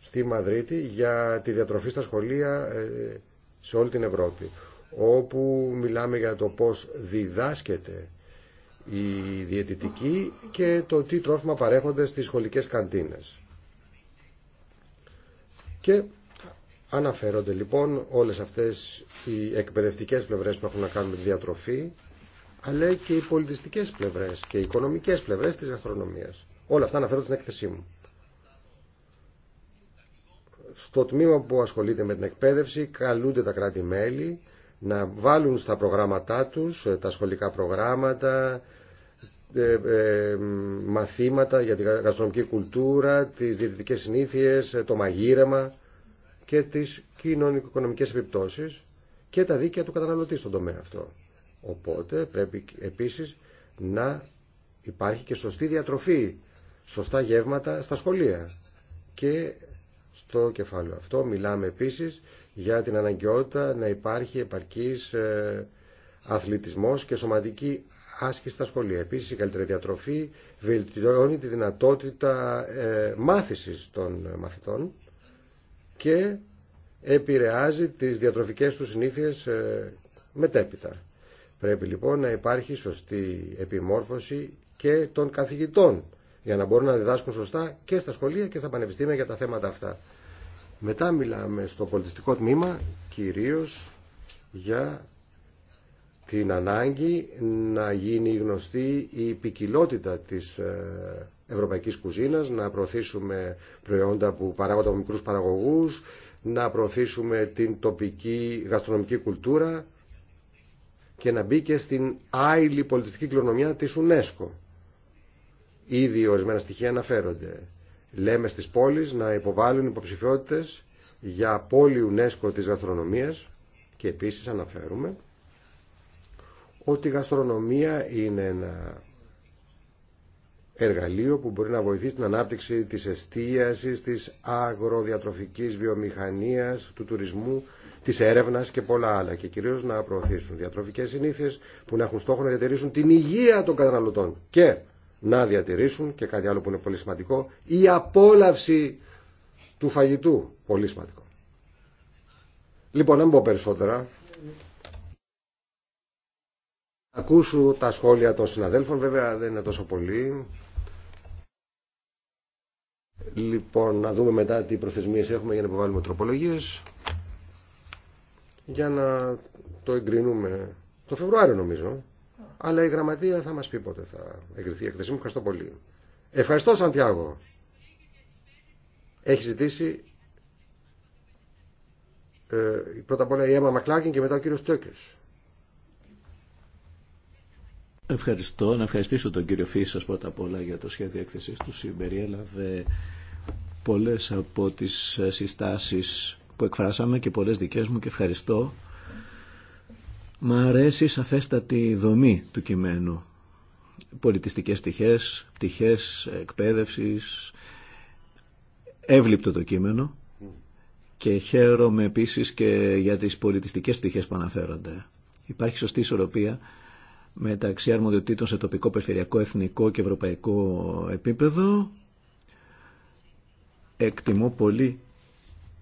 στη Μαδρίτη για τη διατροφή στα σχολεία ε, σε όλη την Ευρώπη όπου μιλάμε για το πώς διδάσκεται η διαιτητική και το τι τρόφιμα παρέχονται στις σχολικές καντίνες. Και Αναφέρονται λοιπόν όλες αυτές οι εκπαιδευτικές πλευρές που έχουν να κάνουν με τη διατροφή, αλλά και οι πολιτιστικές πλευρές και οι οικονομικές πλευρές της γαστρονομίας. Όλα αυτά αναφέρονται στην έκθεσή μου. Στο τμήμα που ασχολείται με την εκπαίδευση καλούνται τα κράτη-μέλη να βάλουν στα προγράμματά τους, ε, τα σχολικά προγράμματα, ε, ε, μαθήματα για την γαστρονομική κουλτούρα, τις διαιτητικές συνήθειες, το μαγείρεμα και τις κοινωνικο-οικονομικές επιπτώσεις και τα δίκαια του καταναλωτή στον τομέα αυτό. Οπότε πρέπει επίσης να υπάρχει και σωστή διατροφή, σωστά γεύματα στα σχολεία. Και στο κεφάλαιο αυτό μιλάμε επίσης για την αναγκαιότητα να υπάρχει επαρκής ε, αθλητισμός και σωματική άσκηση στα σχολεία. Επίσης η καλύτερη διατροφή βελτιώνει τη δυνατότητα ε, μάθησης των μαθητών και επηρεάζει τις διατροφικές του συνήθειες ε, μετέπειτα. Πρέπει λοιπόν να υπάρχει σωστή επιμόρφωση και των καθηγητών για να μπορούν να διδάσκουν σωστά και στα σχολεία και στα πανεπιστήμια για τα θέματα αυτά. Μετά μιλάμε στο πολιτιστικό τμήμα κυρίως για την ανάγκη να γίνει γνωστή η ποικιλότητα της ε, ευρωπαϊκής κουζίνας, να προωθήσουμε προϊόντα που παράγονται από μικρούς παραγωγούς, να προωθήσουμε την τοπική γαστρονομική κουλτούρα και να μπει και στην άειλη πολιτιστική κληρονομιά της UNESCO. Ήδη ορισμένα στοιχεία αναφέρονται. Λέμε στις πόλεις να υποβάλουν υποψηφιότητες για πόλη UNESCO της γαστρονομίας και επίσης αναφέρουμε ότι η γαστρονομία είναι ένα εργαλείο που μπορεί να βοηθήσει την ανάπτυξη της εστίασης, της αγροδιατροφικής βιομηχανίας, του τουρισμού, της έρευνας και πολλά άλλα και κυρίως να προωθήσουν διατροφικές συνήθειες που να έχουν στόχο να διατηρήσουν την υγεία των καταναλωτών και να διατηρήσουν και κάτι άλλο που είναι πολύ σημαντικό η απόλαυση του φαγητού, πολύ σημαντικό. Λοιπόν, να μην πω περισσότερα. Ακούσω τα σχόλια των συναδέλφων, βέβαια δεν είναι τόσο πολύ. Λοιπόν, να δούμε μετά τι προθεσμίες έχουμε για να υποβάλουμε τροπολογίες για να το εγκρίνουμε το Φεβρουάριο νομίζω αλλά η γραμματεία θα μας πει πότε θα εγκριθεί η εκθεσή μου. Ευχαριστώ πολύ. Ευχαριστώ Σαντιάγο. Έχει ζητήσει ε, πρώτα απ' όλα η Έμα Μακλάκιν και μετά ο κύριος Τόκιος. Ευχαριστώ. Να ευχαριστήσω τον κύριο σας πρώτα απ' όλα για το σχέδιο έκθεσης του. Συμπεριέλαβε πολλές από τις συστάσεις που εκφράσαμε και πολλές δικές μου και ευχαριστώ. μα αρέσει σαφέστατη δομή του κειμένου. Πολιτιστικές πτυχές, πτυχές εκπαίδευσης, εύληπτο το κείμενο και χαίρομαι επίσης και για τις πολιτιστικές πτυχές που αναφέρονται. Υπάρχει σωστή ισορροπία μεταξύ αρμοδιοτήτων σε τοπικό, περιφερειακό, εθνικό και ευρωπαϊκό επίπεδο. Εκτιμώ πολύ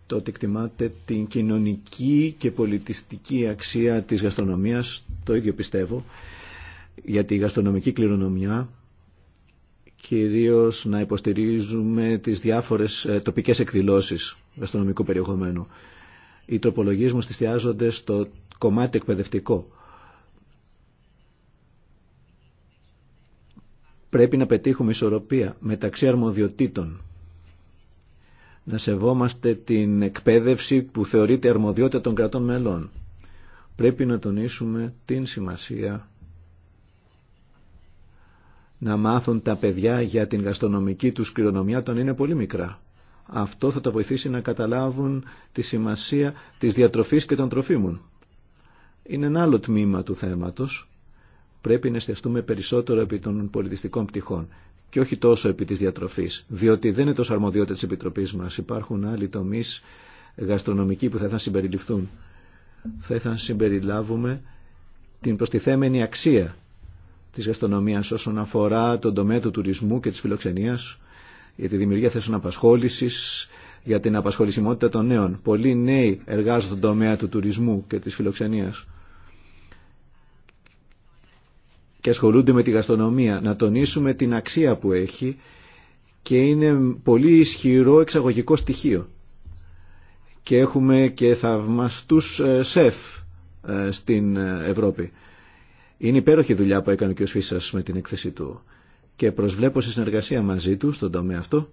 το ότι εκτιμάτε την κοινωνική και πολιτιστική αξία της γαστρονομίας, το ίδιο πιστεύω, για τη γαστρονομική κληρονομιά, κυρίως να υποστηρίζουμε τις διάφορες ε, τοπικές εκδηλώσεις γαστρονομικού περιεχομένου. Οι τροπολογίες μου στο κομμάτι εκπαιδευτικό Πρέπει να πετύχουμε ισορροπία μεταξύ αρμοδιοτήτων. Να σεβόμαστε την εκπαίδευση που θεωρείται αρμοδιότητα των κρατών μελών. Πρέπει να τονίσουμε την σημασία να μάθουν τα παιδιά για την γαστρονομική τους κληρονομιά όταν είναι πολύ μικρά. Αυτό θα τα βοηθήσει να καταλάβουν τη σημασία της διατροφής και των τροφίμων. Είναι ένα άλλο τμήμα του θέματος πρέπει να εστιαστούμε περισσότερο επί των πολιτιστικών πτυχών και όχι τόσο επί της διατροφής, διότι δεν είναι τόσο αρμοδιότητα της Επιτροπής μας. Υπάρχουν άλλοι τομείς γαστρονομικοί που θα ήθελαν συμπεριληφθούν. Θα ήθελαν να συμπεριλάβουμε την προστιθέμενη αξία της γαστρονομίας όσον αφορά τον τομέα του τουρισμού και της φιλοξενίας, για τη δημιουργία θέσεων απασχόλησης, για την απασχολησιμότητα των νέων. Πολλοί νέοι εργάζονται στον τομέα του τουρισμού και της φιλοξενίας και ασχολούνται με τη γαστρονομία. Να τονίσουμε την αξία που έχει και είναι πολύ ισχυρό εξαγωγικό στοιχείο. Και έχουμε και θαυμαστούς ε, σεφ ε, στην ε, Ευρώπη. Είναι υπέροχη δουλειά που έκανε και ο Σφίσας με την έκθεση του και προσβλέπω σε συνεργασία μαζί του στον τομέα αυτό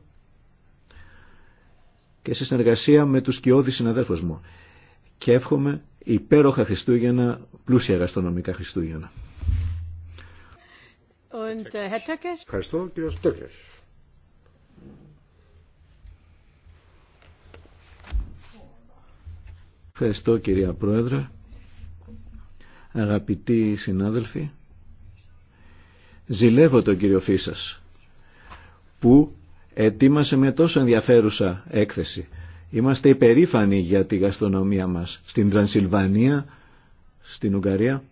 και σε συνεργασία με τους κοιόδη συναδέλφους μου. Και εύχομαι υπέροχα Χριστούγεννα, πλούσια γαστρονομικά Χριστούγεννα. Uh, Ευχαριστώ, Ευχαριστώ κυρία Πρόεδρε, αγαπητοί συνάδελφοι. Ζηλεύω τον κύριο Φίσας που ετοίμασε με τόσο ενδιαφέρουσα έκθεση. Είμαστε υπερήφανοι για τη γαστρονομία μας στην Τρανσιλβανία, στην Ουγγαρία.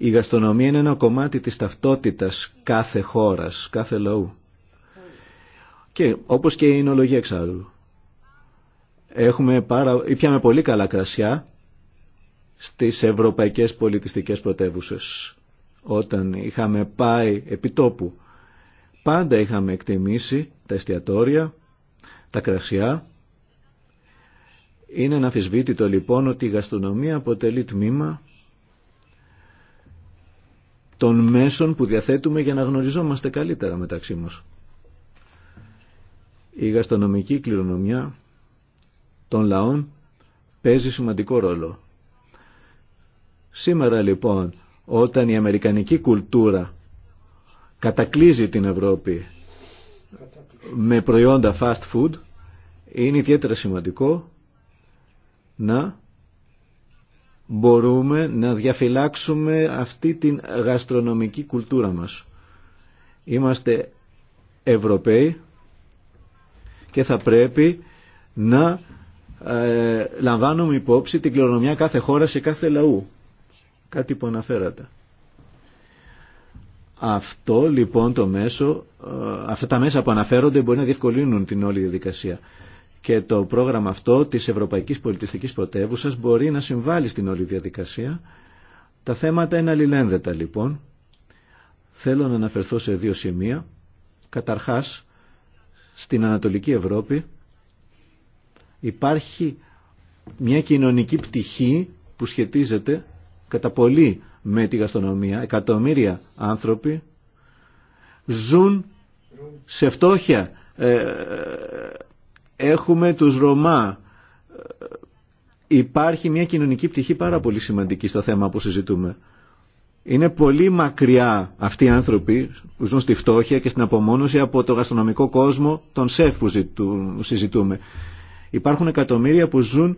Η γαστρονομία είναι ένα κομμάτι της ταυτότητας κάθε χώρας, κάθε λαού. Και όπως και η εινολογία εξάλλου. Έχουμε πάρα, πολύ καλά κρασιά στις ευρωπαϊκές πολιτιστικές πρωτεύουσες. Όταν είχαμε πάει επί τόπου, πάντα είχαμε εκτιμήσει τα εστιατόρια, τα κρασιά. Είναι αναφυσβήτητο λοιπόν ότι η γαστρονομία αποτελεί τμήμα των μέσων που διαθέτουμε για να γνωριζόμαστε καλύτερα μεταξύ μας. Η γαστρονομική κληρονομιά των λαών παίζει σημαντικό ρόλο. Σήμερα λοιπόν όταν η αμερικανική κουλτούρα κατακλίζει την Ευρώπη με προϊόντα fast food είναι ιδιαίτερα σημαντικό να μπορούμε να διαφυλάξουμε αυτή την γαστρονομική κουλτούρα μας. Είμαστε Ευρωπαίοι και θα πρέπει να ε, λαμβάνουμε υπόψη την κληρονομιά κάθε χώρα σε κάθε λαού. Κάτι που αναφέρατε. Αυτό λοιπόν το μέσο, ε, αυτά τα μέσα που αναφέρονται μπορεί να διευκολύνουν την όλη διαδικασία και το πρόγραμμα αυτό της Ευρωπαϊκής Πολιτιστικής Πρωτεύουσας μπορεί να συμβάλλει στην όλη διαδικασία. Τα θέματα είναι αλληλένδετα λοιπόν. Θέλω να αναφερθώ σε δύο σημεία. Καταρχάς, στην Ανατολική Ευρώπη υπάρχει μια κοινωνική πτυχή που σχετίζεται κατά πολύ με τη γαστρονομία. Εκατομμύρια άνθρωποι ζουν σε φτώχεια, ε, Έχουμε τους Ρωμά. Υπάρχει μια κοινωνική πτυχή πάρα πολύ σημαντική στο θέμα που συζητούμε. Είναι πολύ μακριά αυτοί οι άνθρωποι που ζουν στη φτώχεια και στην απομόνωση από το γαστρονομικό κόσμο των σεφ που συζητούμε. Υπάρχουν εκατομμύρια που ζουν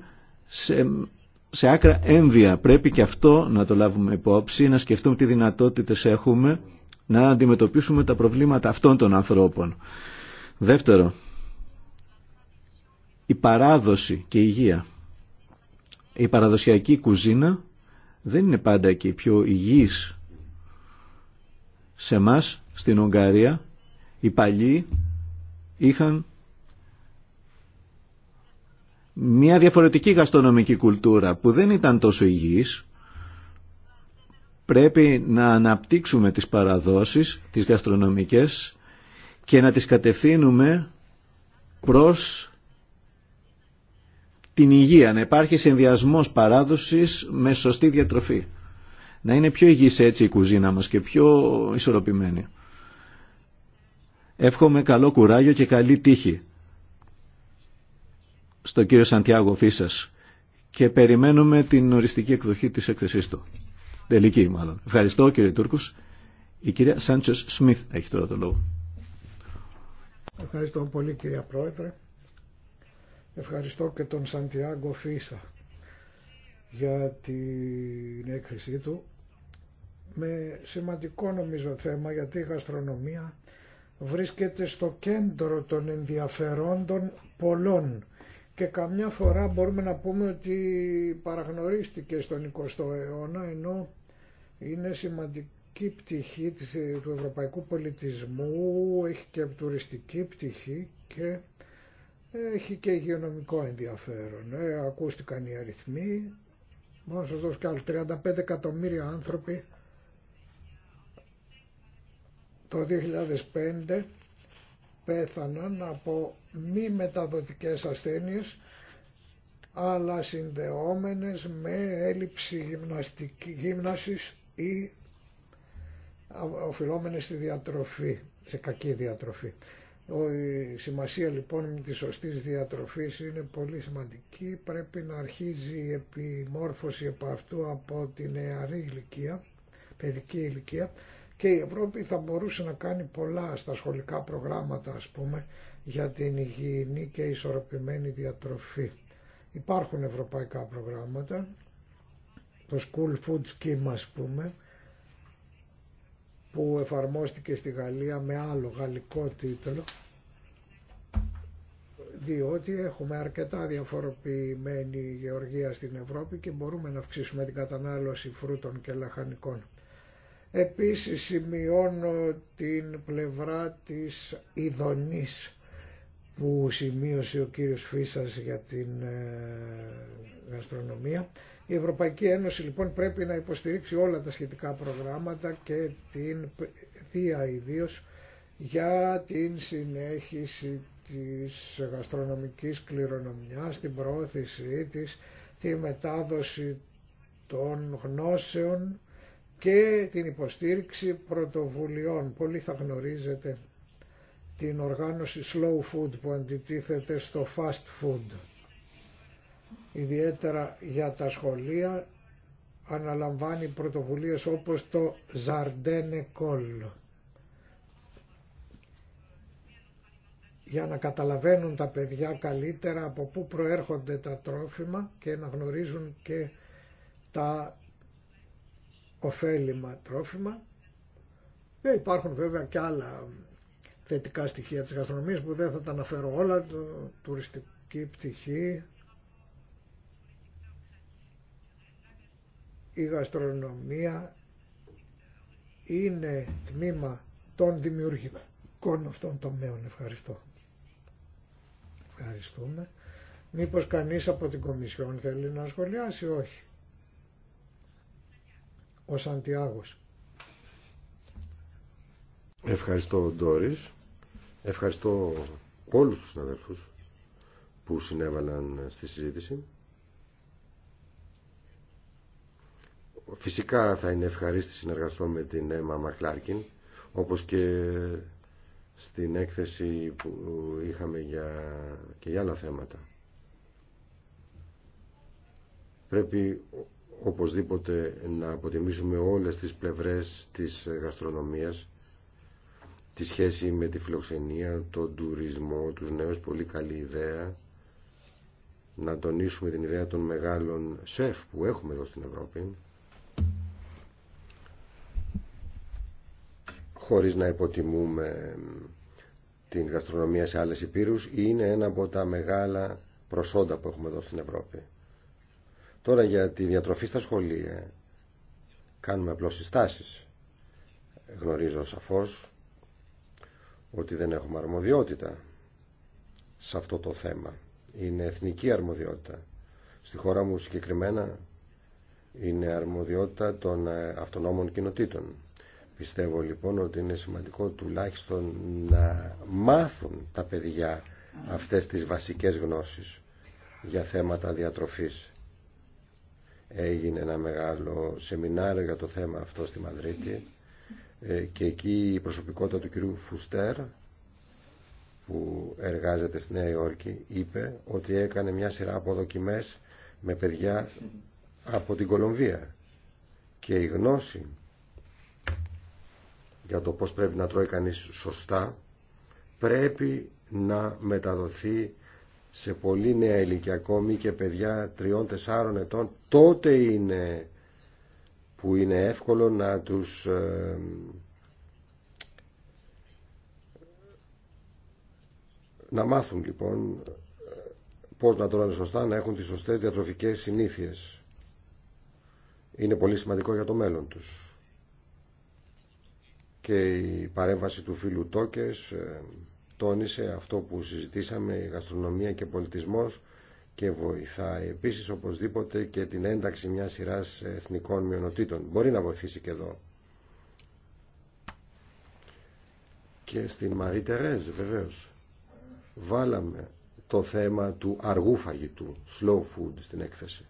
σε, άκρα ένδια. Πρέπει και αυτό να το λάβουμε υπόψη, να σκεφτούμε τι δυνατότητες έχουμε να αντιμετωπίσουμε τα προβλήματα αυτών των ανθρώπων. Δεύτερο, η παράδοση και η υγεία. Η παραδοσιακή κουζίνα δεν είναι πάντα και πιο υγιής. Σε εμά, στην Ουγγαρία, οι παλιοί είχαν μια διαφορετική γαστρονομική κουλτούρα που δεν ήταν τόσο υγιής. Πρέπει να αναπτύξουμε τις παραδόσεις, τις γαστρονομικές και να τις κατευθύνουμε προς την υγεία, να υπάρχει συνδυασμός παράδοσης με σωστή διατροφή. Να είναι πιο υγιής έτσι η κουζίνα μας και πιο ισορροπημένη. Εύχομαι καλό κουράγιο και καλή τύχη στο κύριο Σαντιάγο Φίσας και περιμένουμε την οριστική εκδοχή της έκθεσής του. Τελική μάλλον. Ευχαριστώ κύριε Τούρκους. Η κυρία Σάντσες Σμιθ έχει τώρα το λόγο. Ευχαριστώ πολύ κυρία Πρόεδρε. Ευχαριστώ και τον Σαντιάγκο Φίσα για την έκθεσή του με σημαντικό νομίζω θέμα γιατί η γαστρονομία βρίσκεται στο κέντρο των ενδιαφερόντων πολλών και καμιά φορά μπορούμε να πούμε ότι παραγνωρίστηκε στον 20ο αιώνα ενώ είναι σημαντική πτυχή του ευρωπαϊκού πολιτισμού, έχει και τουριστική πτυχή και έχει και υγειονομικό ενδιαφέρον. Ε, ακούστηκαν οι αριθμοί. Μόνο σας δώσω κι άλλο. 35 εκατομμύρια άνθρωποι το 2005 πέθαναν από μη μεταδοτικές ασθένειες αλλά συνδεόμενες με έλλειψη γυμναστική, γύμνασης ή οφειλόμενες στη διατροφή, σε κακή διατροφή. Η σημασία λοιπόν της σωστής διατροφής είναι πολύ σημαντική. Πρέπει να αρχίζει η επιμόρφωση από αυτού από την νεαρή ηλικία, παιδική ηλικία και η Ευρώπη θα μπορούσε να κάνει πολλά στα σχολικά προγράμματα ας πούμε για την υγιεινή και ισορροπημένη διατροφή. Υπάρχουν ευρωπαϊκά προγράμματα, το School Food Scheme ας πούμε, που εφαρμόστηκε στη Γαλλία με άλλο γαλλικό τίτλο διότι έχουμε αρκετά διαφοροποιημένη γεωργία στην Ευρώπη και μπορούμε να αυξήσουμε την κατανάλωση φρούτων και λαχανικών. Επίσης σημειώνω την πλευρά της ειδονής που σημείωσε ο κύριος Φίσας για την ε, γαστρονομία. Η Ευρωπαϊκή Ένωση λοιπόν πρέπει να υποστηρίξει όλα τα σχετικά προγράμματα και την θεία ιδίω για την συνέχιση της γαστρονομικής κληρονομιάς, την πρόθεσή της, τη μετάδοση των γνώσεων και την υποστήριξη πρωτοβουλειών. Πολύ θα γνωρίζετε την οργάνωση slow food που αντιτίθεται στο fast food. Ιδιαίτερα για τα σχολεία αναλαμβάνει πρωτοβουλίες όπως το Zardene Call. για να καταλαβαίνουν τα παιδιά καλύτερα από πού προέρχονται τα τρόφιμα και να γνωρίζουν και τα ωφέλιμα τρόφιμα. Ε, υπάρχουν βέβαια και άλλα θετικά στοιχεία της γαστρονομίας που δεν θα τα αναφέρω όλα, το, τουριστική πτυχή, η γαστρονομία είναι τμήμα των δημιουργικών αυτών τομέων. Ευχαριστώ. Ευχαριστούμε. Μήπως κανείς από την Κομισιόν θέλει να σχολιάσει, όχι. Ο Σαντιάγος. Ευχαριστώ, Ντόρις. Ευχαριστώ όλους τους συναδέλφους που συνέβαλαν στη συζήτηση. Φυσικά θα είναι ευχαρίστη συνεργαστώ με την Έμα Μακλάρκιν, όπως και στην έκθεση που είχαμε για... και για άλλα θέματα. Πρέπει οπωσδήποτε να αποτιμήσουμε όλες τις πλευρές της γαστρονομίας τη σχέση με τη φιλοξενία, τον τουρισμό, τους νέους, πολύ καλή ιδέα. Να τονίσουμε την ιδέα των μεγάλων σεφ που έχουμε εδώ στην Ευρώπη. Χωρίς να υποτιμούμε την γαστρονομία σε άλλες υπήρους, είναι ένα από τα μεγάλα προσόντα που έχουμε εδώ στην Ευρώπη. Τώρα για τη διατροφή στα σχολεία κάνουμε απλώς συστάσεις. Γνωρίζω σαφώς ότι δεν έχουμε αρμοδιότητα σε αυτό το θέμα. Είναι εθνική αρμοδιότητα. Στη χώρα μου συγκεκριμένα είναι αρμοδιότητα των ε, αυτονόμων κοινοτήτων. Πιστεύω λοιπόν ότι είναι σημαντικό τουλάχιστον να μάθουν τα παιδιά αυτές τις βασικές γνώσεις για θέματα διατροφής. Έγινε ένα μεγάλο σεμινάριο για το θέμα αυτό στη Μαδρίτη ε, και εκεί η προσωπικότητα του κυρίου Φουστέρ που εργάζεται στη Νέα Υόρκη είπε ότι έκανε μια σειρά από δοκιμές με παιδιά από την Κολομβία και η γνώση για το πώς πρέπει να τρώει κανείς σωστά πρέπει να μεταδοθεί σε πολύ νέα ηλικία ακόμη και παιδιά τριών-τεσσάρων ετών τότε είναι που είναι εύκολο να τους ε, να μάθουν λοιπόν πώς να τρώνε σωστά, να έχουν τις σωστές διατροφικές συνήθειες. Είναι πολύ σημαντικό για το μέλλον τους. Και η παρέμβαση του φίλου Τόκες ε, τόνισε αυτό που συζητήσαμε, η γαστρονομία και πολιτισμός και βοηθάει επίσης οπωσδήποτε και την ένταξη μιας σειράς εθνικών μειονοτήτων. Μπορεί να βοηθήσει και εδώ. Και στην Μαρή Τερέζ βεβαίως βάλαμε το θέμα του αργού φαγητού, slow food στην έκθεση.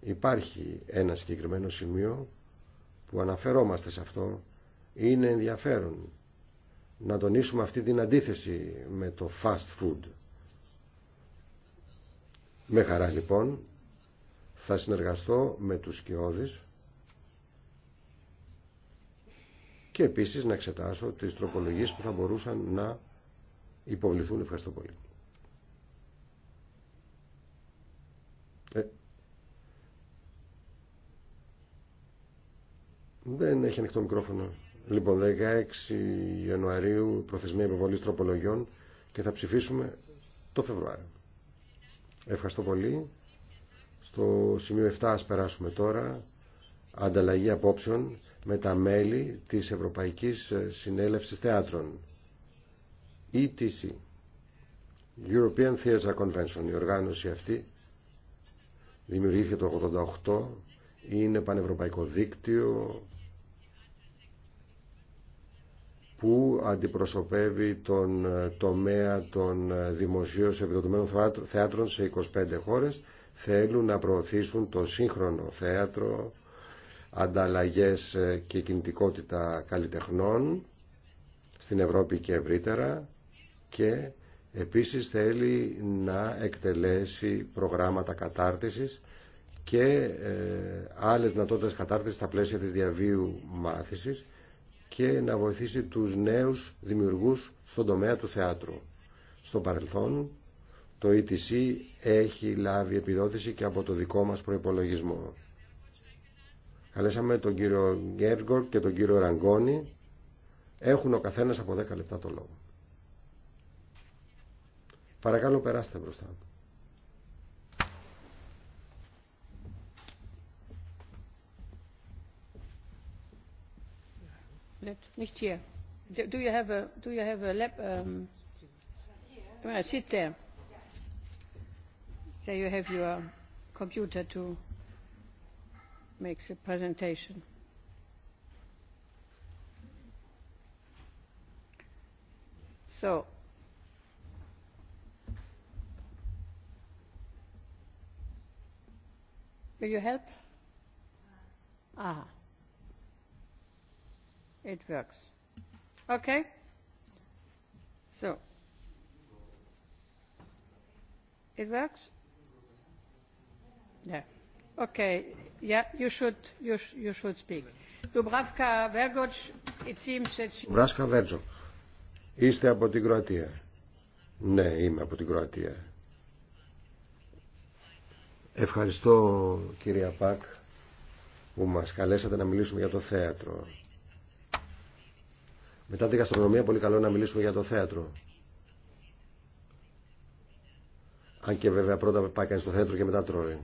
Υπάρχει ένα συγκεκριμένο σημείο που αναφερόμαστε σε αυτό. Είναι ενδιαφέρον να τονίσουμε αυτή την αντίθεση με το fast food με χαρά λοιπόν θα συνεργαστώ με τους σκιώδεις και επίσης να εξετάσω τις τροπολογίες που θα μπορούσαν να υποβληθούν. Ευχαριστώ πολύ. Ε, δεν έχει ανοιχτό μικρόφωνο. Λοιπόν, 16 Ιανουαρίου προθεσμία υποβολής τροπολογιών και θα ψηφίσουμε το Φεβρουάριο. Ευχαριστώ πολύ. Στο σημείο 7 ας περάσουμε τώρα ανταλλαγή απόψεων με τα μέλη της Ευρωπαϊκής Συνέλευσης Θεάτρων. ETC, European Theatre Convention, η οργάνωση αυτή δημιουργήθηκε το 1988, είναι πανευρωπαϊκό δίκτυο που αντιπροσωπεύει τον ε, τομέα των ε, δημοσίως επιδοτουμένων θέατρων σε 25 χώρες θέλουν να προωθήσουν το σύγχρονο θέατρο, ανταλλαγές ε, και κινητικότητα καλλιτεχνών στην Ευρώπη και ευρύτερα και επίσης θέλει να εκτελέσει προγράμματα κατάρτισης και άλλες δυνατότητες κατάρτισης στα πλαίσια της διαβίου μάθησης και να βοηθήσει τους νέους δημιουργούς στον τομέα του θεάτρου. Στο παρελθόν το ETC ε έχει λάβει επιδότηση και από το δικό μας προϋπολογισμό. Καλέσαμε τον κύριο Γκέργκορ και τον κύριο Ραγκόνη. Έχουν ο καθένας από 10 λεπτά το λόγο. Παρακαλώ περάστε μπροστά. Nicht here. Do you have a do you have a lab um sit there. There you have your computer to make the presentation. So Will you help? Ah it works. Okay? So. It works? Yeah. Okay. Yeah, you should, you, sh you should speak. Dubravka Vergoc, it seems that she... Dubravka Vergoc. Είστε από την Κροατία. Ναι, είμαι από την Κροατία. Ευχαριστώ κυρία Πακ που μας καλέσατε να μιλήσουμε για το θέατρο. Μετά την γαστρονομία πολύ καλό να μιλήσουμε για το θέατρο. Αν και βέβαια πρώτα πάει κανείς στο θέατρο και μετά τρώει.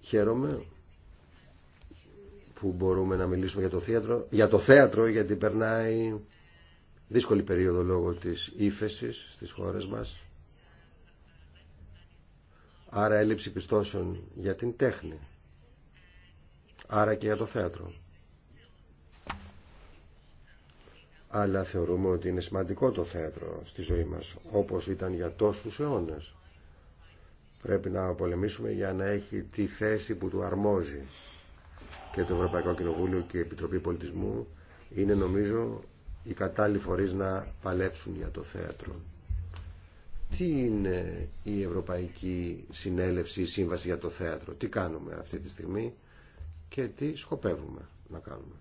Χαίρομαι που μπορούμε να μιλήσουμε για το θέατρο, για το θέατρο γιατί περνάει δύσκολη περίοδο λόγω της ύφεση στις χώρες μας. Άρα έλλειψη πιστώσεων για την τέχνη άρα και για το θέατρο. Αλλά θεωρούμε ότι είναι σημαντικό το θέατρο στη ζωή μας, όπως ήταν για τόσους αιώνες. Πρέπει να πολεμήσουμε για να έχει τη θέση που του αρμόζει. Και το Ευρωπαϊκό Κοινοβούλιο και η Επιτροπή Πολιτισμού είναι νομίζω οι κατάλληλοι φορείς να παλέψουν για το θέατρο. Τι είναι η Ευρωπαϊκή Συνέλευση, η Σύμβαση για το Θέατρο, τι κάνουμε αυτή τη στιγμή και τι σκοπεύουμε να κάνουμε.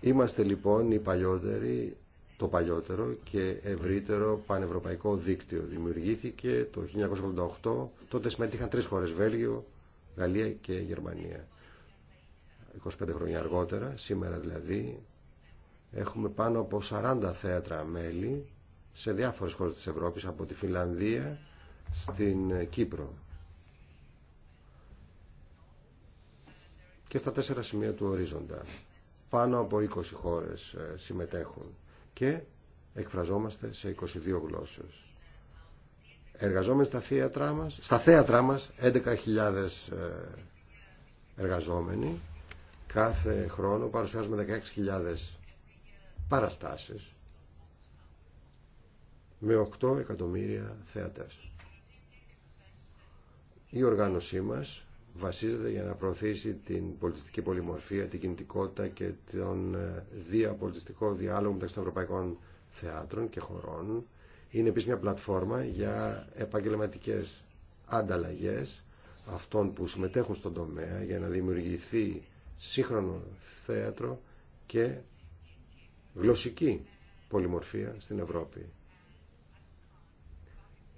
Είμαστε λοιπόν οι παλιότεροι, το παλιότερο και ευρύτερο πανευρωπαϊκό δίκτυο. Δημιουργήθηκε το 1988, τότε συμμετείχαν τρεις χώρες, Βέλγιο, Γαλλία και Γερμανία. 25 χρόνια αργότερα, σήμερα δηλαδή, έχουμε πάνω από 40 θέατρα μέλη σε διάφορες χώρες της Ευρώπης, από τη Φιλανδία στην Κύπρο, και στα τέσσερα σημεία του ορίζοντα. Πάνω από 20 χώρες ε, συμμετέχουν και εκφραζόμαστε σε 22 γλώσσες. Εργαζόμενοι στα θέατρά μας, στα θέατρά 11.000 εργαζόμενοι. Κάθε χρόνο παρουσιάζουμε 16.000 παραστάσεις με 8 εκατομμύρια θέατες. Η οργάνωσή μας βασίζεται για να προωθήσει την πολιτιστική πολυμορφία, την κινητικότητα και τον ε, διαπολιτιστικό διάλογο μεταξύ των ευρωπαϊκών θεάτρων και χωρών. Είναι επίσης μια πλατφόρμα για επαγγελματικές ανταλλαγές αυτών που συμμετέχουν στον τομέα για να δημιουργηθεί σύγχρονο θέατρο και γλωσσική πολυμορφία στην Ευρώπη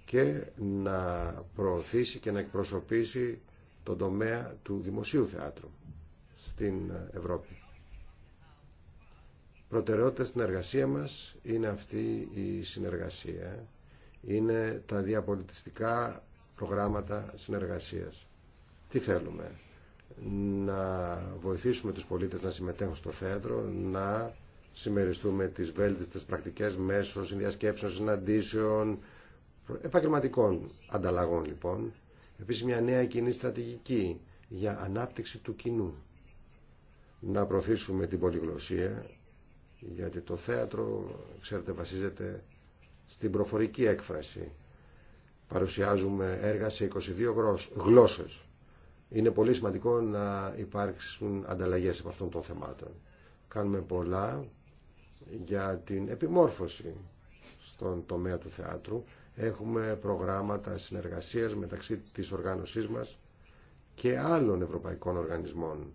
και να προωθήσει και να εκπροσωπήσει τον τομέα του δημοσίου θεάτρου στην Ευρώπη. Προτεραιότητα στην εργασία μας είναι αυτή η συνεργασία, είναι τα διαπολιτιστικά προγράμματα συνεργασίας. Τι θέλουμε, να βοηθήσουμε τους πολίτες να συμμετέχουν στο θέατρο, να συμμεριστούμε τις βέλτιστες πρακτικές μέσω συνδιασκέψεων, συναντήσεων, επαγγελματικών ανταλλαγών λοιπόν, Επίσης μια νέα κοινή στρατηγική για ανάπτυξη του κοινού. Να προωθήσουμε την πολυγλωσία, γιατί το θέατρο, ξέρετε, βασίζεται στην προφορική έκφραση. Παρουσιάζουμε έργα σε 22 γλώσσες. Είναι πολύ σημαντικό να υπάρξουν ανταλλαγές από αυτών των θεμάτων. Κάνουμε πολλά για την επιμόρφωση στον τομέα του θεάτρου Έχουμε προγράμματα συνεργασίας μεταξύ της οργάνωσής μας και άλλων ευρωπαϊκών οργανισμών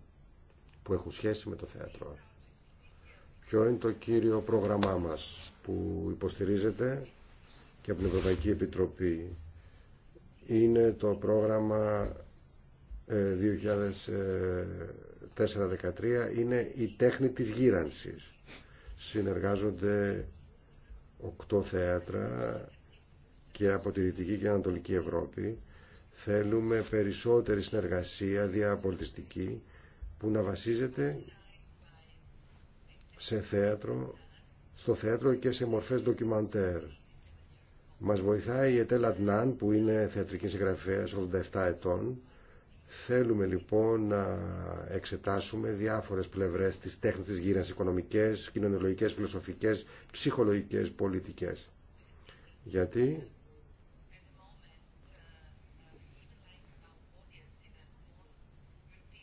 που έχουν σχέση με το θέατρο. Ποιο είναι το κύριο πρόγραμμά μας που υποστηρίζεται και από την Ευρωπαϊκή Επιτροπή. Είναι το πρόγραμμα 2004-2013, ε, ε, είναι η τέχνη της γύρανσης. Συνεργάζονται οκτώ θέατρα και από τη Δυτική και Ανατολική Ευρώπη. Θέλουμε περισσότερη συνεργασία διαπολιτιστική που να βασίζεται σε θέατρο, στο θέατρο και σε μορφές ντοκιμαντέρ. Μας βοηθάει η Ετέλα Τνάν που είναι θεατρική συγγραφέα 87 ετών. Θέλουμε λοιπόν να εξετάσουμε διάφορες πλευρές της τέχνης της γύρας, οικονομικές, κοινωνιολογικές, φιλοσοφικές, ψυχολογικές, πολιτικές. Γιατί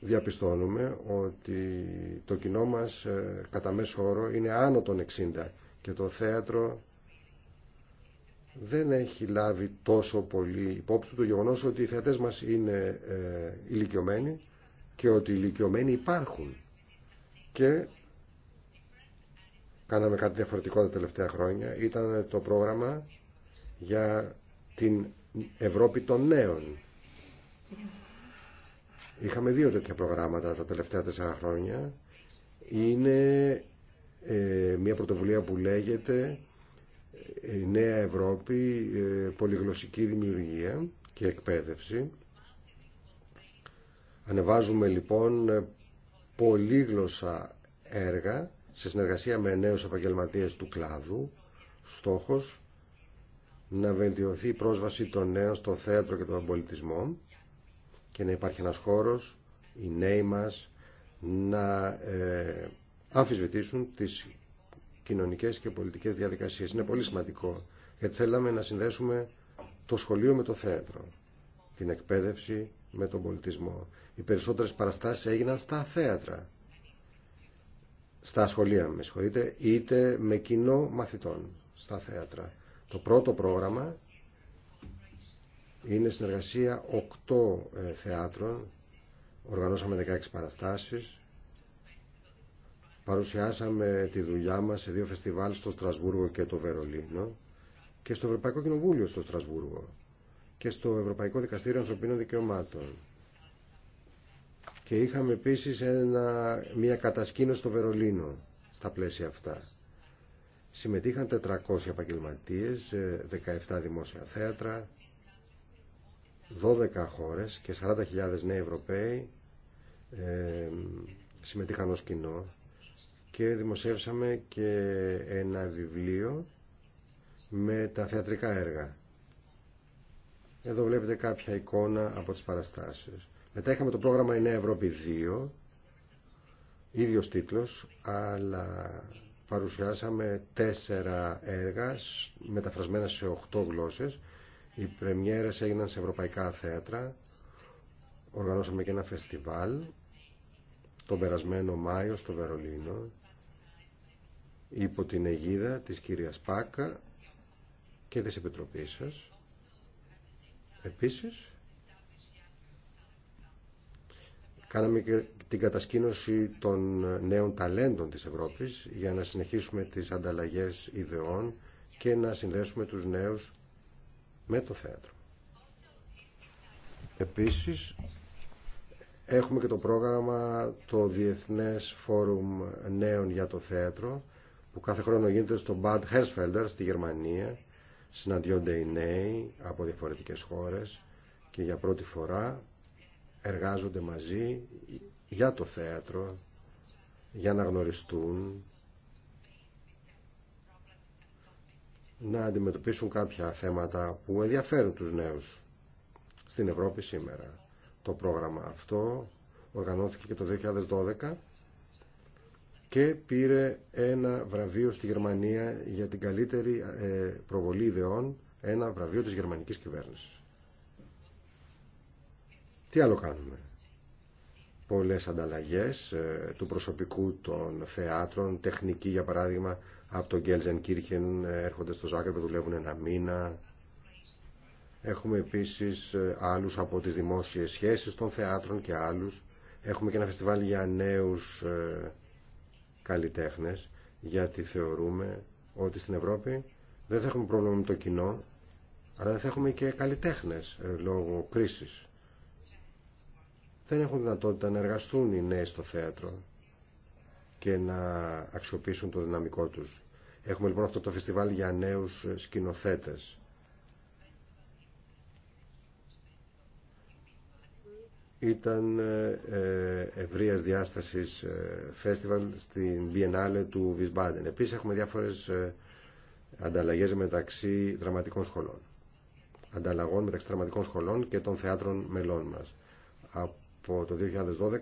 διαπιστώνουμε ότι το κοινό μας ε, κατά μέσο όρο είναι άνω των 60 και το θέατρο δεν έχει λάβει τόσο πολύ υπόψη το γεγονός ότι οι θεατές μας είναι ε, ηλικιωμένοι και ότι οι ηλικιωμένοι υπάρχουν και κάναμε κάτι διαφορετικό τα τελευταία χρόνια ήταν το πρόγραμμα για την Ευρώπη των νέων Είχαμε δύο τέτοια προγράμματα τα τελευταία τέσσερα χρόνια. Είναι ε, μια πρωτοβουλία που λέγεται η ε, Νέα Ευρώπη, ε, πολυγλωσσική δημιουργία και εκπαίδευση. Ανεβάζουμε λοιπόν πολύγλωσσα έργα σε συνεργασία με νέους επαγγελματίες του κλάδου. Στόχος να βελτιωθεί η πρόσβαση των νέων στο θέατρο και τον πολιτισμό και να υπάρχει ένας χώρος οι νέοι μας να ε, αμφισβητήσουν τις κοινωνικές και πολιτικές διαδικασίες. Είναι πολύ σημαντικό γιατί θέλαμε να συνδέσουμε το σχολείο με το θέατρο, την εκπαίδευση με τον πολιτισμό. Οι περισσότερες παραστάσεις έγιναν στα θέατρα, στα σχολεία, με συγχωρείτε, είτε με κοινό μαθητών στα θέατρα. Το πρώτο πρόγραμμα είναι συνεργασία 8 ε, θεάτρων. Οργανώσαμε 16 παραστάσεις. Παρουσιάσαμε τη δουλειά μας σε δύο φεστιβάλ στο Στρασβούργο και το Βερολίνο και στο Ευρωπαϊκό Κοινοβούλιο στο Στρασβούργο και στο Ευρωπαϊκό Δικαστήριο Ανθρωπίνων Δικαιωμάτων. Και είχαμε επίσης μια κατασκήνωση στο Βερολίνο στα πλαίσια αυτά. Συμμετείχαν 400 επαγγελματίε, 17 δημόσια θέατρα, 12 χώρες και 40.000 νέοι Ευρωπαίοι ε, συμμετείχαν ως κοινό και δημοσίευσαμε και ένα βιβλίο με τα θεατρικά έργα. Εδώ βλέπετε κάποια εικόνα από τις παραστάσεις. Μετά είχαμε το πρόγραμμα «Η Νέα Ευρώπη 2», ίδιος τίτλος, αλλά παρουσιάσαμε τέσσερα έργα μεταφρασμένα σε οχτώ γλώσσες οι πρεμιέρες έγιναν σε ευρωπαϊκά θέατρα. Οργανώσαμε και ένα φεστιβάλ τον περασμένο Μάιο στο Βερολίνο υπό την αιγίδα της κυρίας Πάκα και της Επιτροπής σας. Επίσης, κάναμε και την κατασκήνωση των νέων ταλέντων της Ευρώπης για να συνεχίσουμε τις ανταλλαγές ιδεών και να συνδέσουμε τους νέους με το θέατρο. Επίσης, έχουμε και το πρόγραμμα το Διεθνές Φόρουμ Νέων για το Θέατρο, που κάθε χρόνο γίνεται στο Bad Hersfelder στη Γερμανία. Συναντιόνται οι νέοι από διαφορετικές χώρες και για πρώτη φορά εργάζονται μαζί για το θέατρο, για να γνωριστούν, να αντιμετωπίσουν κάποια θέματα που ενδιαφέρουν τους νέους στην Ευρώπη σήμερα. Το πρόγραμμα αυτό οργανώθηκε και το 2012 και πήρε ένα βραβείο στη Γερμανία για την καλύτερη ε, προβολή ιδεών, ένα βραβείο της γερμανικής κυβέρνησης. Τι άλλο κάνουμε. Πολλές ανταλλαγές ε, του προσωπικού των θεάτρων, τεχνική για παράδειγμα από τον Γκέλζεν Κίρχεν έρχονται στο Ζάγκρεπ, δουλεύουν ένα μήνα. Έχουμε επίσης ε, άλλου από τι δημόσιε σχέσεις των θεάτρων και άλλου. Έχουμε και ένα φεστιβάλ για νέους ε, καλλιτέχνε, γιατί θεωρούμε ότι στην Ευρώπη δεν θα έχουμε πρόβλημα με το κοινό, αλλά δεν θα έχουμε και καλλιτέχνες ε, λόγω κρίση. Δεν έχουν δυνατότητα να εργαστούν οι νέοι στο θέατρο και να αξιοποιήσουν το δυναμικό τους. Έχουμε λοιπόν αυτό το φεστιβάλ για νέους σκηνοθέτες. Ήταν ε, ε, ευρείας διάστασης ε, φεστιβάλ στην Biennale του Βισμπάντεν. Επίσης έχουμε διάφορες ανταλλαγές μεταξύ δραματικών σχολών. Ανταλλαγών μεταξύ δραματικών σχολών και των θεάτρων μελών μας. Από το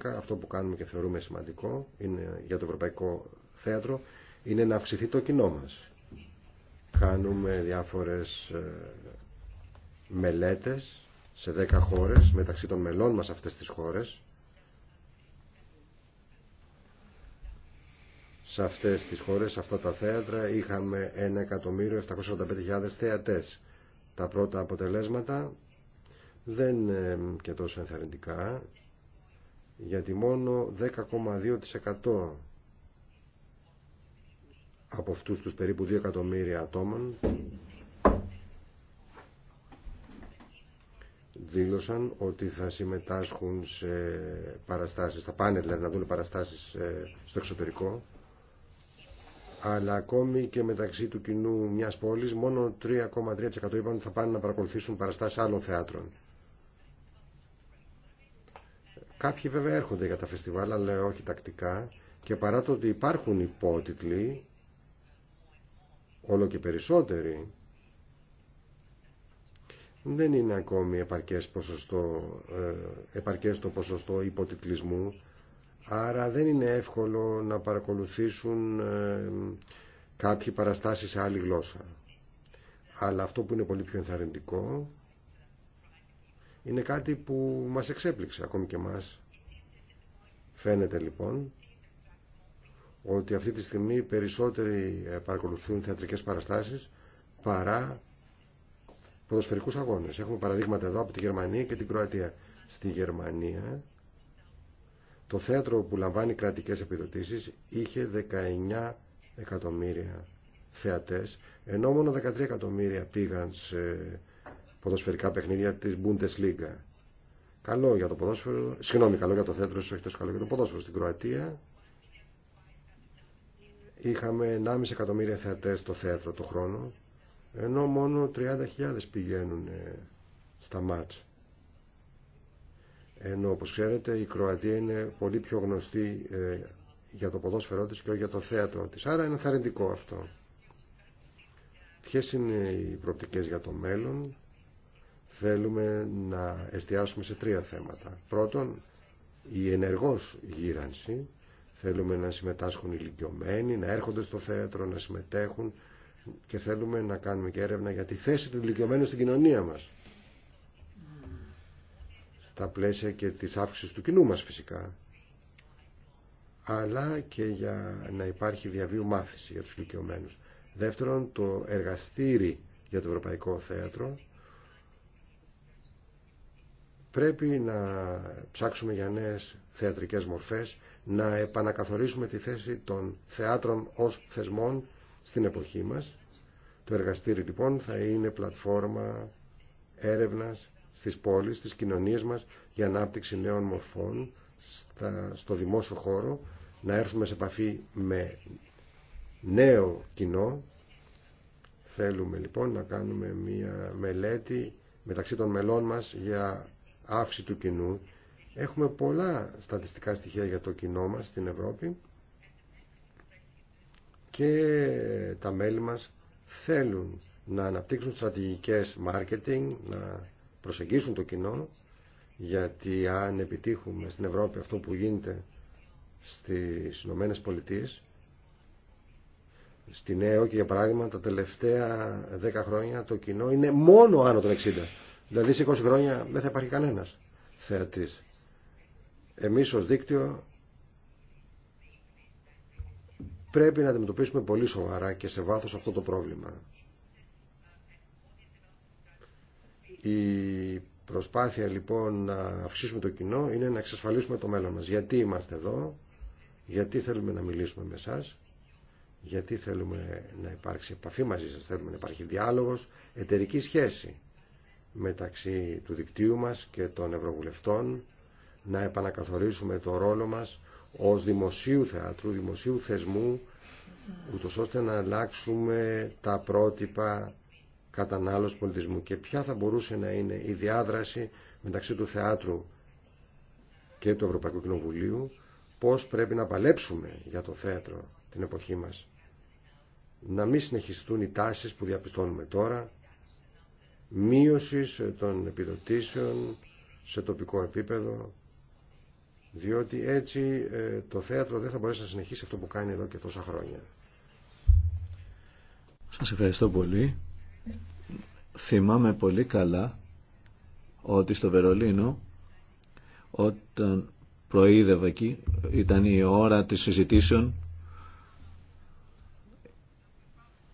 2012 αυτό που κάνουμε και θεωρούμε σημαντικό είναι για το Ευρωπαϊκό Θέατρο είναι να αυξηθεί το κοινό μας. Κάνουμε διάφορες ε, μελέτες σε 10 χώρες, μεταξύ των μελών μας αυτές τις χώρες. Σε αυτές τις χώρες, σε αυτά τα θέατρα, είχαμε 1.745.000 θεατές. Τα πρώτα αποτελέσματα δεν είναι και τόσο ενθαρρυντικά, γιατί μόνο 10,2% από αυτούς τους περίπου 2 εκατομμύρια ατόμων δήλωσαν ότι θα συμμετάσχουν σε παραστάσεις, θα πάνε δηλαδή να δουν παραστάσεις ε, στο εξωτερικό αλλά ακόμη και μεταξύ του κοινού μιας πόλης μόνο 3,3% είπαν ότι θα πάνε να παρακολουθήσουν παραστάσεις άλλων θεάτρων. Κάποιοι βέβαια έρχονται για τα φεστιβάλ αλλά όχι τακτικά και παρά το ότι υπάρχουν υπότιτλοι όλο και περισσότεροι δεν είναι ακόμη επαρκές, ποσοστό, ε, επαρκές το ποσοστό υποτιτλισμού άρα δεν είναι εύκολο να παρακολουθήσουν ε, κάποιοι παραστάσεις σε άλλη γλώσσα. Αλλά αυτό που είναι πολύ πιο ενθαρρυντικό είναι κάτι που μας εξέπληξε ακόμη και μας. Φαίνεται λοιπόν ότι αυτή τη στιγμή περισσότεροι ε, παρακολουθούν θεατρικές παραστάσεις παρά ποδοσφαιρικούς αγώνες. Έχουμε παραδείγματα εδώ από τη Γερμανία και την Κροατία. Στη Γερμανία το θέατρο που λαμβάνει κρατικές επιδοτήσεις είχε 19 εκατομμύρια θεατές, ενώ μόνο 13 εκατομμύρια πήγαν σε ποδοσφαιρικά παιχνίδια της Bundesliga. Καλό για το ποδόσφαιρο, συγγνώμη, καλό για το θέατρο, όχι τόσο καλό για το ποδόσφαιρο. Στην Κροατία είχαμε 1,5 εκατομμύρια θεατές στο θέατρο το χρόνο, ενώ μόνο 30.000 πηγαίνουν ε, στα μάτς. Ενώ όπως ξέρετε η Κροατία είναι πολύ πιο γνωστή ε, για το ποδόσφαιρό της και όχι για το θέατρο της. Άρα είναι θαρρυντικό αυτό. Ποιες είναι οι προοπτικές για το μέλλον. Θέλουμε να εστιάσουμε σε τρία θέματα. Πρώτον, η ενεργός γύρανση Θέλουμε να συμμετάσχουν οι ηλικιωμένοι, να έρχονται στο θέατρο, να συμμετέχουν και θέλουμε να κάνουμε και έρευνα για τη θέση του ηλικιωμένου στην κοινωνία μας. Στα πλαίσια και της αύξησης του κοινού μας φυσικά. Αλλά και για να υπάρχει διαβίου μάθηση για τους ηλικιωμένου. Δεύτερον, το εργαστήρι για το Ευρωπαϊκό Θέατρο πρέπει να ψάξουμε για νέες θεατρικές μορφές να επανακαθορίσουμε τη θέση των θεάτρων ως θεσμών στην εποχή μας. Το εργαστήρι λοιπόν θα είναι πλατφόρμα έρευνας στις πόλεις, στις κοινωνίες μας για ανάπτυξη νέων μορφών στο δημόσιο χώρο, να έρθουμε σε επαφή με νέο κοινό. Θέλουμε λοιπόν να κάνουμε μια μελέτη μεταξύ των μελών μας για αύξηση του κοινού Έχουμε πολλά στατιστικά στοιχεία για το κοινό μας στην Ευρώπη και τα μέλη μας θέλουν να αναπτύξουν στρατηγικές marketing, να προσεγγίσουν το κοινό, γιατί αν επιτύχουμε στην Ευρώπη αυτό που γίνεται στις Ηνωμένε Πολιτείες, στη Νέα και για παράδειγμα τα τελευταία 10 χρόνια το κοινό είναι μόνο άνω των 60. Δηλαδή σε 20 χρόνια δεν θα υπάρχει κανένας θεατής. Εμείς ως δίκτυο πρέπει να αντιμετωπίσουμε πολύ σοβαρά και σε βάθος αυτό το πρόβλημα. Η προσπάθεια λοιπόν να αυξήσουμε το κοινό είναι να εξασφαλίσουμε το μέλλον μας. Γιατί είμαστε εδώ, γιατί θέλουμε να μιλήσουμε με εσά, γιατί θέλουμε να υπάρξει επαφή μαζί σας, θέλουμε να υπάρχει διάλογος, εταιρική σχέση μεταξύ του δικτύου μας και των ευρωβουλευτών να επανακαθορίσουμε το ρόλο μας ως δημοσίου θεάτρου, δημοσίου θεσμού, ούτως ώστε να αλλάξουμε τα πρότυπα κατανάλωση πολιτισμού και ποια θα μπορούσε να είναι η διάδραση μεταξύ του θεάτρου και του Ευρωπαϊκού Κοινοβουλίου, πώς πρέπει να παλέψουμε για το θέατρο την εποχή μας. Να μην συνεχιστούν οι τάσεις που διαπιστώνουμε τώρα, μείωση των επιδοτήσεων σε τοπικό επίπεδο, διότι έτσι ε, το θέατρο δεν θα μπορέσει να συνεχίσει αυτό που κάνει εδώ και τόσα χρόνια. Σας ευχαριστώ πολύ. Θυμάμαι πολύ καλά ότι στο Βερολίνο όταν προείδευα εκεί ήταν η ώρα της συζητήσεων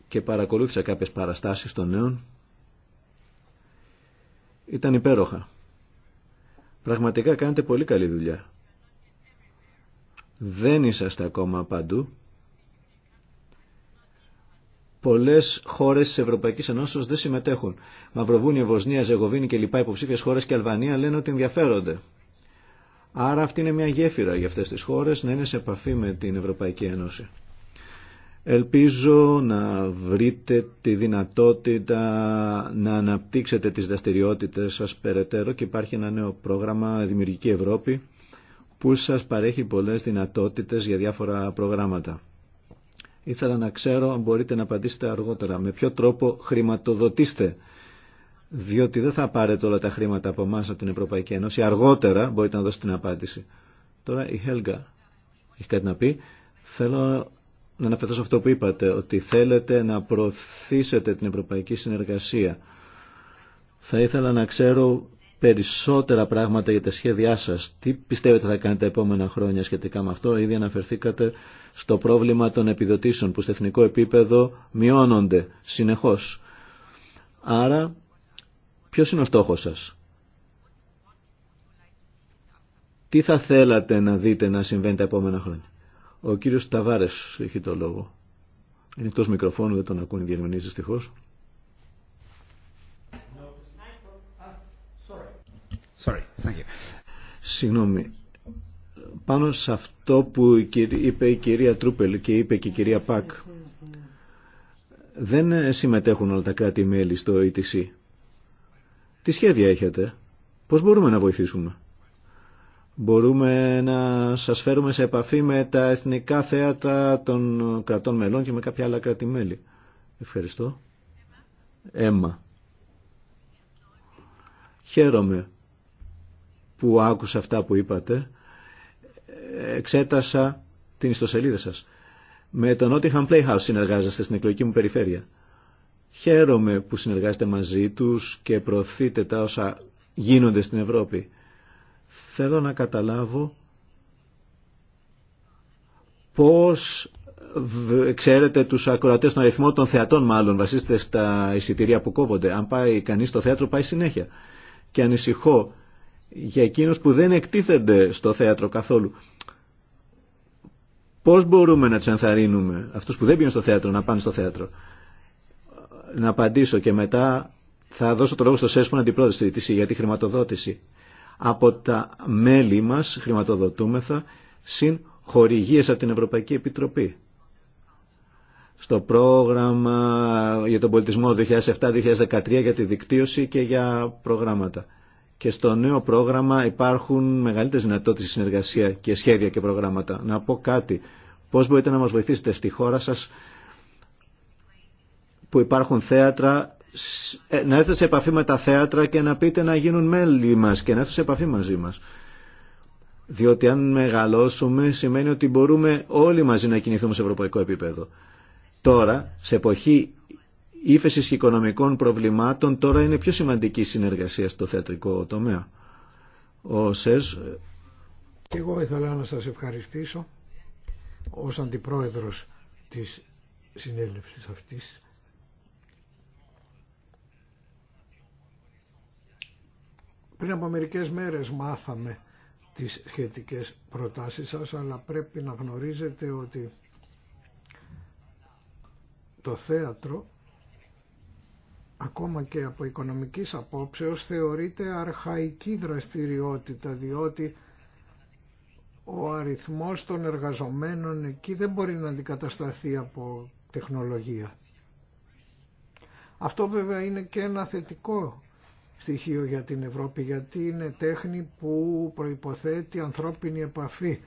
και παρακολούθησα κάποιες παραστάσεις των νέων ήταν υπέροχα. Πραγματικά κάνετε πολύ καλή δουλειά. Δεν είσαστε ακόμα παντού. Πολλές χώρες της Ευρωπαϊκής Ενώσεως δεν συμμετέχουν. Μαυροβούνιο, Βοσνία, Ζεγοβίνη και λοιπά υποψήφιες χώρες και Αλβανία λένε ότι ενδιαφέρονται. Άρα αυτή είναι μια γέφυρα για αυτές τις χώρες να είναι σε επαφή με την Ευρωπαϊκή Ένωση. Ελπίζω να βρείτε τη δυνατότητα να αναπτύξετε τις δραστηριότητες σας περαιτέρω και υπάρχει ένα νέο πρόγραμμα Δημιουργική Ευρώπη που σας παρέχει πολλές δυνατότητες για διάφορα προγράμματα. Ήθελα να ξέρω αν μπορείτε να απαντήσετε αργότερα. Με ποιο τρόπο χρηματοδοτήστε. Διότι δεν θα πάρετε όλα τα χρήματα από εμά από την Ευρωπαϊκή Ένωση. Αργότερα μπορείτε να δώσετε την απάντηση. Τώρα η Χέλγα έχει κάτι να πει. Θέλω να αναφερθώ σε αυτό που είπατε, ότι θέλετε να προωθήσετε την ευρωπαϊκή συνεργασία. Θα ήθελα να ξέρω περισσότερα πράγματα για τα σχέδιά σας. Τι πιστεύετε θα κάνετε τα επόμενα χρόνια σχετικά με αυτό. Ήδη αναφερθήκατε στο πρόβλημα των επιδοτήσεων που στο εθνικό επίπεδο μειώνονται συνεχώς. Άρα, ποιο είναι ο στόχος σας. Τι θα θέλατε να δείτε να συμβαίνει τα επόμενα χρόνια. Ο κύριος Ταβάρες έχει το λόγο. Είναι εκτός μικροφώνου, δεν τον ακούνε οι διερμηνείς δυστυχώς. Συγγνώμη. Πάνω σε αυτό που είπε η κυρία Τρούπελ και είπε και η κυρία Πακ, δεν συμμετέχουν όλα τα κράτη-μέλη στο ETC. Ε Τι σχέδια έχετε, πώς μπορούμε να βοηθήσουμε. Μπορούμε να σας φέρουμε σε επαφή με τα εθνικά θέατα των κρατών μελών και με κάποια άλλα κράτη-μέλη. Ευχαριστώ. Έμα. Χαίρομαι που άκουσα αυτά που είπατε. Εξέτασα την ιστοσελίδα σας. Με το Nottingham Playhouse συνεργάζεστε στην εκλογική μου περιφέρεια. Χαίρομαι που συνεργάζεστε μαζί τους και προωθείτε τα όσα γίνονται στην Ευρώπη. Θέλω να καταλάβω πώς ξέρετε τους ακροατές τον αριθμό των θεατών μάλλον βασίστε στα εισιτήρια που κόβονται. Αν πάει κανείς στο θέατρο πάει συνέχεια. Και ανησυχώ για εκείνους που δεν εκτίθενται στο θέατρο καθόλου. Πώς μπορούμε να τους ενθαρρύνουμε αυτούς που δεν πήγαν στο θέατρο να πάνε στο θέατρο. Να απαντήσω και μετά θα δώσω το λόγο στο ΣΕΣΠΟΝ αντιπρόεδρο ΕΕ, για τη χρηματοδότηση. Από τα μέλη μας χρηματοδοτούμεθα συν χορηγίες από την Ευρωπαϊκή Επιτροπή. Στο πρόγραμμα για τον πολιτισμό 2007-2013 για τη δικτύωση και για προγράμματα και στο νέο πρόγραμμα υπάρχουν μεγαλύτερες δυνατότητες συνεργασία και σχέδια και προγράμματα. Να πω κάτι. Πώς μπορείτε να μας βοηθήσετε στη χώρα σας που υπάρχουν θέατρα, ε, να έρθετε σε επαφή με τα θέατρα και να πείτε να γίνουν μέλη μας και να έρθετε σε επαφή μαζί μας. Διότι αν μεγαλώσουμε σημαίνει ότι μπορούμε όλοι μαζί να κινηθούμε σε ευρωπαϊκό επίπεδο. Τώρα, σε εποχή ύφεσης και οικονομικών προβλημάτων τώρα είναι πιο σημαντική συνεργασία στο θεατρικό τομέα. Ο ΣΕΣ... Και εγώ ήθελα να σας ευχαριστήσω ως αντιπρόεδρος της συνέλευσης αυτής Πριν από μερικές μέρες μάθαμε τις σχετικές προτάσεις σας, αλλά πρέπει να γνωρίζετε ότι το θέατρο ακόμα και από οικονομικής απόψεως θεωρείται αρχαϊκή δραστηριότητα διότι ο αριθμός των εργαζομένων εκεί δεν μπορεί να αντικατασταθεί από τεχνολογία. Αυτό βέβαια είναι και ένα θετικό στοιχείο για την Ευρώπη γιατί είναι τέχνη που προϋποθέτει ανθρώπινη επαφή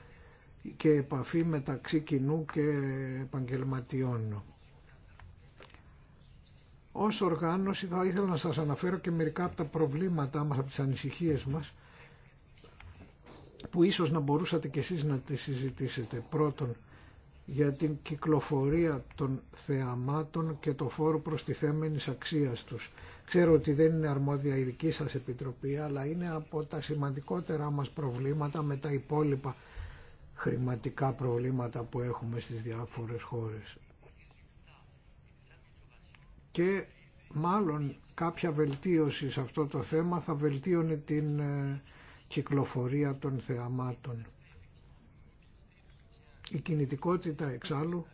και επαφή μεταξύ κοινού και επαγγελματιών. Ως οργάνωση θα ήθελα να σας αναφέρω και μερικά από τα προβλήματά μας, από τις ανησυχίες μας, που ίσως να μπορούσατε κι εσείς να τις συζητήσετε. Πρώτον, για την κυκλοφορία των θεαμάτων και το φόρο τη προστιθέμενης αξίας τους. Ξέρω ότι δεν είναι αρμόδια η δική σας επιτροπή, αλλά είναι από τα σημαντικότερα μας προβλήματα με τα υπόλοιπα χρηματικά προβλήματα που έχουμε στις διάφορες χώρες και μάλλον κάποια βελτίωση σε αυτό το θέμα θα βελτίωνε την ε, κυκλοφορία των θεαμάτων. Η κινητικότητα εξάλλου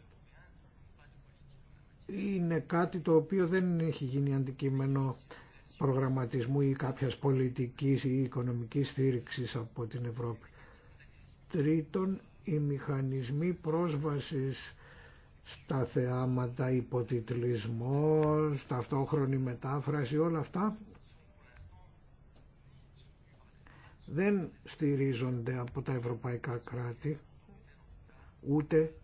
είναι κάτι το οποίο δεν έχει γίνει αντικείμενο προγραμματισμού ή κάποιας πολιτικής ή οικονομικής στήριξης από την Ευρώπη. Τρίτον, οι μηχανισμοί πρόσβασης στα θεάματα υποτιτλισμός, ταυτόχρονη μετάφραση, όλα αυτά δεν στηρίζονται από τα ευρωπαϊκά κράτη ούτε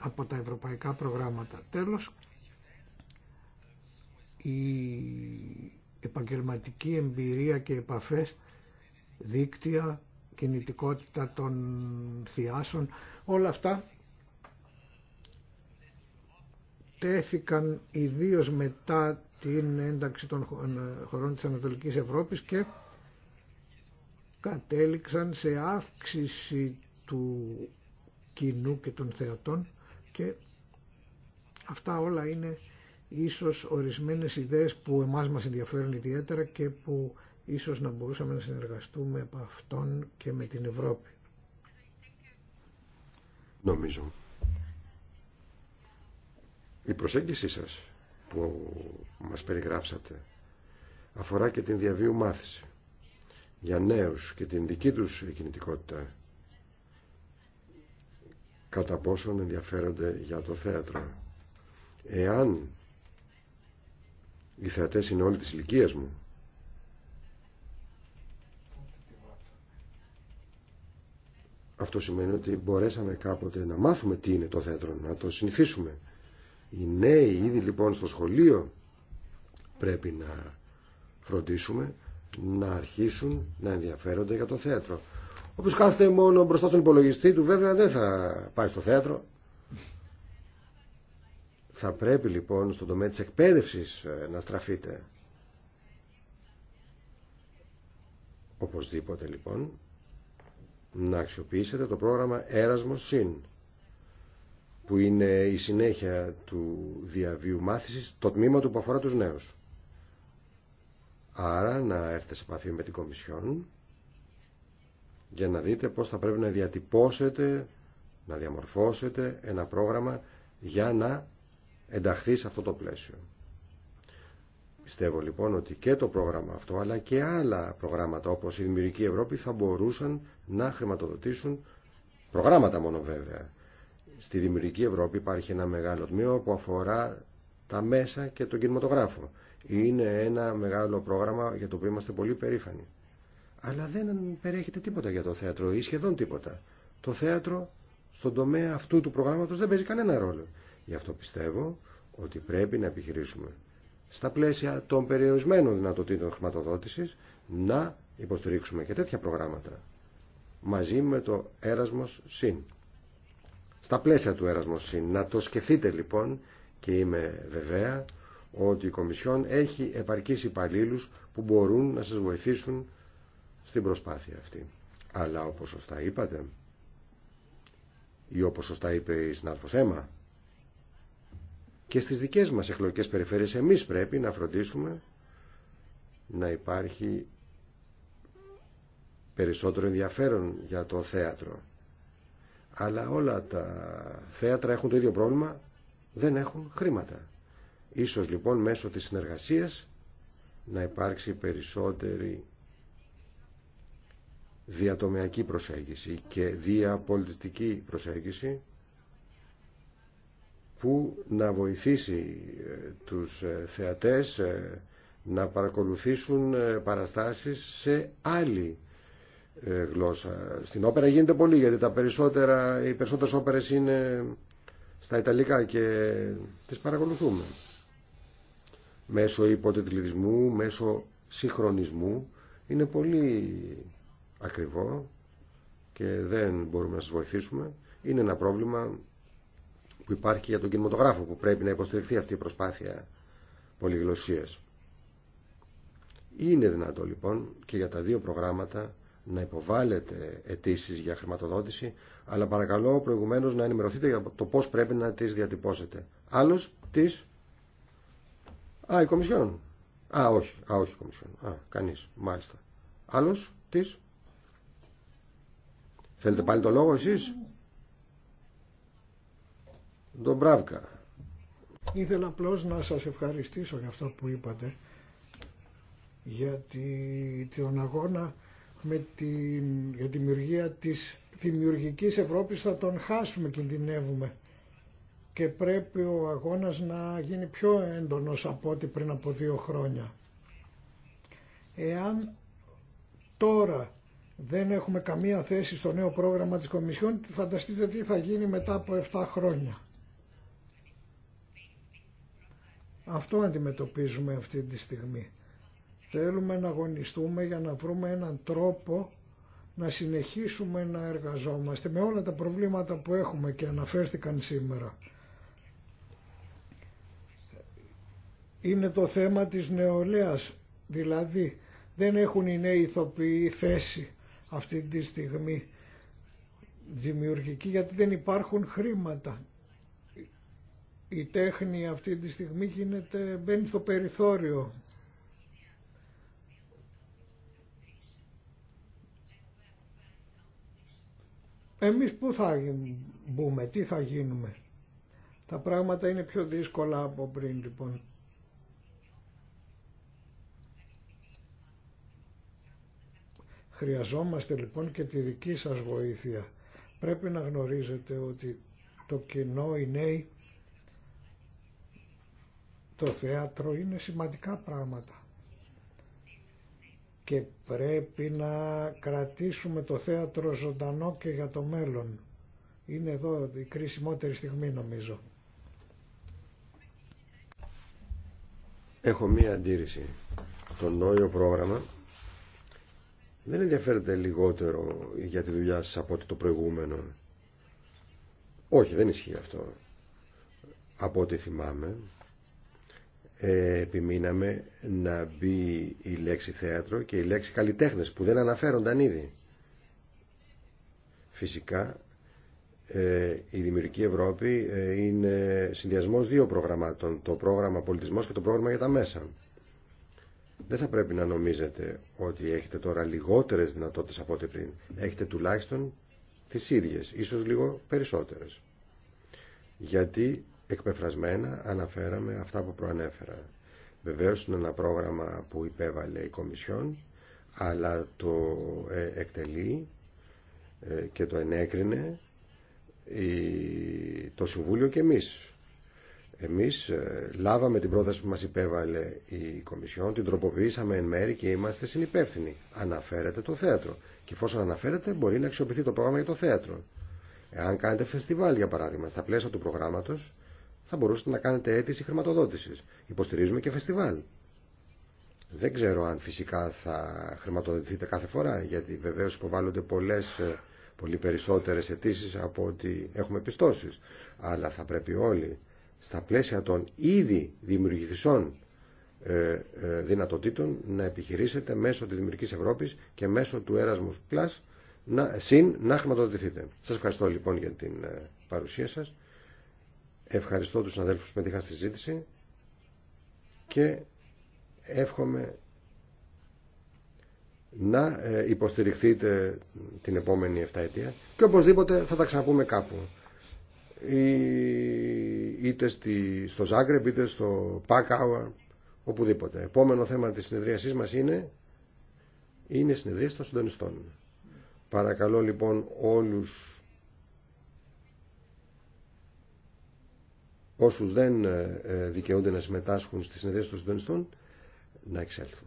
από τα ευρωπαϊκά προγράμματα. Τέλος, η επαγγελματική εμπειρία και επαφές, δίκτυα κινητικότητα των θειάσεων, όλα αυτά τέθηκαν ιδίως μετά την ένταξη των ε, χωρών της Ανατολικής Ευρώπης και κατέληξαν σε αύξηση του κοινού και των θεατών και αυτά όλα είναι ίσως ορισμένες ιδέες που εμάς μας ενδιαφέρουν ιδιαίτερα και που Ίσως να μπορούσαμε να συνεργαστούμε από αυτόν και με την Ευρώπη. Νομίζω. Η προσέγγιση σας που μας περιγράψατε αφορά και την διαβίου μάθηση για νέους και την δική τους κινητικότητα κατά πόσον ενδιαφέρονται για το θέατρο. Εάν οι θεατές είναι όλοι της ηλικία μου Αυτό σημαίνει ότι μπορέσαμε κάποτε να μάθουμε τι είναι το θέατρο, να το συνηθίσουμε. Οι νέοι ήδη λοιπόν στο σχολείο πρέπει να φροντίσουμε να αρχίσουν να ενδιαφέρονται για το θέατρο. Όποιος κάθεται μόνο μπροστά στον υπολογιστή του βέβαια δεν θα πάει στο θέατρο. Θα πρέπει λοιπόν στον τομέα της εκπαίδευσης ε, να στραφείτε. Οπωσδήποτε λοιπόν να αξιοποιήσετε το πρόγραμμα Erasmus ΣΥΝ, που είναι η συνέχεια του διαβίου μάθησης, το τμήμα του που αφορά τους νέους. Άρα να έρθετε σε επαφή με την Κομισιόν για να δείτε πώς θα πρέπει να διατυπώσετε, να διαμορφώσετε ένα πρόγραμμα για να ενταχθεί σε αυτό το πλαίσιο. Πιστεύω λοιπόν ότι και το πρόγραμμα αυτό αλλά και άλλα προγράμματα όπως η Δημιουργική Ευρώπη θα μπορούσαν να χρηματοδοτήσουν προγράμματα μόνο βέβαια. Στη Δημιουργική Ευρώπη υπάρχει ένα μεγάλο τμήμα που αφορά τα μέσα και τον κινηματογράφο. Είναι ένα μεγάλο πρόγραμμα για το οποίο είμαστε πολύ περήφανοι. Αλλά δεν περιέχεται τίποτα για το θέατρο ή σχεδόν τίποτα. Το θέατρο στον τομέα αυτού του προγράμματος δεν παίζει κανένα ρόλο. Γι' αυτό πιστεύω ότι πρέπει να επιχειρήσουμε στα πλαίσια των περιορισμένων δυνατοτήτων χρηματοδότησης να υποστηρίξουμε και τέτοια προγράμματα μαζί με το Έρασμος ΣΥΝ. Στα πλαίσια του Έρασμος ΣΥΝ. Να το σκεφτείτε λοιπόν και είμαι βεβαία ότι η Κομισιόν έχει επαρκείς υπαλλήλου που μπορούν να σας βοηθήσουν στην προσπάθεια αυτή. Αλλά όπως σωστά είπατε ή όπως σωστά είπε η συνάδελφος Έμα και στις δικές μας εκλογικές περιφέρειες εμείς πρέπει να φροντίσουμε να υπάρχει περισσότερο ενδιαφέρον για το θέατρο. Αλλά όλα τα θέατρα έχουν το ίδιο πρόβλημα, δεν έχουν χρήματα. Ίσως λοιπόν μέσω της συνεργασίας να υπάρξει περισσότερη διατομιακή προσέγγιση και διαπολιτιστική προσέγγιση που να βοηθήσει ε, τους ε, θεατές ε, να παρακολουθήσουν παραστάσεις σε άλλη γλώσσα. Στην όπερα γίνεται πολύ γιατί τα περισσότερα, οι περισσότερες όπερες είναι στα Ιταλικά και τις παρακολουθούμε. Μέσω υποτιτλισμού, μέσω συγχρονισμού είναι πολύ ακριβό και δεν μπορούμε να σας βοηθήσουμε. Είναι ένα πρόβλημα που υπάρχει για τον κινηματογράφο που πρέπει να υποστηριχθεί αυτή η προσπάθεια πολυγλωσσίας. Είναι δυνατό λοιπόν και για τα δύο προγράμματα να υποβάλλετε αιτήσει για χρηματοδότηση, αλλά παρακαλώ προηγουμένως να ενημερωθείτε για το πώς πρέπει να τις διατυπώσετε. Άλλος τις; Α, η Κομισιόν. Α, όχι. Α, όχι η Κομισιόν. Α, κανείς. Μάλιστα. Άλλος τις... Θέλετε πάλι το λόγο εσείς. Ντομπράβκα. Ήθελα απλώ να σας ευχαριστήσω για αυτό που είπατε γιατί τον αγώνα με την, για τη δημιουργία της δημιουργικής Ευρώπης θα τον χάσουμε, κινδυνεύουμε και πρέπει ο αγώνας να γίνει πιο έντονος από ό,τι πριν από δύο χρόνια. Εάν τώρα δεν έχουμε καμία θέση στο νέο πρόγραμμα της Κομισιόν, φανταστείτε τι θα γίνει μετά από 7 χρόνια. Αυτό αντιμετωπίζουμε αυτή τη στιγμή. Θέλουμε να αγωνιστούμε για να βρούμε έναν τρόπο να συνεχίσουμε να εργαζόμαστε με όλα τα προβλήματα που έχουμε και αναφέρθηκαν σήμερα. Είναι το θέμα της νεολαίας, δηλαδή δεν έχουν οι νέοι ηθοποιοί θέση αυτή τη στιγμή δημιουργική γιατί δεν υπάρχουν χρήματα η τέχνη αυτή τη στιγμή γίνεται, μπαίνει στο περιθώριο. Εμείς πού θα μπούμε, τι θα γίνουμε. Τα πράγματα είναι πιο δύσκολα από πριν λοιπόν. Χρειαζόμαστε λοιπόν και τη δική σας βοήθεια. Πρέπει να γνωρίζετε ότι το κοινό, οι νέοι, το θέατρο είναι σημαντικά πράγματα και πρέπει να κρατήσουμε το θέατρο ζωντανό και για το μέλλον. Είναι εδώ η κρίσιμότερη στιγμή νομίζω. Έχω μία αντίρρηση. Το νόιο πρόγραμμα δεν ενδιαφέρεται λιγότερο για τη δουλειά σας από ότι το προηγούμενο. Όχι, δεν ισχύει αυτό. Από ό,τι θυμάμαι, ε, επιμείναμε να μπει η λέξη θέατρο και η λέξη καλλιτέχνες που δεν αναφέρονταν ήδη. Φυσικά ε, η Δημιουργική Ευρώπη ε, είναι συνδυασμός δύο προγραμμάτων, το πρόγραμμα πολιτισμός και το πρόγραμμα για τα μέσα. Δεν θα πρέπει να νομίζετε ότι έχετε τώρα λιγότερες δυνατότητες από ό,τι πριν. Έχετε τουλάχιστον τις ίδιες, ίσως λίγο περισσότερες. Γιατί εκπεφρασμένα αναφέραμε αυτά που προανέφερα. Βεβαίως είναι ένα πρόγραμμα που υπέβαλε η Κομισιόν, αλλά το ε, εκτελεί ε, και το ενέκρινε το Συμβούλιο και εμείς. Εμείς ε, λάβαμε την πρόταση που μας υπέβαλε η Κομισιόν, την τροποποιήσαμε εν μέρη και είμαστε συνυπεύθυνοι. Αναφέρεται το θέατρο. Και εφόσον αναφέρεται μπορεί να αξιοποιηθεί το πρόγραμμα για το θέατρο. Εάν κάνετε φεστιβάλ για παράδειγμα στα πλαίσια του προγράμματος θα μπορούσατε να κάνετε αίτηση χρηματοδότησης. Υποστηρίζουμε και φεστιβάλ. Δεν ξέρω αν φυσικά θα χρηματοδοτηθείτε κάθε φορά, γιατί βεβαίως υποβάλλονται πολλές, ε, πολύ περισσότερες αιτήσει από ότι έχουμε πιστώσεις. Αλλά θα πρέπει όλοι στα πλαίσια των ήδη δημιουργηθισών ε, ε, δυνατοτήτων να επιχειρήσετε μέσω της Δημιουργικής Ευρώπης και μέσω του Erasmus Plus να, συν να χρηματοδοτηθείτε. Σας ευχαριστώ λοιπόν για την παρουσία σας Ευχαριστώ τους συναδέλφους που συμμετείχαν στη ζήτηση και εύχομαι να ε, υποστηριχθείτε την επόμενη 7 ετία και οπωσδήποτε θα τα ξαναπούμε κάπου είτε στη, στο Ζάγκρεπ είτε στο Πάκαουα οπουδήποτε. Επόμενο θέμα της συνεδρίασής μας είναι είναι συνεδρίαση των συντονιστών. Παρακαλώ λοιπόν όλους όσους δεν ε, ε, δικαιούνται να συμμετάσχουν στις συνεδρίες των συντονιστών να εξέλθουν.